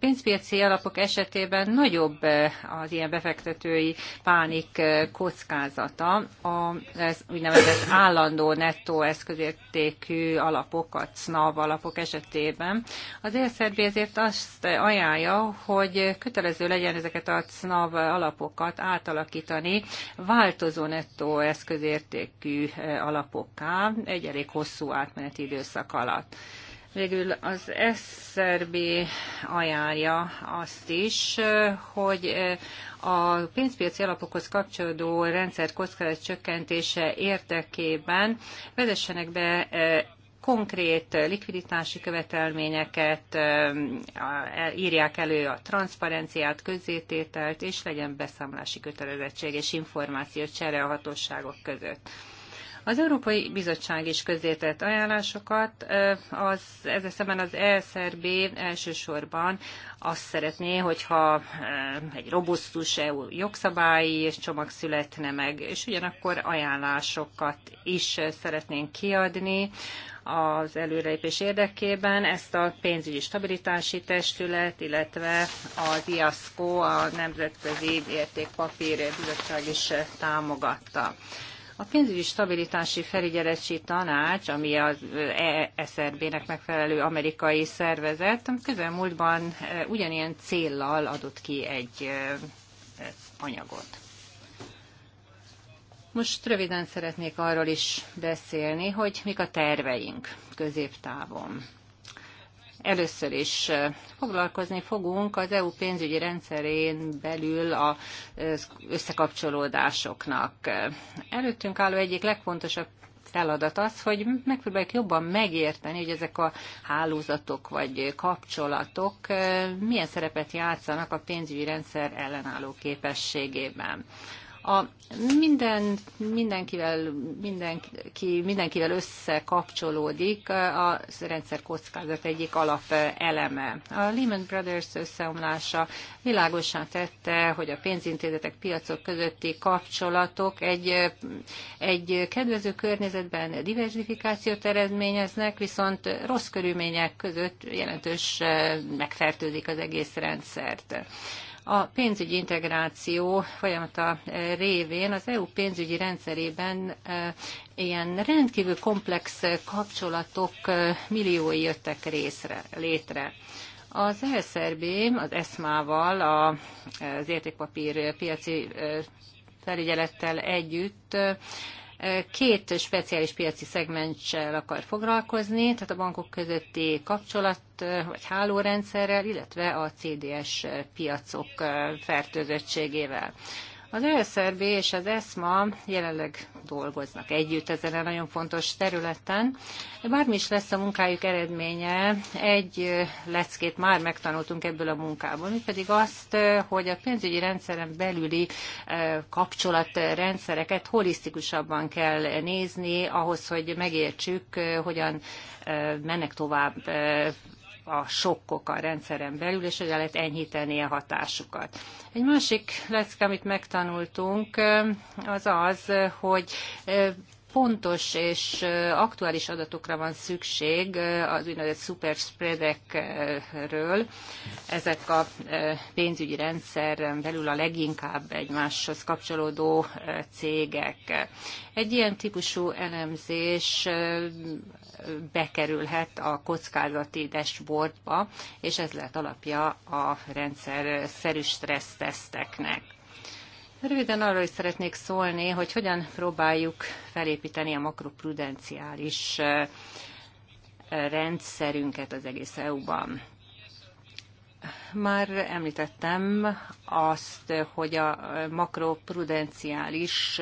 pénzpiaci alapok esetében nagyobb eh, az ilyen befektetői pánik eh, kockázata az úgynevezett állandó nettó eszközértékű alapokat, SNAV alapok esetében. Az ESZRB ezért azt ajánlja, hogy kötelező legyen ezeket a SNAV alapokat átalakítani változó nettó eszközértékű eh, alapokká egy elég hosszú átmeneti időszak alatt. Végül az SRB ajánlja azt is, hogy a pénzpiaci alapokhoz kapcsolódó rendszer kockázat csökkentése érdekében vezessenek be e, konkrét likviditási követelményeket, e, e, írják elő a transzparenciát, közzétételt, és legyen beszámlási kötelezettség és információ csere a hatóságok között. Az Európai Bizottság is közzétett ajánlásokat, az, ezzel szemben az ESRB elsősorban azt szeretné, hogyha egy robusztus EU jogszabályi és csomag születne meg, és ugyanakkor ajánlásokat is szeretnénk kiadni, az előrelépés érdekében. Ezt a pénzügyi stabilitási testület, illetve az IASZKO, a Nemzetközi Értékpapír Bizottság is támogatta. A pénzügyi stabilitási felügyeletsi tanács, ami az ESRB-nek megfelelő amerikai szervezet, közelmúltban e, ugyanilyen céllal adott ki egy e, e, anyagot. Most röviden szeretnék arról is beszélni, hogy mik a terveink középtávon. Először is foglalkozni fogunk az EU pénzügyi rendszerén belül az összekapcsolódásoknak. Előttünk álló egyik legfontosabb feladat az, hogy megpróbáljuk jobban megérteni, hogy ezek a hálózatok vagy kapcsolatok milyen szerepet játszanak a pénzügyi rendszer ellenálló képességében. A minden, mindenkivel, mindenki, mindenkivel összekapcsolódik a rendszer kockázat egyik alap eleme. A Lehman Brothers összeomlása világosan tette, hogy a pénzintézetek piacok közötti kapcsolatok egy, egy kedvező környezetben diversifikációt eredményeznek, viszont rossz körülmények között jelentős megfertőzik az egész rendszert. A pénzügyi integráció folyamata eh, révén az EU pénzügyi rendszerében eh, ilyen rendkívül komplex eh, kapcsolatok milliói jöttek részre, létre. Az ESRB az ESMA-val, az értékpapír piaci felügyelettel együtt két speciális piaci szegmenssel akar foglalkozni, tehát a bankok közötti kapcsolat eh, vagy hálórendszerrel, illetve a CDS piacok eh, fertőzöttségével. Az ESRB és az ESMA jelenleg dolgoznak együtt ezen a nagyon fontos területen. Bármi is lesz a munkájuk eredménye, egy leckét már megtanultunk ebből a munkából, mi pedig azt, hogy a pénzügyi rendszeren belüli kapcsolatrendszereket holisztikusabban kell nézni, ahhoz, hogy megértsük, hogyan mennek tovább a sokkok a rendszeren belül, és hogyan lehet enyhíteni a hatásukat. Egy másik lecke, amit megtanultunk, az az, hogy pontos és aktuális adatokra van szükség az úgynevezett spreadekről. Ezek a pénzügyi rendszer belül a leginkább egymáshoz kapcsolódó cégek. Egy ilyen típusú elemzés bekerülhet a kockázati dashboardba, és ez lehet alapja a rendszer szerű stresszteszteknek. Röviden arról is szeretnék szólni, hogy hogyan próbáljuk felépíteni a makroprudenciális rendszerünket az egész EU-ban. Már említettem azt, hogy a makroprudenciális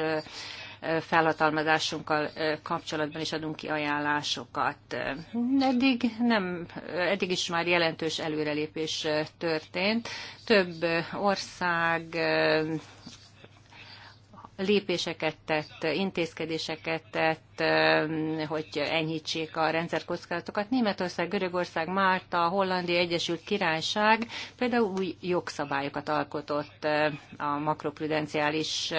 felhatalmazásunkkal kapcsolatban is adunk ki ajánlásokat. Eddig, nem, eddig is már jelentős előrelépés történt. Több ország lépéseket tett, intézkedéseket tett azért, hogy enyhítsék a rendszerkockázatokat. Németország, Görögország, Málta, Hollandia, Egyesült Királyság például új jogszabályokat alkotott a makroprudenciális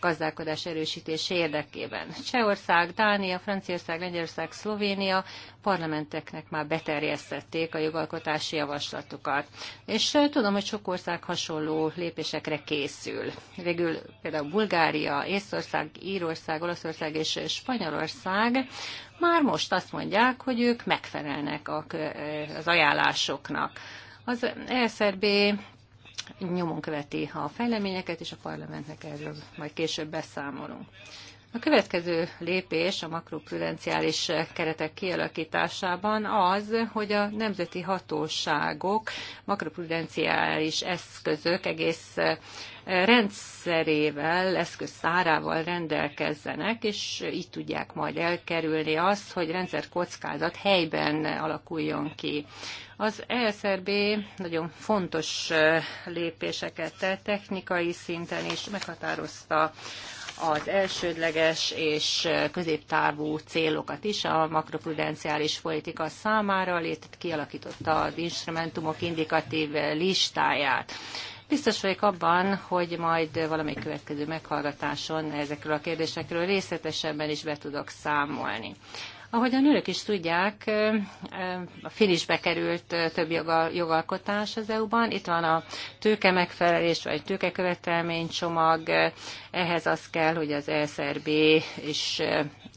gazdálkodás erősítés érdekében. Csehország, Dánia, Franciaország, Lengyelország, Szlovénia parlamenteknek már beterjesztették a jogalkotási javaslatukat. És tudom, hogy sok ország hasonló lépésekre készül. Végül például Bulgária, Észország, Írország, Olaszország és Spanyolország Görögország, már most azt mondják, hogy ők megfelelnek az ajánlásoknak. Az ESRB nyomon követi a fejleményeket, és a parlamentnek erről majd később beszámolunk. A következő lépés a makroprudenciális keretek kialakításában az, hogy a nemzeti hatóságok makroprudenciális eszközök egész eh, rendszerével, eszközszárával rendelkezzenek, és így tudják majd elkerülni azt, hogy rendszerkockázat helyben alakuljon ki. Az ESRB nagyon fontos eh, lépéseket tett technikai szinten is meghatározta az elsődleges és középtávú célokat is a makroprudenciális politika számára, létett kialakította az instrumentumok indikatív listáját. Biztos vagyok abban, hogy majd valamelyik következő meghallgatáson ezekről a kérdésekről részletesebben is be tudok számolni. Ahogyan önök is tudják, a finisbe került több jogalkotás az EU-ban. Itt van a tőke megfelelés, vagy csomag Ehhez az kell, hogy az ESRB is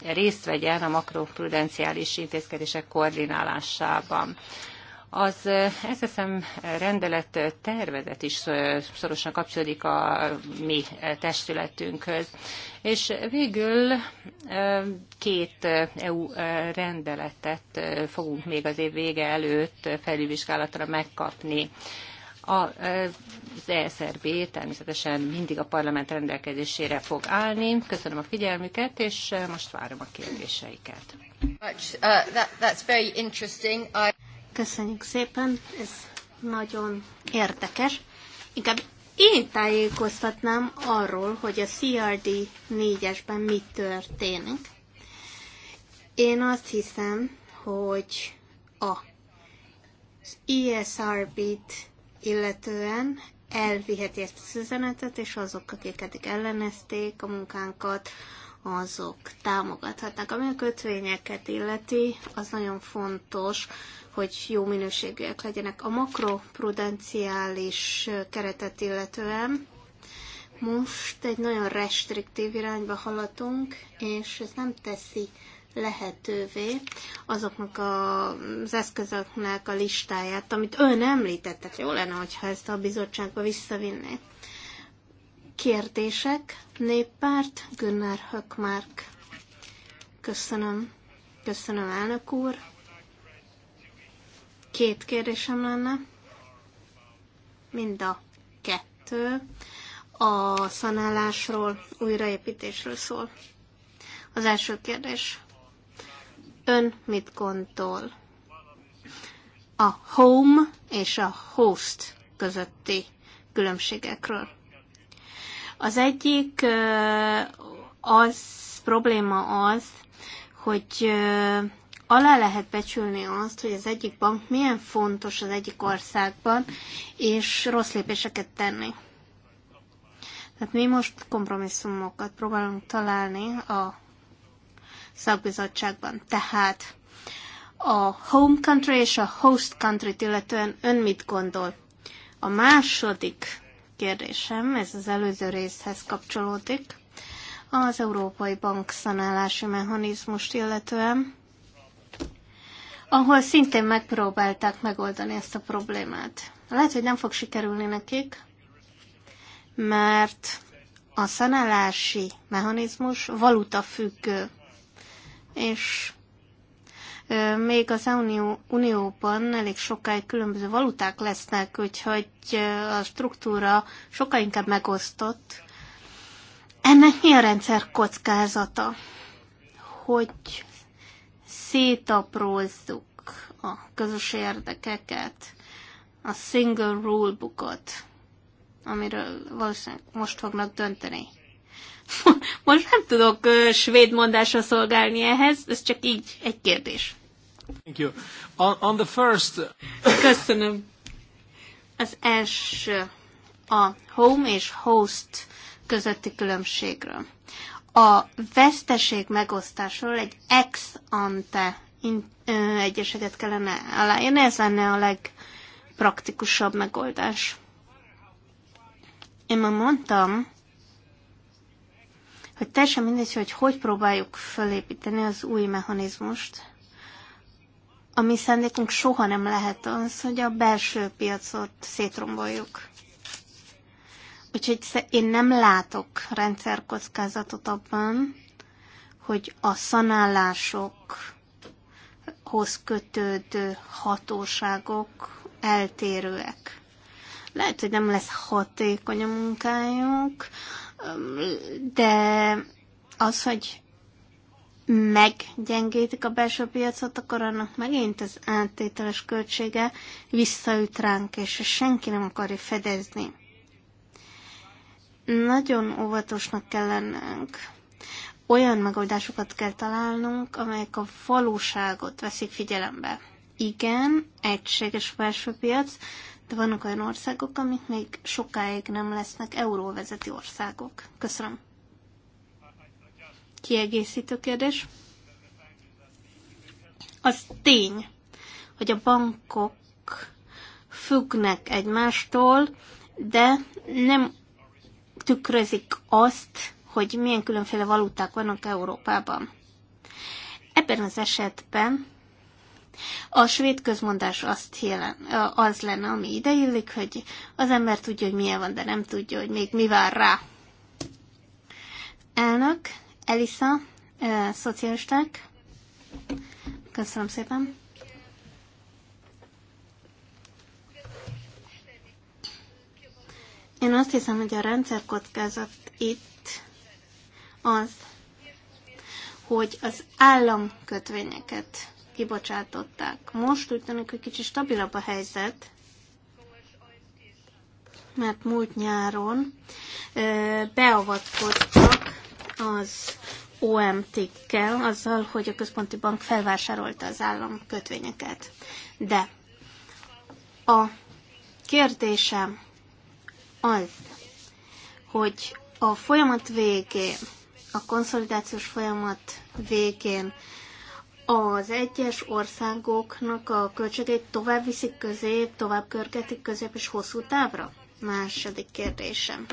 részt vegyen a makroprudenciális intézkedések koordinálásában. Az SSM rendelet tervezet is szorosan kapcsolódik a mi testületünkhöz. És végül két EU rendeletet fogunk még az év vége előtt felülvizsgálatra megkapni. Az ESRB természetesen mindig a parlament rendelkezésére fog állni. Köszönöm a figyelmüket, és most várom a kérdéseiket. Uh, Köszönjük szépen, ez nagyon érdekes. Inkább én tájékoztatnám arról, hogy a CRD 4-esben mi történik. Én azt hiszem, hogy a ESRB-t illetően elviheti ezt az üzenetet, és azok, akik eddig ellenezték a munkánkat, azok támogathatnak. Ami a kötvényeket illeti, az nagyon fontos, hogy jó minőségűek legyenek. A makroprudenciális keretet illetően most egy nagyon restriktív irányba haladunk, és ez nem teszi lehetővé azoknak a, az eszközöknek a listáját, amit ön említett, tehát jó lenne, hogyha ezt a bizottságba visszavinné. Kérdések, néppárt, Gunnar Höckmark. Köszönöm. Köszönöm, elnök úr. Két kérdésem lenne. Mind a kettő a szanálásról, újraépítésről szól. Az első kérdés. Ön mit gondol a home és a host közötti különbségekről? Az egyik az probléma az, hogy alá lehet becsülni azt, hogy az egyik bank milyen fontos az egyik országban, és rossz lépéseket tenni. Tehát mi most kompromisszumokat próbálunk találni a szakbizottságban. Tehát a home country és a host country illetően ön mit gondol? A második kérdésem, ez az előző részhez kapcsolódik, az Európai Bank szanálási mechanizmust illetően, ahol szintén megpróbálták megoldani ezt a problémát. Lehet, hogy nem fog sikerülni nekik, mert a szanálási mechanizmus valuta függő, és még az Unió, Unióban elég sokáig különböző valuták lesznek, úgyhogy a struktúra sokkal inkább megosztott. Ennek mi a rendszer kockázata? Hogy szétaprózzuk a közös érdekeket, a single rule bookot, amiről valószínűleg most fognak dönteni. Most nem tudok svéd mondásra szolgálni ehhez, ez csak így egy kérdés. Thank you. On, on the first... Köszönöm. Az első a home és host közötti különbségről. A veszteség megosztásról egy ex ante egyeseket kellene aláírni, ez lenne a legpraktikusabb megoldás. Én már mondtam, hogy teljesen mindegy, hogy hogy próbáljuk felépíteni az új mechanizmust a mi szándékunk soha nem lehet az, hogy a belső piacot szétromboljuk. Úgyhogy én nem látok rendszerkockázatot abban, hogy a szanálásokhoz kötődő hatóságok eltérőek. Lehet, hogy nem lesz hatékony a munkájuk, de az, hogy meggyengítik a belső piacot, akkor annak megint az áttételes költsége visszaüt ránk, és senki nem akarja fedezni. Nagyon óvatosnak kell lennünk. Olyan megoldásokat kell találnunk, amelyek a valóságot veszik figyelembe. Igen, egységes belső piac, de vannak olyan országok, amik még sokáig nem lesznek euróvezeti országok. Köszönöm kiegészítő kérdés. Az tény, hogy a bankok függnek egymástól, de nem tükrözik azt, hogy milyen különféle valuták vannak Európában. Ebben az esetben a svéd közmondás azt jelen, az lenne, ami ideillik, hogy az ember tudja, hogy milyen van, de nem tudja, hogy még mi vár rá. Elnök, Elisa, szocialisták. Köszönöm szépen. Én azt hiszem, hogy a rendszerkockázat itt az, hogy az államkötvényeket kibocsátották. Most úgy tűnik, hogy kicsit stabilabb a helyzet, mert múlt nyáron beavatkoztak az OMT-kkel, azzal, hogy a központi bank felvásárolta az állam kötvényeket. De a kérdésem az, hogy a folyamat végén, a konszolidációs folyamat végén az egyes országoknak a költségeit tovább viszik közép, tovább körgetik közép és hosszú távra? Második kérdésem.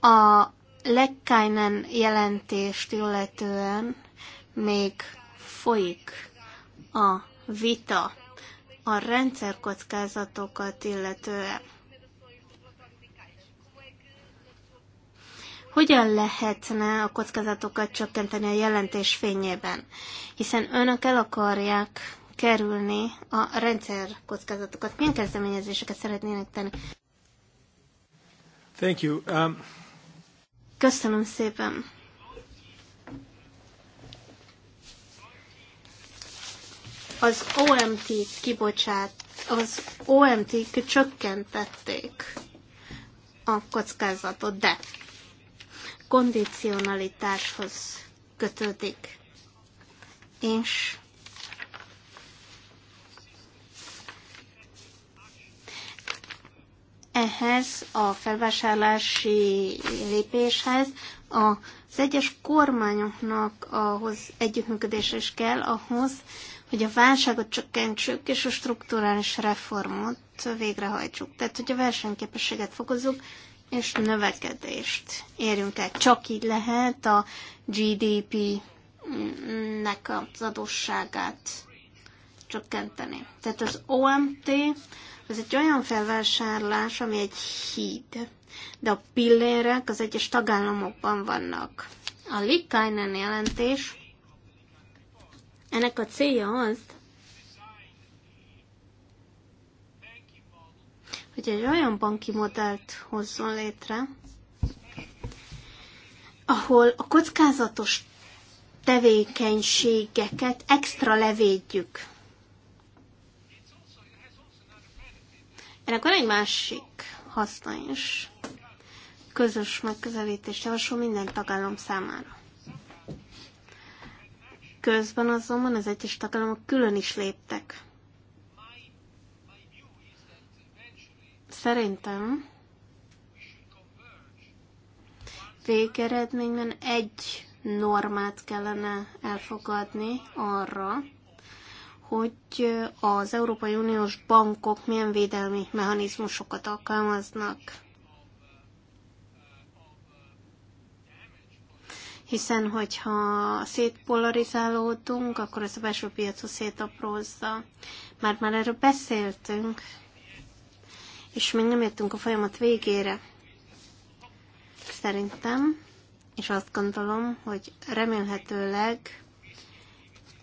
A Lekkainen jelentést illetően még folyik a vita a rendszerkockázatokat illetően. Hogyan lehetne a kockázatokat csökkenteni a jelentés fényében? Hiszen önök el akarják kerülni a rendszer kockázatokat. Milyen kezdeményezéseket szeretnének tenni? Thank you. Um... Köszönöm szépen! Az omt kibocsát, az OMT-k csökkentették a kockázatot, de kondicionalitáshoz kötődik. És ehhez a felvásárlási lépéshez az egyes kormányoknak ahhoz együttműködés is kell ahhoz, hogy a válságot csökkentsük, és a strukturális reformot végrehajtsuk. Tehát, hogy a versenyképességet fokozzuk, és növekedést érjünk el. Csak így lehet a GDP-nek az adósságát csökkenteni. Tehát az OMT ez egy olyan felvásárlás, ami egy híd, de a pillérek az egyes tagállamokban vannak. A Likainen jelentés, ennek a célja az, hogy egy olyan banki modellt hozzon létre, ahol a kockázatos tevékenységeket extra levédjük. Ennek van egy másik haszna is. Közös megközelítés javasol minden tagállam számára. Közben azonban az egyes tagállamok külön is léptek. Szerintem végeredményben egy normát kellene elfogadni arra, hogy az Európai Uniós bankok milyen védelmi mechanizmusokat alkalmaznak. Hiszen, hogyha szétpolarizálódunk, akkor ez a belső piacot szétaprózza. Már már erről beszéltünk, és még nem értünk a folyamat végére. Szerintem, és azt gondolom, hogy remélhetőleg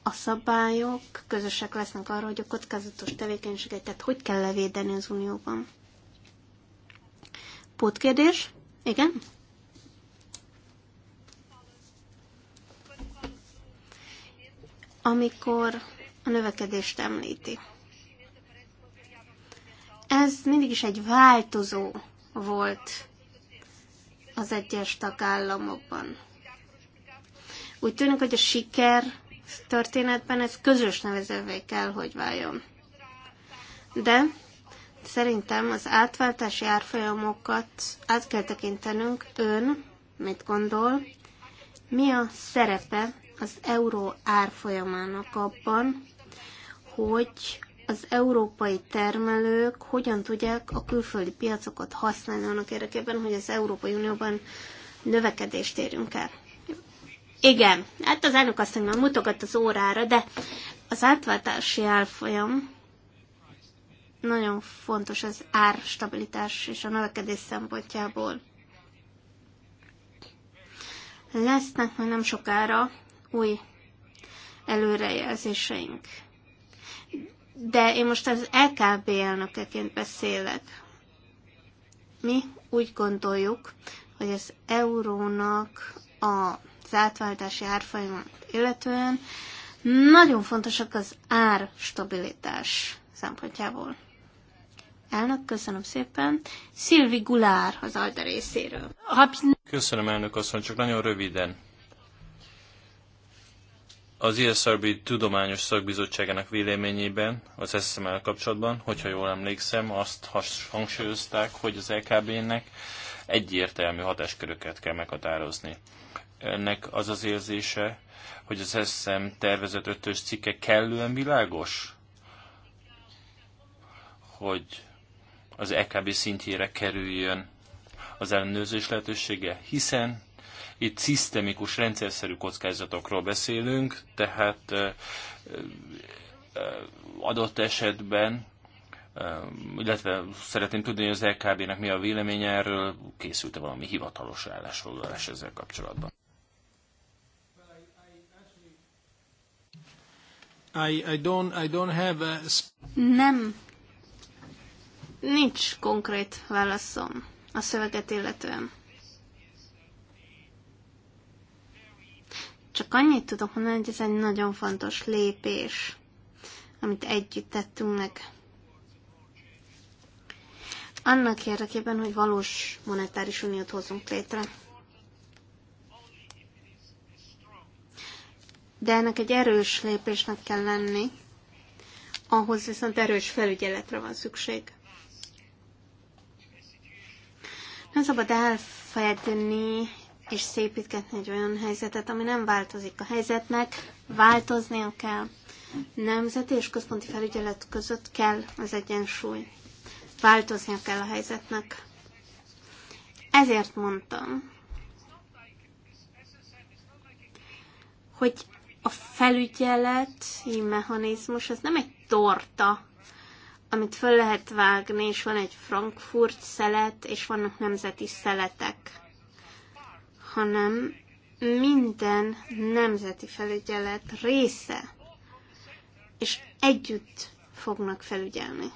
a szabályok közösek lesznek arra, hogy a kockázatos tevékenységeket hogy kell levédeni az Unióban. Pótkérdés? Igen? Amikor a növekedést említi. Ez mindig is egy változó volt az egyes tagállamokban. Úgy tűnik, hogy a siker történetben ez közös nevezővé kell, hogy váljon. De szerintem az átváltási árfolyamokat át kell tekintenünk. Ön mit gondol? Mi a szerepe az euró árfolyamának abban, hogy az európai termelők hogyan tudják a külföldi piacokat használni annak érdekében, hogy az Európai Unióban növekedést érjünk el. Igen, hát az elnök azt mondja, mutogat az órára, de az átváltási árfolyam nagyon fontos az árstabilitás és a növekedés szempontjából. Lesznek majd nem sokára új előrejelzéseink. De én most az LKB elnökeként beszélek. Mi úgy gondoljuk, hogy az eurónak a az átváltási árfolyamat illetően nagyon fontosak az árstabilitás szempontjából. Elnök, köszönöm szépen. Szilvi Gulár az Alda részéről. Köszönöm, elnök asszony, csak nagyon röviden. Az ISRB Tudományos Szakbizottságának véleményében az SZML kapcsolatban, hogyha jól emlékszem, azt hangsúlyozták, hogy az LKB-nek e egyértelmű hatásköröket kell meghatározni ennek az az érzése, hogy az SZM tervezett ötös cikke kellően világos? Hogy az EKB szintjére kerüljön az ellenőrzés lehetősége, hiszen itt szisztemikus, rendszerszerű kockázatokról beszélünk, tehát adott esetben, illetve szeretném tudni, hogy az LKB-nek e mi a véleménye erről, készült-e valami hivatalos állásfoglalás ezzel kapcsolatban. I, I don't, I don't have a... Nem. Nincs konkrét válaszom a szöveget illetően. Csak annyit tudok mondani, hogy ez egy nagyon fontos lépés, amit együtt tettünk meg. Annak érdekében, hogy valós monetáris uniót hozunk létre. de ennek egy erős lépésnek kell lenni, ahhoz viszont erős felügyeletre van szükség. Nem szabad elfedni és szépítgetni egy olyan helyzetet, ami nem változik. A helyzetnek változnia kell. Nemzeti és központi felügyelet között kell az egyensúly. Változnia kell a helyzetnek. Ezért mondtam, hogy a felügyeleti mechanizmus az nem egy torta, amit föl lehet vágni, és van egy Frankfurt szelet, és vannak nemzeti szeletek, hanem minden nemzeti felügyelet része, és együtt fognak felügyelni.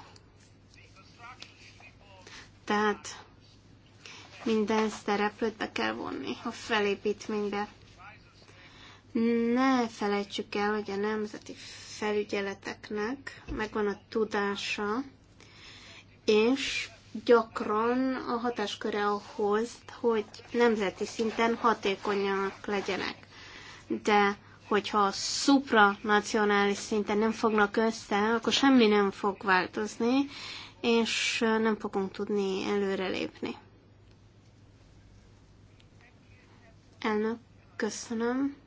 Tehát minden szereplőt be kell vonni a felépítménybe. Ne felejtsük el, hogy a nemzeti felügyeleteknek megvan a tudása, és gyakran a hatásköre ahhoz, hogy nemzeti szinten hatékonyak legyenek. De hogyha a supranacionális szinten nem fognak össze, akkor semmi nem fog változni, és nem fogunk tudni előrelépni. Elnök, köszönöm.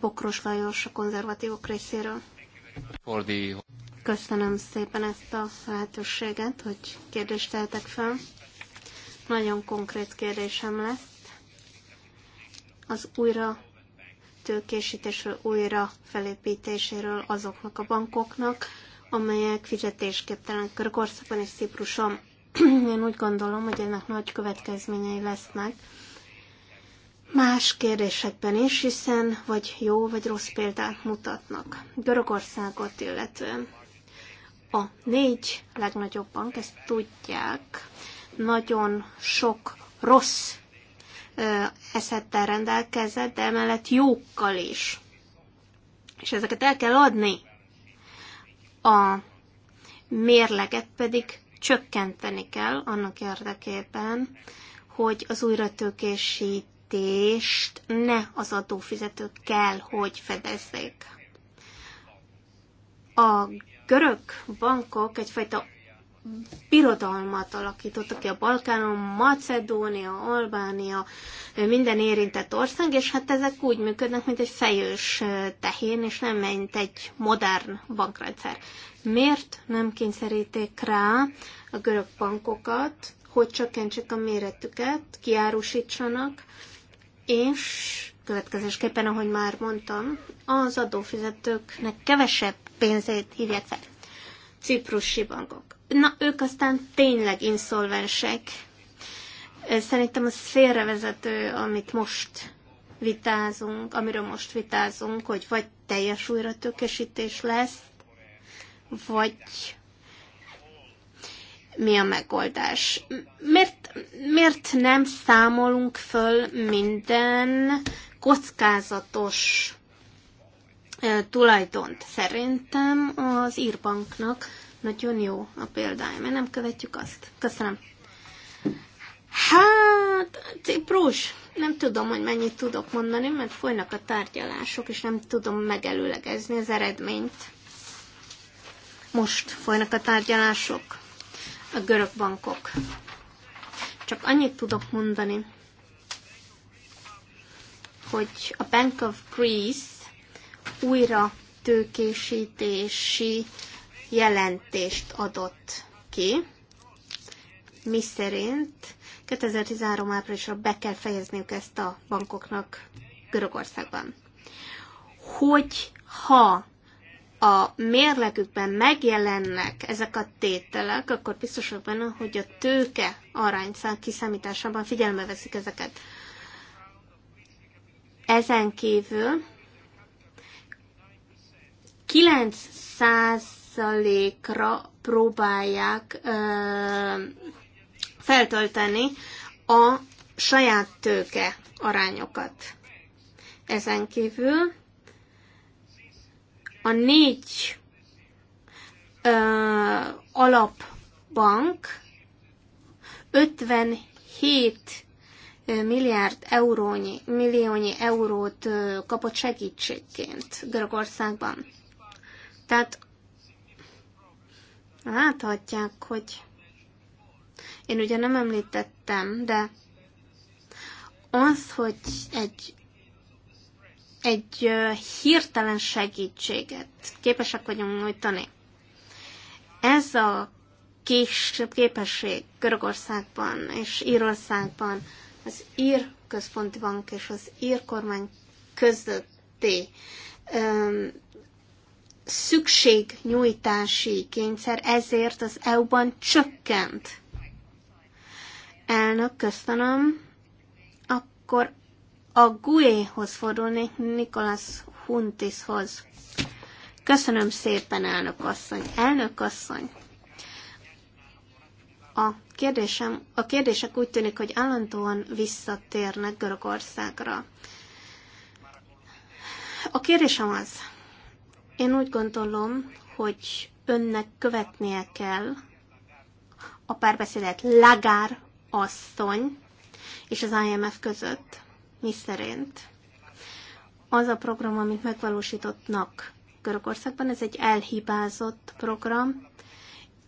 Bokros Lajos a konzervatívok részéről. Köszönöm szépen ezt a lehetőséget, hogy kérdést tehetek fel. Nagyon konkrét kérdésem lesz. Az újra tőkésítésről, újra felépítéséről azoknak a bankoknak, amelyek fizetésképtelen Körökországban és Cipruson. Én úgy gondolom, hogy ennek nagy következményei lesznek más kérdésekben is, hiszen vagy jó, vagy rossz példát mutatnak. Görögországot illetően a négy legnagyobb bank, ezt tudják, nagyon sok rossz eszettel rendelkezett, de emellett jókkal is. És ezeket el kell adni. A mérleget pedig csökkenteni kell annak érdekében, hogy az újratőkésít fizetést ne az adófizetők kell, hogy fedezzék. A görög bankok egyfajta birodalmat alakítottak ki a Balkánon, Macedónia, Albánia, minden érintett ország, és hát ezek úgy működnek, mint egy fejős tehén, és nem mint egy modern bankrendszer. Miért nem kényszeríték rá a görög bankokat, hogy csökkentsék a méretüket, kiárusítsanak, és következésképpen, ahogy már mondtam, az adófizetőknek kevesebb pénzét hívják fel. Ciprusi bankok. Na, ők aztán tényleg inszolvensek. Szerintem az félrevezető, amit most vitázunk, amiről most vitázunk, hogy vagy teljes újratökesítés lesz, vagy mi a megoldás. Miért, miért nem számolunk föl minden kockázatos tulajdont? Szerintem az írbanknak nagyon jó a példája, mert nem követjük azt. Köszönöm. Hát, Ciprus, nem tudom, hogy mennyit tudok mondani, mert folynak a tárgyalások, és nem tudom megelőlegezni az eredményt. Most folynak a tárgyalások a görög bankok. Csak annyit tudok mondani, hogy a Bank of Greece újra tőkésítési jelentést adott ki, mi szerint 2013 áprilisra be kell fejezniük ezt a bankoknak Görögországban. Hogy ha a mérlegükben megjelennek ezek a tételek, akkor biztos vagyok benne, hogy a tőke arányszám kiszámításában figyelme veszik ezeket. Ezen kívül 9%-ra próbálják ö, feltölteni a saját tőke arányokat. Ezen kívül a négy ö, alapbank 57 milliárd eurónyi, milliónyi eurót kapott segítségként Görögországban. Tehát láthatják, hogy én ugye nem említettem, de az, hogy egy egy hirtelen segítséget képesek vagyunk nyújtani. Ez a kis képesség Görögországban és Írországban az Ír Központi Bank és az Ír kormány közötti um, szükségnyújtási kényszer ezért az EU-ban csökkent. Elnök, köszönöm. Akkor a GUE-hoz fordulni, Nikolas Huntishoz. Köszönöm szépen, elnök asszony. Elnök asszony, a, kérdésem, a kérdések úgy tűnik, hogy állandóan visszatérnek Görögországra. A kérdésem az, én úgy gondolom, hogy önnek követnie kell a párbeszédet Lagár asszony és az IMF között szerint az a program, amit megvalósítottnak Görögországban, ez egy elhibázott program,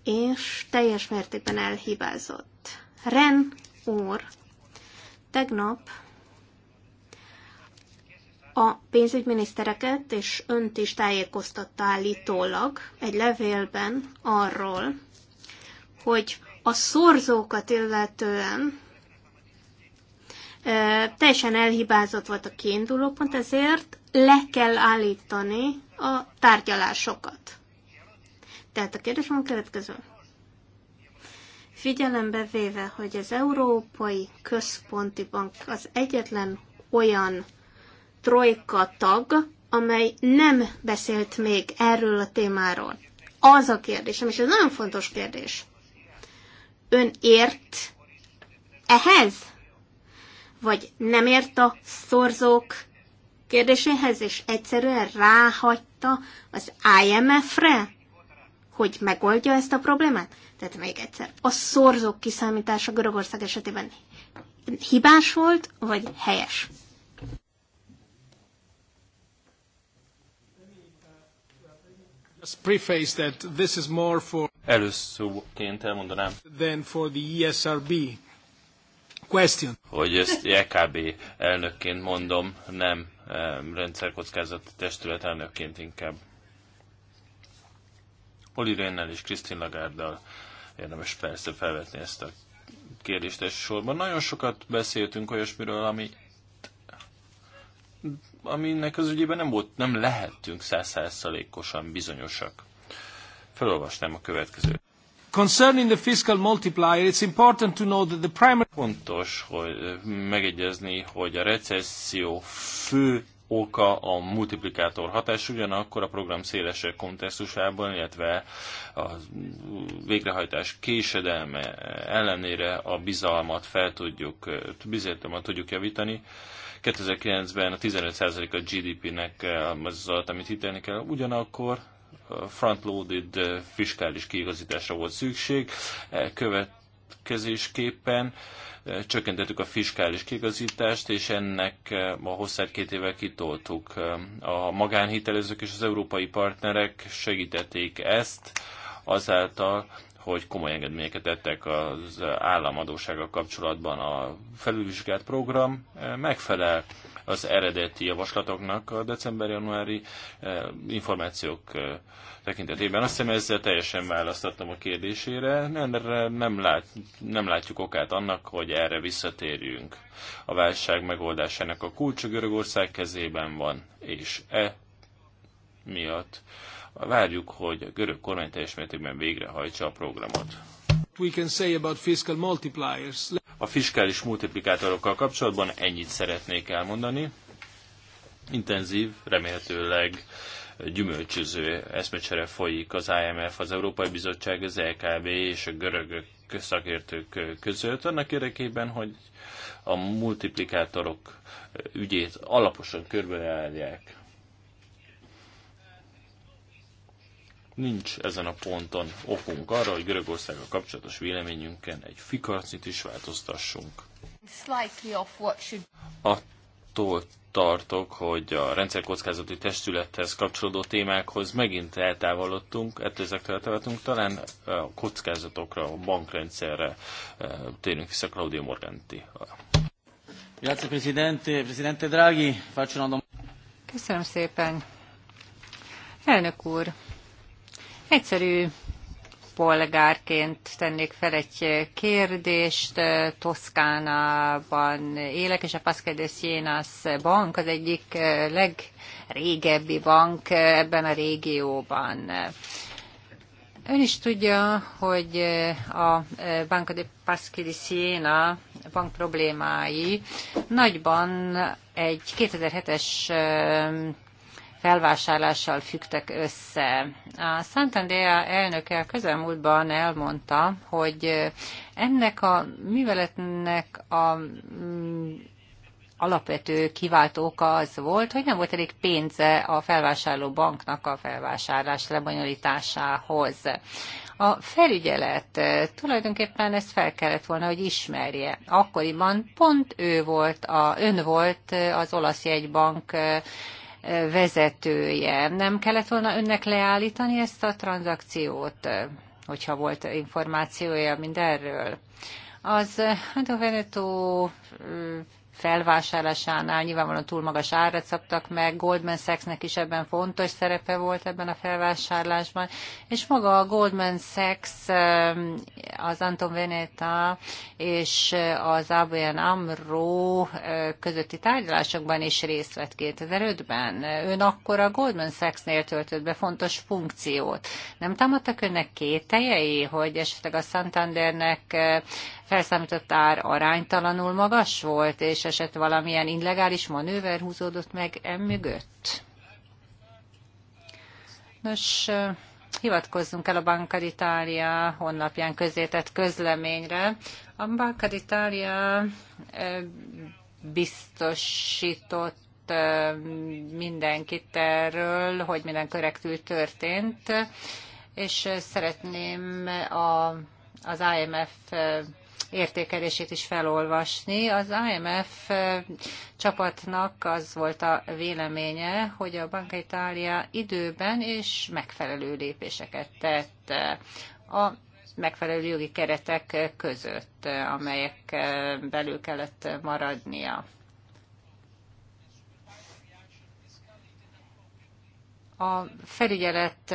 és teljes mértékben elhibázott. Ren úr tegnap a pénzügyminisztereket és önt is tájékoztatta állítólag egy levélben arról, hogy a szorzókat illetően teljesen elhibázott volt a kiinduló pont, ezért le kell állítani a tárgyalásokat. Tehát a kérdésem a következő. Figyelembe véve, hogy az Európai Központi Bank az egyetlen olyan trojka tag, amely nem beszélt még erről a témáról. Az a kérdésem, és ez nagyon fontos kérdés. Ön ért ehhez? vagy nem ért a szorzók kérdéséhez, és egyszerűen ráhagyta az IMF-re, hogy megoldja ezt a problémát? Tehát még egyszer, a szorzók kiszámítása Görögország esetében hibás volt, vagy helyes? Előszóként elmondanám. Than for the ESRB question. Hogy ezt EKB elnökként mondom, nem rendszerkockázati testület elnökként inkább. Oli Rénnel és Krisztin Lagárdal érdemes persze felvetni ezt a kérdést elsősorban. Nagyon sokat beszéltünk olyasmiről, ami aminek az ügyében nem, volt, nem lehettünk százszázszalékosan bizonyosak. Felolvasnám a következőt. Concerning the fiscal multiplier, it's important to know that the primary... Fontos hogy megegyezni, hogy a recesszió fő oka a multiplikátor hatás, ugyanakkor a program szélesebb kontextusában, illetve a végrehajtás késedelme ellenére a bizalmat fel tudjuk, bizalmat tudjuk javítani. 2009-ben a 15% a GDP-nek az az, amit hitelni kell, ugyanakkor frontloaded fiskális kiigazításra volt szükség, e, következésképpen csökkentettük a fiskális kigazítást, és ennek a hosszát két évvel kitoltuk. A magánhitelezők és az európai partnerek segítették ezt azáltal, hogy komoly engedményeket tettek az államadósággal kapcsolatban a felülvizsgált program megfelel az eredeti javaslatoknak a december-januári eh, információk eh, tekintetében. Azt hiszem ezzel teljesen választottam a kérdésére. Nem, nem, lát, nem látjuk okát annak, hogy erre visszatérjünk. A válság megoldásának a kulcsa Görögország kezében van, és e miatt várjuk, hogy a görög kormány teljes mértékben végrehajtsa a programot we can say about fiscal multipliers. A fiskális multiplikátorokkal kapcsolatban ennyit szeretnék elmondani. Intenzív, remélhetőleg gyümölcsöző eszmecsere folyik az IMF, az Európai Bizottság, az LKB e és a görögök szakértők között, annak érdekében, hogy a multiplikátorok ügyét alaposan körbeállják, Nincs ezen a ponton okunk arra, hogy Görögországgal kapcsolatos véleményünkön egy fikarcit is változtassunk. Attól tartok, hogy a rendszerkockázati testülethez kapcsolódó témákhoz megint eltávolodtunk, ettől ezektől eltávolodtunk, talán a kockázatokra, a bankrendszerre térünk vissza Claudio Morganti. Grazie Presidente, Presidente Draghi, faccio una domanda. Köszönöm szépen. Elnök úr, Egyszerű polgárként tennék fel egy kérdést. Toszkánában élek, és a Pasca de Sienas bank az egyik legrégebbi bank ebben a régióban. Ön is tudja, hogy a Banca de Pasca de Siena bank problémái nagyban egy 2007-es felvásárlással fügtek össze. A Santander elnöke közelmúltban elmondta, hogy ennek a műveletnek a mm, alapvető kiváltó oka az volt, hogy nem volt elég pénze a felvásárló banknak a felvásárlás lebonyolításához. A felügyelet tulajdonképpen ezt fel kellett volna, hogy ismerje. Akkoriban pont ő volt, a, ön volt az olasz jegybank vezetője. Nem kellett volna önnek leállítani ezt a tranzakciót, hogyha volt információja mindenről? Az Anto Veneto felvásárlásánál nyilvánvalóan túl magas árat szabtak meg, Goldman Sachsnek is ebben fontos szerepe volt ebben a felvásárlásban, és maga a Goldman Sachs, az Anton Veneta és az ABN AMRO közötti tárgyalásokban is részt vett 2005-ben. Ön akkor a Goldman Sachsnél töltött be fontos funkciót. Nem támadtak önnek kételjei, hogy esetleg a Santandernek felszámított ár aránytalanul magas volt, és esett valamilyen illegális manőver húzódott meg emögött? Nos, hivatkozzunk el a Banca d'Italia honlapján közzétett közleményre. A Banca d'Italia biztosított mindenkit erről, hogy minden korrektül történt, és szeretném a, az IMF értékelését is felolvasni. Az IMF csapatnak az volt a véleménye, hogy a Banca Italia időben és megfelelő lépéseket tett a megfelelő jogi keretek között, amelyek belül kellett maradnia. A felügyelet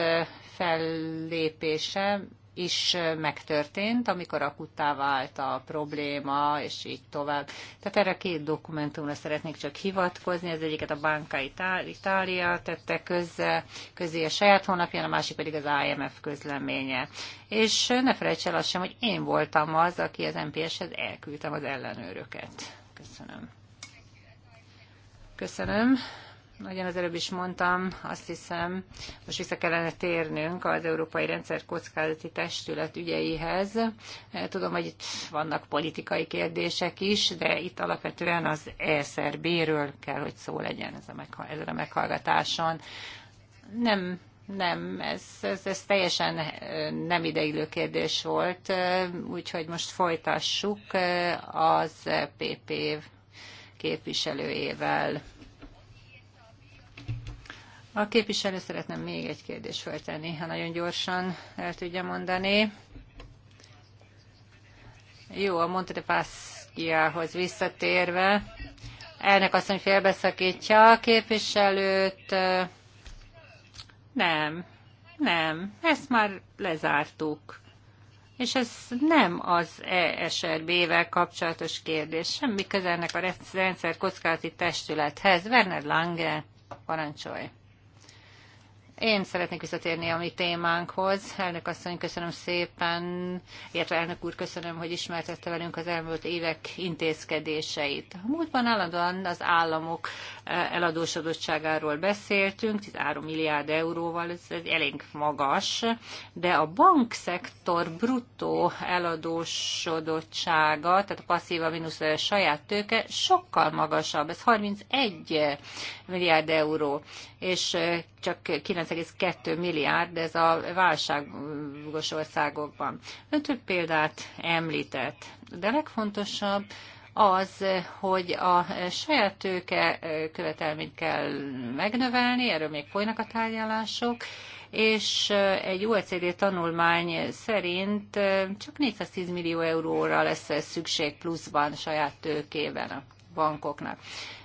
fellépése is megtörtént, amikor akuttá vált a probléma, és így tovább. Tehát erre a két dokumentumra szeretnék csak hivatkozni, az egyiket a Banca Italia tette közze, közé a saját honlapján, a másik pedig az IMF közleménye. És ne felejts el azt sem, hogy én voltam az, aki az MPS-hez elküldtem az ellenőröket. Köszönöm. Köszönöm. Ahogyan az előbb is mondtam, azt hiszem, most vissza kellene térnünk az Európai Rendszer Kockázati Testület ügyeihez. Tudom, hogy itt vannak politikai kérdések is, de itt alapvetően az ESRB-ről kell, hogy szó legyen ez a, ezen a meghallgatáson. Nem nem, ez, ez, ez teljesen eh, nem ideiglő kérdés volt, eh, úgyhogy most folytassuk eh, az PP e képviselőjével. A képviselő szeretne még egy kérdést föltenni, ha nagyon gyorsan el tudja mondani. Jó, a Monte de Paschiához visszatérve, elnök asszony félbeszakítja a képviselőt. Nem, nem, ezt már lezártuk. És ez nem az ESRB-vel kapcsolatos kérdés, semmi közelnek a rendszer kockázati testülethez. Werner Lange, parancsolj! Én szeretnék visszatérni a mi témánkhoz. Elnök asszony, köszönöm szépen, illetve elnök úr, köszönöm, hogy ismertette velünk az elmúlt évek intézkedéseit. A múltban állandóan az államok eh, eladósodottságáról beszéltünk, 13 milliárd euróval, ez elég magas, de a bankszektor bruttó eladósodottsága, tehát a passzíva mínusz a eh, saját tőke sokkal magasabb, ez 31 milliárd euró, és eh, csak 9,2 milliárd, ez a válságos országokban. Ön több példát említett, de legfontosabb az, hogy a saját tőke követelményt kell megnövelni, erről még folynak a tárgyalások, és egy OECD tanulmány szerint csak 410 millió euróra lesz szükség pluszban saját tőkében a bankoknak.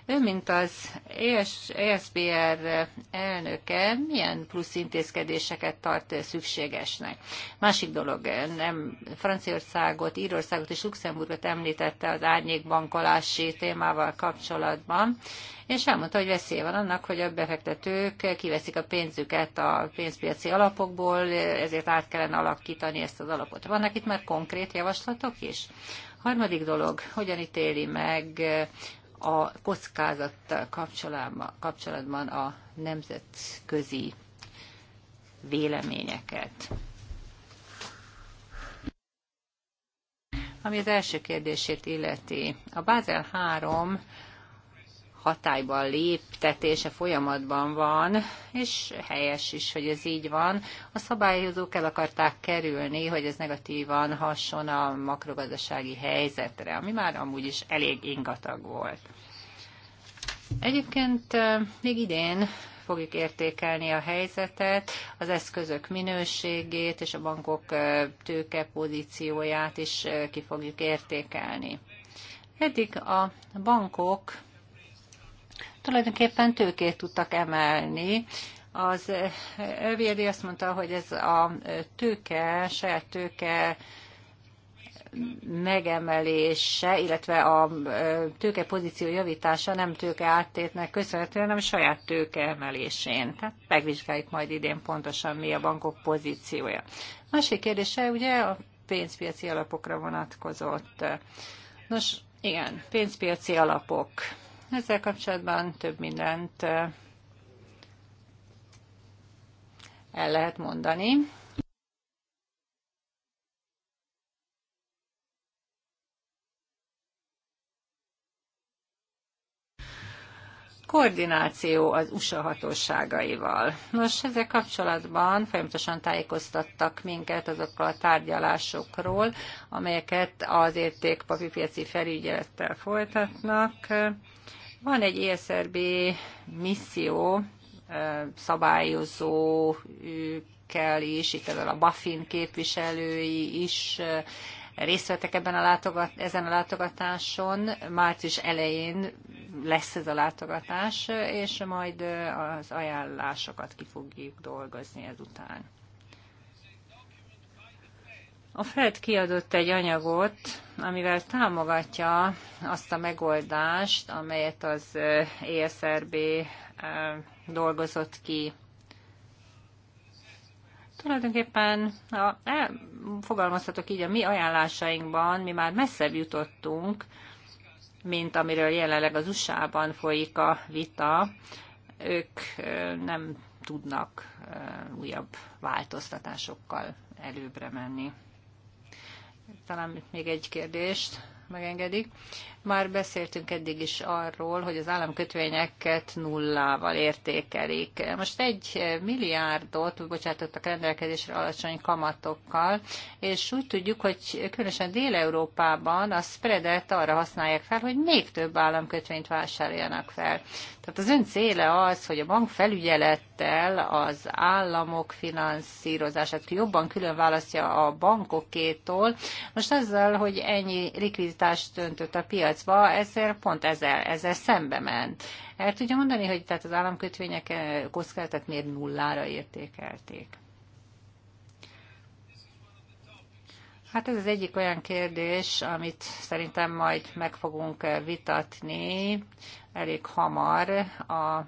Ő, mint az ES, ESBR elnöke, milyen plusz intézkedéseket tart szükségesnek? Másik dolog, nem Franciaországot, Írországot és Luxemburgot említette az árnyékbankolási témával kapcsolatban, és elmondta, hogy veszély van annak, hogy a befektetők kiveszik a pénzüket a pénzpiaci alapokból, ezért át kellene alakítani ezt az alapot. Vannak itt már konkrét javaslatok is? Harmadik dolog, hogyan ítéli meg a kockázattal kapcsolatban a nemzetközi véleményeket. Ami az első kérdését illeti, a Bázel 3 hatályban léptetése folyamatban van, és helyes is, hogy ez így van. A szabályozók el akarták kerülni, hogy ez negatívan hasson a makrogazdasági helyzetre, ami már amúgy is elég ingatag volt. Egyébként még idén fogjuk értékelni a helyzetet, az eszközök minőségét és a bankok tőke pozícióját is ki fogjuk értékelni. Eddig a bankok tulajdonképpen tőkét tudtak emelni. Az VD azt mondta, hogy ez a tőke, saját tőke megemelése, illetve a tőke pozíció javítása nem tőke áttétnek köszönhetően, hanem saját tőke emelésén. Tehát megvizsgáljuk majd idén pontosan, mi a bankok pozíciója. Másik kérdése ugye a pénzpiaci alapokra vonatkozott. Nos, igen, pénzpiaci alapok. Ezzel kapcsolatban több mindent el lehet mondani. koordináció az USA hatóságaival. Nos, ezzel kapcsolatban folyamatosan tájékoztattak minket azokkal a tárgyalásokról, amelyeket az értékpapírpiaci felügyelettel folytatnak, van egy ESRB misszió, szabályozó kell is, itt ezzel a buffin képviselői is részt vettek ebben a látogat, ezen a látogatáson. Március elején lesz ez a látogatás, és majd az ajánlásokat ki fogjuk dolgozni ezután. A Fed kiadott egy anyagot, amivel támogatja azt a megoldást, amelyet az ESRB dolgozott ki. Tulajdonképpen, ha fogalmazhatok így, a mi ajánlásainkban mi már messzebb jutottunk, mint amiről jelenleg az USA-ban folyik a vita. Ők nem tudnak újabb változtatásokkal előbbre menni. Talán még egy kérdést megengedik. Már beszéltünk eddig is arról, hogy az államkötvényeket nullával értékelik. Most egy milliárdot bocsátottak rendelkezésre alacsony kamatokkal, és úgy tudjuk, hogy különösen Dél-Európában a spreadet arra használják fel, hogy még több államkötvényt vásároljanak fel. Tehát az ön céle az, hogy a bank felügyelettel az államok finanszírozását jobban külön választja a bankokétól. Most azzal, hogy ennyi likviditást öntött a piac, piacba, ezért pont ezzel, ezzel szembe ment. El tudja mondani, hogy tehát az államkötvények eh, kockázatát miért nullára értékelték? Hát ez az egyik olyan kérdés, amit szerintem majd meg fogunk eh, vitatni elég hamar a eh,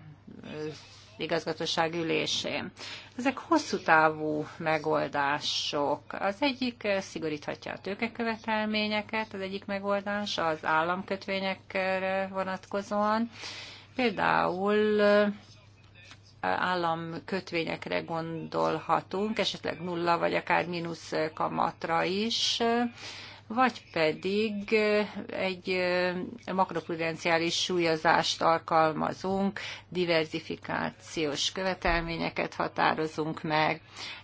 igazgatóság ülésén. Ezek hosszú távú megoldások. Az egyik eh, szigoríthatja a tőkekövetelményeket, az egyik megoldás az államkötvényekre vonatkozóan. Például eh, államkötvényekre gondolhatunk, esetleg nulla vagy akár mínusz kamatra is, vagy pedig eh, egy eh, makroprudenciális súlyozást alkalmazunk, diversifikációs követelményeket határozunk meg,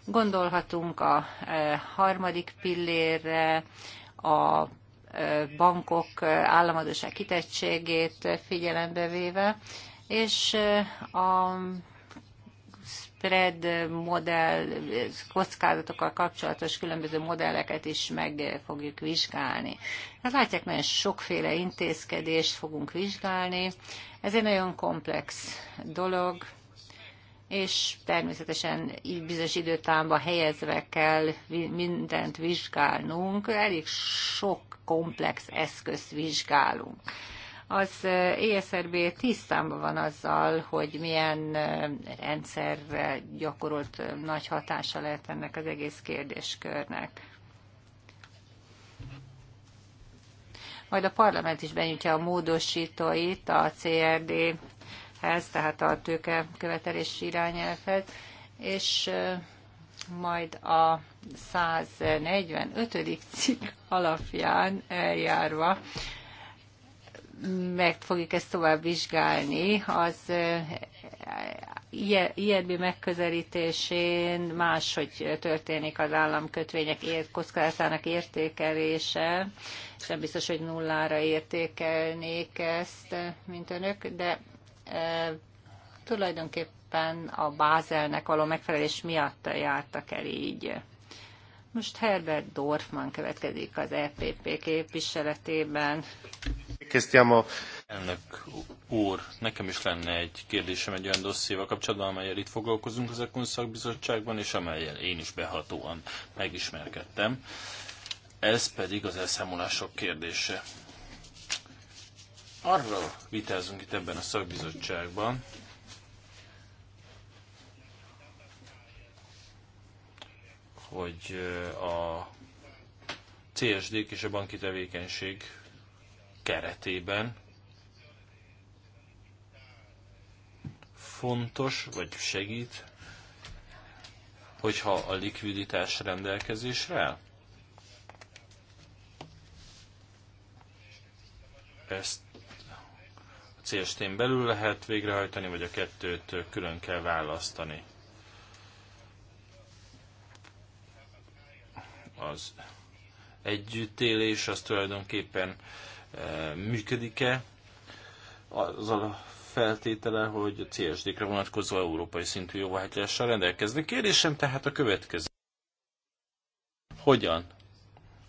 gondolhatunk a eh, harmadik pillérre, a bankok államadóság kitettségét figyelembe véve, és a spread modell, kockázatokkal kapcsolatos különböző modelleket is meg fogjuk vizsgálni. Hát látják, nagyon sokféle intézkedést fogunk vizsgálni. Ez egy nagyon komplex dolog, és természetesen így bizonyos időtámba helyezve kell mindent vizsgálnunk. Elég sok komplex eszközt vizsgálunk. Az ESRB eh, tisztában van azzal, hogy milyen eh, rendszer gyakorolt eh, nagy hatása lehet ennek az egész kérdéskörnek. Majd a parlament is benyújtja a módosítóit a CRD-hez, tehát a tőkekövetelés irányelvet, és majd a 145. cikk alapján eljárva meg fogjuk ezt tovább vizsgálni, az ilyen megközelítésén máshogy történik az államkötvények ért, kockázatának értékelése, és nem biztos, hogy nullára értékelnék ezt, mint önök, de e, tulajdonképpen a Bázelnek való megfelelés miatt jártak el így. Most Herbert Dorfman következik az EPP képviseletében che Elnök úr, nekem is lenne egy kérdésem egy olyan dosszéval kapcsolatban, amelyel itt foglalkozunk az Ekon szakbizottságban, és amelyel én is behatóan megismerkedtem. Ez pedig az elszámolások kérdése. Arról vitázunk itt ebben a szakbizottságban, hogy a CSD-k és a banki tevékenység keretében fontos, vagy segít, hogyha a likviditás rendelkezésre áll? Ezt a célstén belül lehet végrehajtani, vagy a kettőt külön kell választani. Az együttélés az tulajdonképpen működik-e, az a feltétele, hogy a CSD-kre vonatkozó európai szintű jóváhagyással rendelkezni. Kérdésem tehát a következő. Hogyan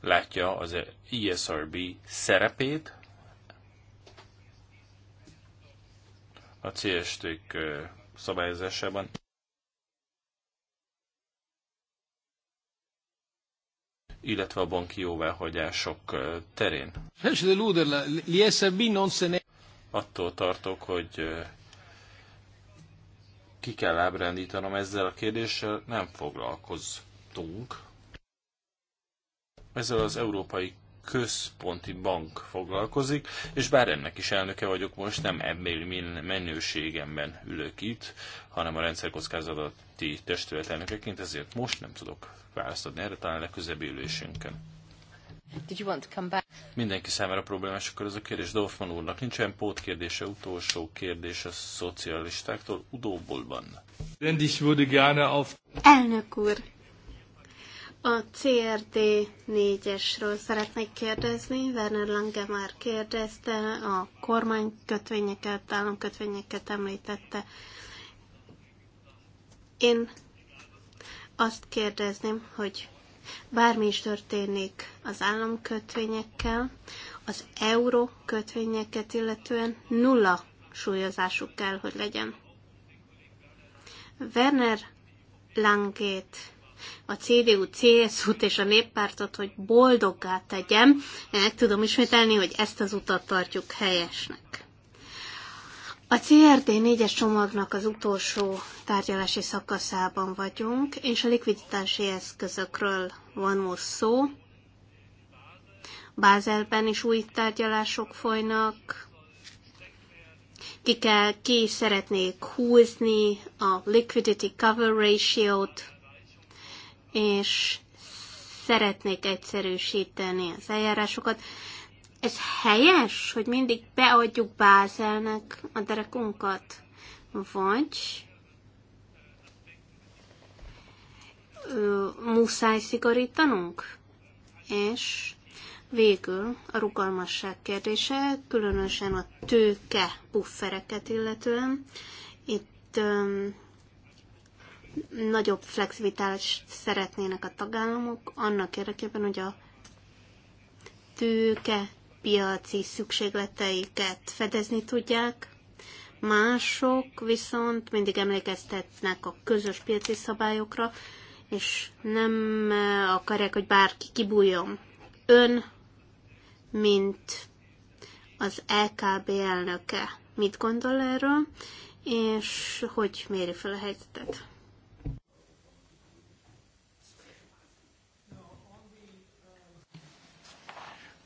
látja az ESRB szerepét a CSD-k szabályozásában? illetve a banki jóváhagyások terén. Attól tartok, hogy ki kell ábrándítanom ezzel a kérdéssel, nem foglalkoztunk. Ezzel az európai központi bank foglalkozik, és bár ennek is elnöke vagyok most, nem ebből menőségemben ülök itt, hanem a rendszerkockázati testület elnökeként, ezért most nem tudok választ adni erre, talán legközebbi ülésünkön. Did you want to come back? Mindenki számára problémás akkor ez a kérdés. Dorfman úrnak nincsen pótkérdése, utolsó kérdés a szocialistáktól. Udóból van. Elnök úr, a CRD 4-esről szeretnék kérdezni. Werner Lange már kérdezte, a kormánykötvényeket, államkötvényeket említette. Én azt kérdezném, hogy bármi is történik az államkötvényekkel, az euró kötvényeket illetően nulla súlyozásuk kell, hogy legyen. Werner Langét a CDU, CSU-t és a néppártot, hogy boldoggá tegyem. meg tudom ismételni, hogy ezt az utat tartjuk helyesnek. A CRD 4-es csomagnak az utolsó tárgyalási szakaszában vagyunk, és a likviditási eszközökről van most szó. Bázelben is új tárgyalások folynak, ki, kell, ki szeretnék húzni a liquidity cover ratio-t, és szeretnék egyszerűsíteni az eljárásokat. Ez helyes, hogy mindig beadjuk Bázelnek a derekunkat? Vagy ö, muszáj szigorítanunk? És végül a rugalmasság kérdése, különösen a tőke buffereket illetően. Itt öm, nagyobb flexibilitást szeretnének a tagállamok annak érdekében, hogy a tőke piaci szükségleteiket fedezni tudják, mások viszont mindig emlékeztetnek a közös piaci szabályokra, és nem akarják, hogy bárki kibújjon. Ön, mint az LKB e elnöke, mit gondol erről, és hogy méri fel a helyzetet?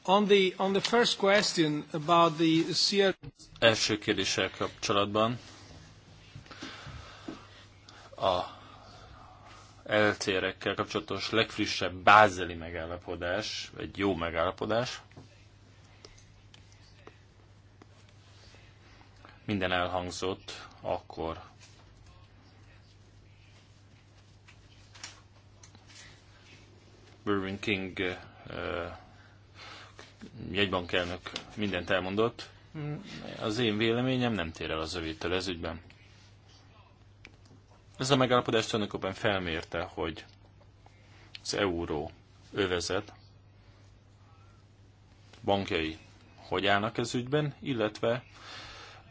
On the, on the first question about the CR... Első kérdéssel kapcsolatban a LCR-ekkel kapcsolatos legfrissebb bázeli megállapodás, egy jó megállapodás. Minden elhangzott akkor. Burwin King uh, elnök mindent elmondott. Az én véleményem nem tér el az övétől ez ügyben. Ez a megállapodás tulajdonképpen felmérte, hogy az euró övezet bankjai hogy állnak ez ügyben, illetve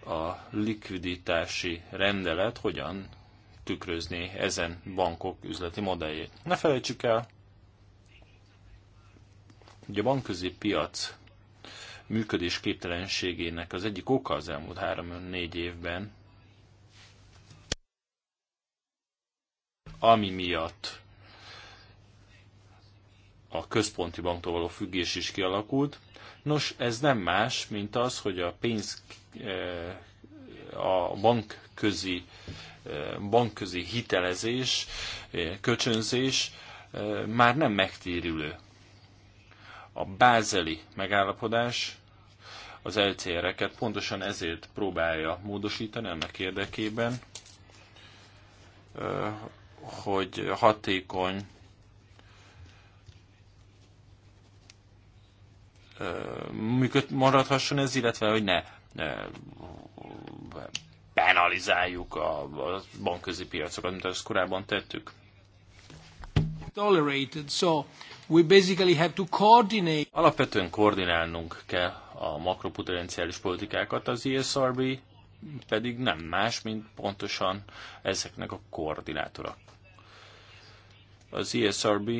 a likviditási rendelet hogyan tükrözni ezen bankok üzleti modelljét. Ne felejtsük el, hogy a bankközi piac működés képtelenségének az egyik oka az elmúlt 3-4 évben, ami miatt a központi banktól való függés is kialakult. Nos, ez nem más, mint az, hogy a pénz eh, a bankközi, eh, bankközi hitelezés, eh, kölcsönzés már nem megtérülő a bázeli megállapodás az LCR-eket pontosan ezért próbálja módosítani annak érdekében, hogy hatékony működ, maradhasson ez, illetve hogy ne, ne penalizáljuk a, a bankközi piacokat, mint azt korábban tettük. Tolerated, so We basically have to coordinate. Alapvetően koordinálnunk kell a makropotenciális politikákat, az ESRB pedig nem más, mint pontosan ezeknek a koordinátora. Az ESRB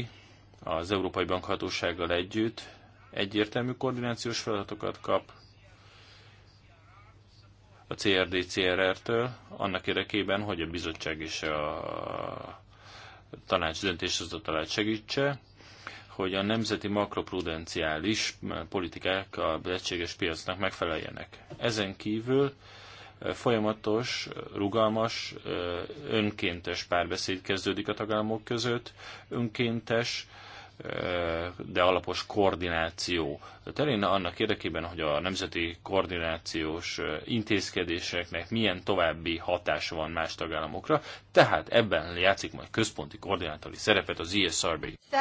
az Európai Bankhatósággal együtt egyértelmű koordinációs feladatokat kap a CRD-CRR-től, annak érdekében, hogy a bizottság és a tanács döntéshozatalát segítse, hogy a nemzeti makroprudenciális politikák a egységes piacnak megfeleljenek. Ezen kívül eh, folyamatos, eh, rugalmas, eh, önkéntes párbeszéd kezdődik a tagállamok között, önkéntes de alapos koordináció terén, annak érdekében, hogy a nemzeti koordinációs intézkedéseknek milyen további hatása van más tagállamokra, tehát ebben játszik majd központi koordinátori szerepet az uh, ESRB. Uh,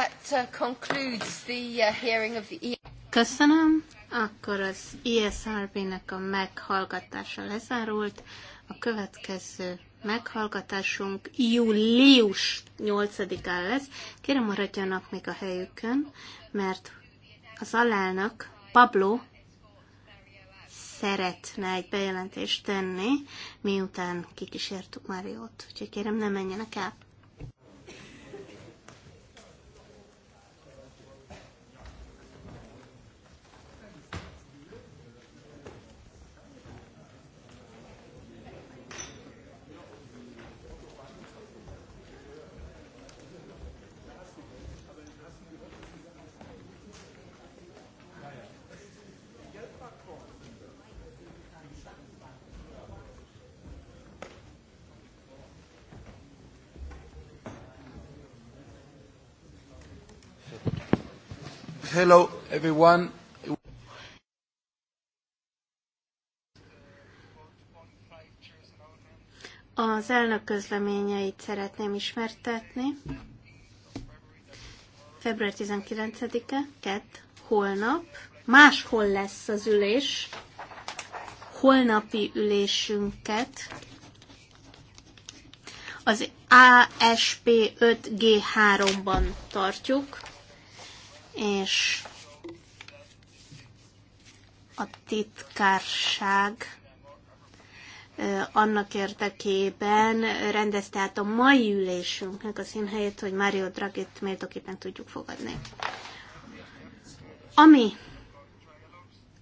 e- Köszönöm, akkor az ESRB-nek a meghallgatása lezárult. A következő meghallgatásunk július 8-án lesz. Kérem maradjanak még a helyükön, mert az alelnök Pablo szeretne egy bejelentést tenni, miután kikísértük Máriót. Úgyhogy kérem, ne menjenek el. Hello, everyone. Az elnök közleményeit szeretném ismertetni. Február 19-e, kett, holnap. Máshol lesz az ülés. Holnapi ülésünket az ASP 5G3-ban tartjuk és a titkárság annak érdekében rendezte át a mai ülésünknek a színhelyét, hogy Mário Dragit méltóképpen tudjuk fogadni. Ami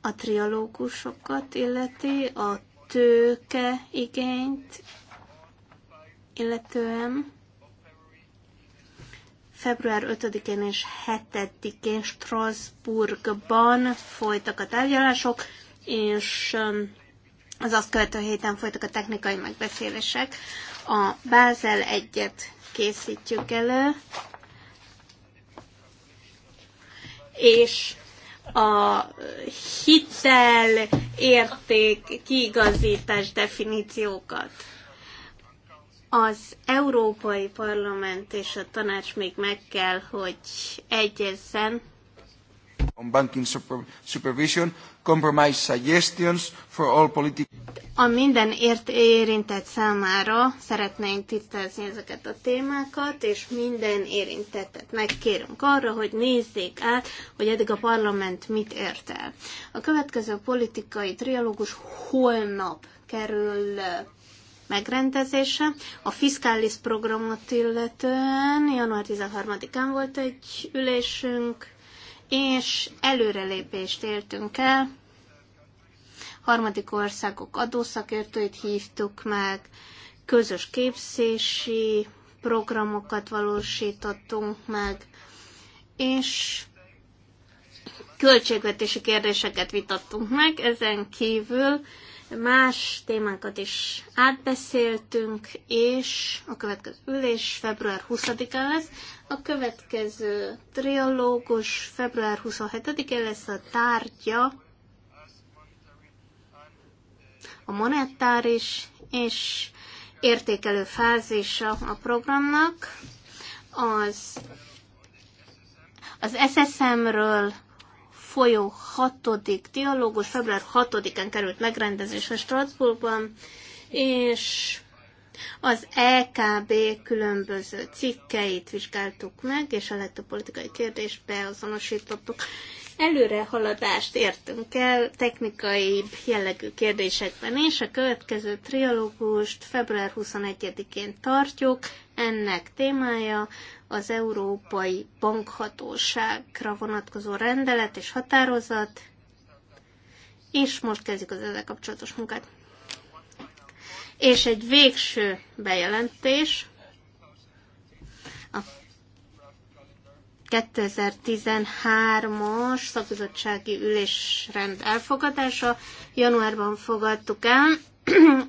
a trialógusokat illeti, a tőke igényt illetően, Február 5-én és 7-én Strasbourgban folytak a tárgyalások, és um, az azt követő héten folytak a technikai megbeszélések. A Bázel 1-et készítjük elő, és a hitel érték kiigazítás definíciókat az Európai Parlament és a tanács még meg kell, hogy egyezzen. On banking supervision, compromise suggestions for all political... A minden ért érintett számára szeretnénk tisztázni ezeket a témákat, és minden érintettet megkérünk arra, hogy nézzék át, hogy eddig a parlament mit ért el. A következő politikai trialógus holnap kerül megrendezése. A fiskális programot illetően január 13-án volt egy ülésünk, és előrelépést éltünk el. Harmadik országok adószakértőit hívtuk meg, közös képzési programokat valósítottunk meg, és költségvetési kérdéseket vitattunk meg, ezen kívül Más témákat is átbeszéltünk, és a következő ülés február 20-án lesz. A következő triológus február 27-én lesz a tárgya a monetáris és értékelő fázisa a programnak. Az az SSM-ről folyó hatodik dialógus február 6-án került megrendezésre Strasbourgban, és az EKB különböző cikkeit vizsgáltuk meg, és a legtöbb politikai kérdést beazonosítottuk. Előre haladást értünk el technikai jellegű kérdésekben is. A következő trialógust február 21-én tartjuk. Ennek témája az Európai Bankhatóságra vonatkozó rendelet és határozat, és most kezdjük az ezzel kapcsolatos munkát. És egy végső bejelentés a 2013-as szakbizottsági ülésrend elfogadása. Januárban fogadtuk el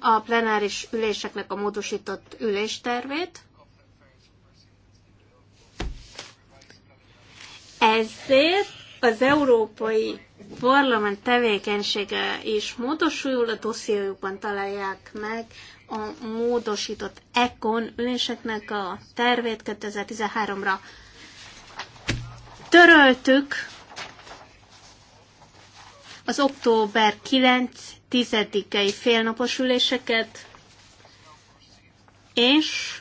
a plenáris üléseknek a módosított üléstervét, Ezért az Európai Parlament tevékenysége is módosul, a dossziójukban találják meg a módosított ECON üléseknek a tervét 2013-ra. Töröltük az október 9-10-i félnapos üléseket, és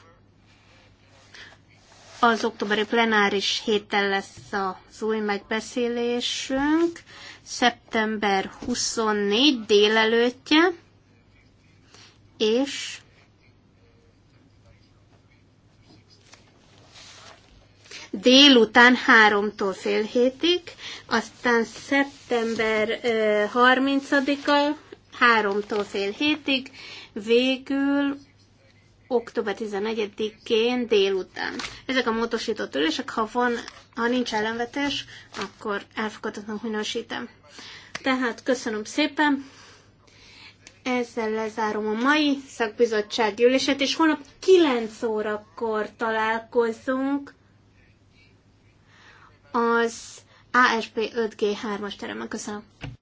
az októberi plenáris héten lesz az új megbeszélésünk, szeptember 24 délelőttje, és délután 3-tól fél hétig, aztán szeptember 30-a 3-tól fél hétig, végül október 11-én délután. Ezek a módosított ülések, ha van, ha nincs ellenvetés, akkor hogy nősítem. Tehát köszönöm szépen, ezzel lezárom a mai szakbizottsági ülését, és holnap 9 órakor találkozunk az ASP 5G3-as teremben. Köszönöm.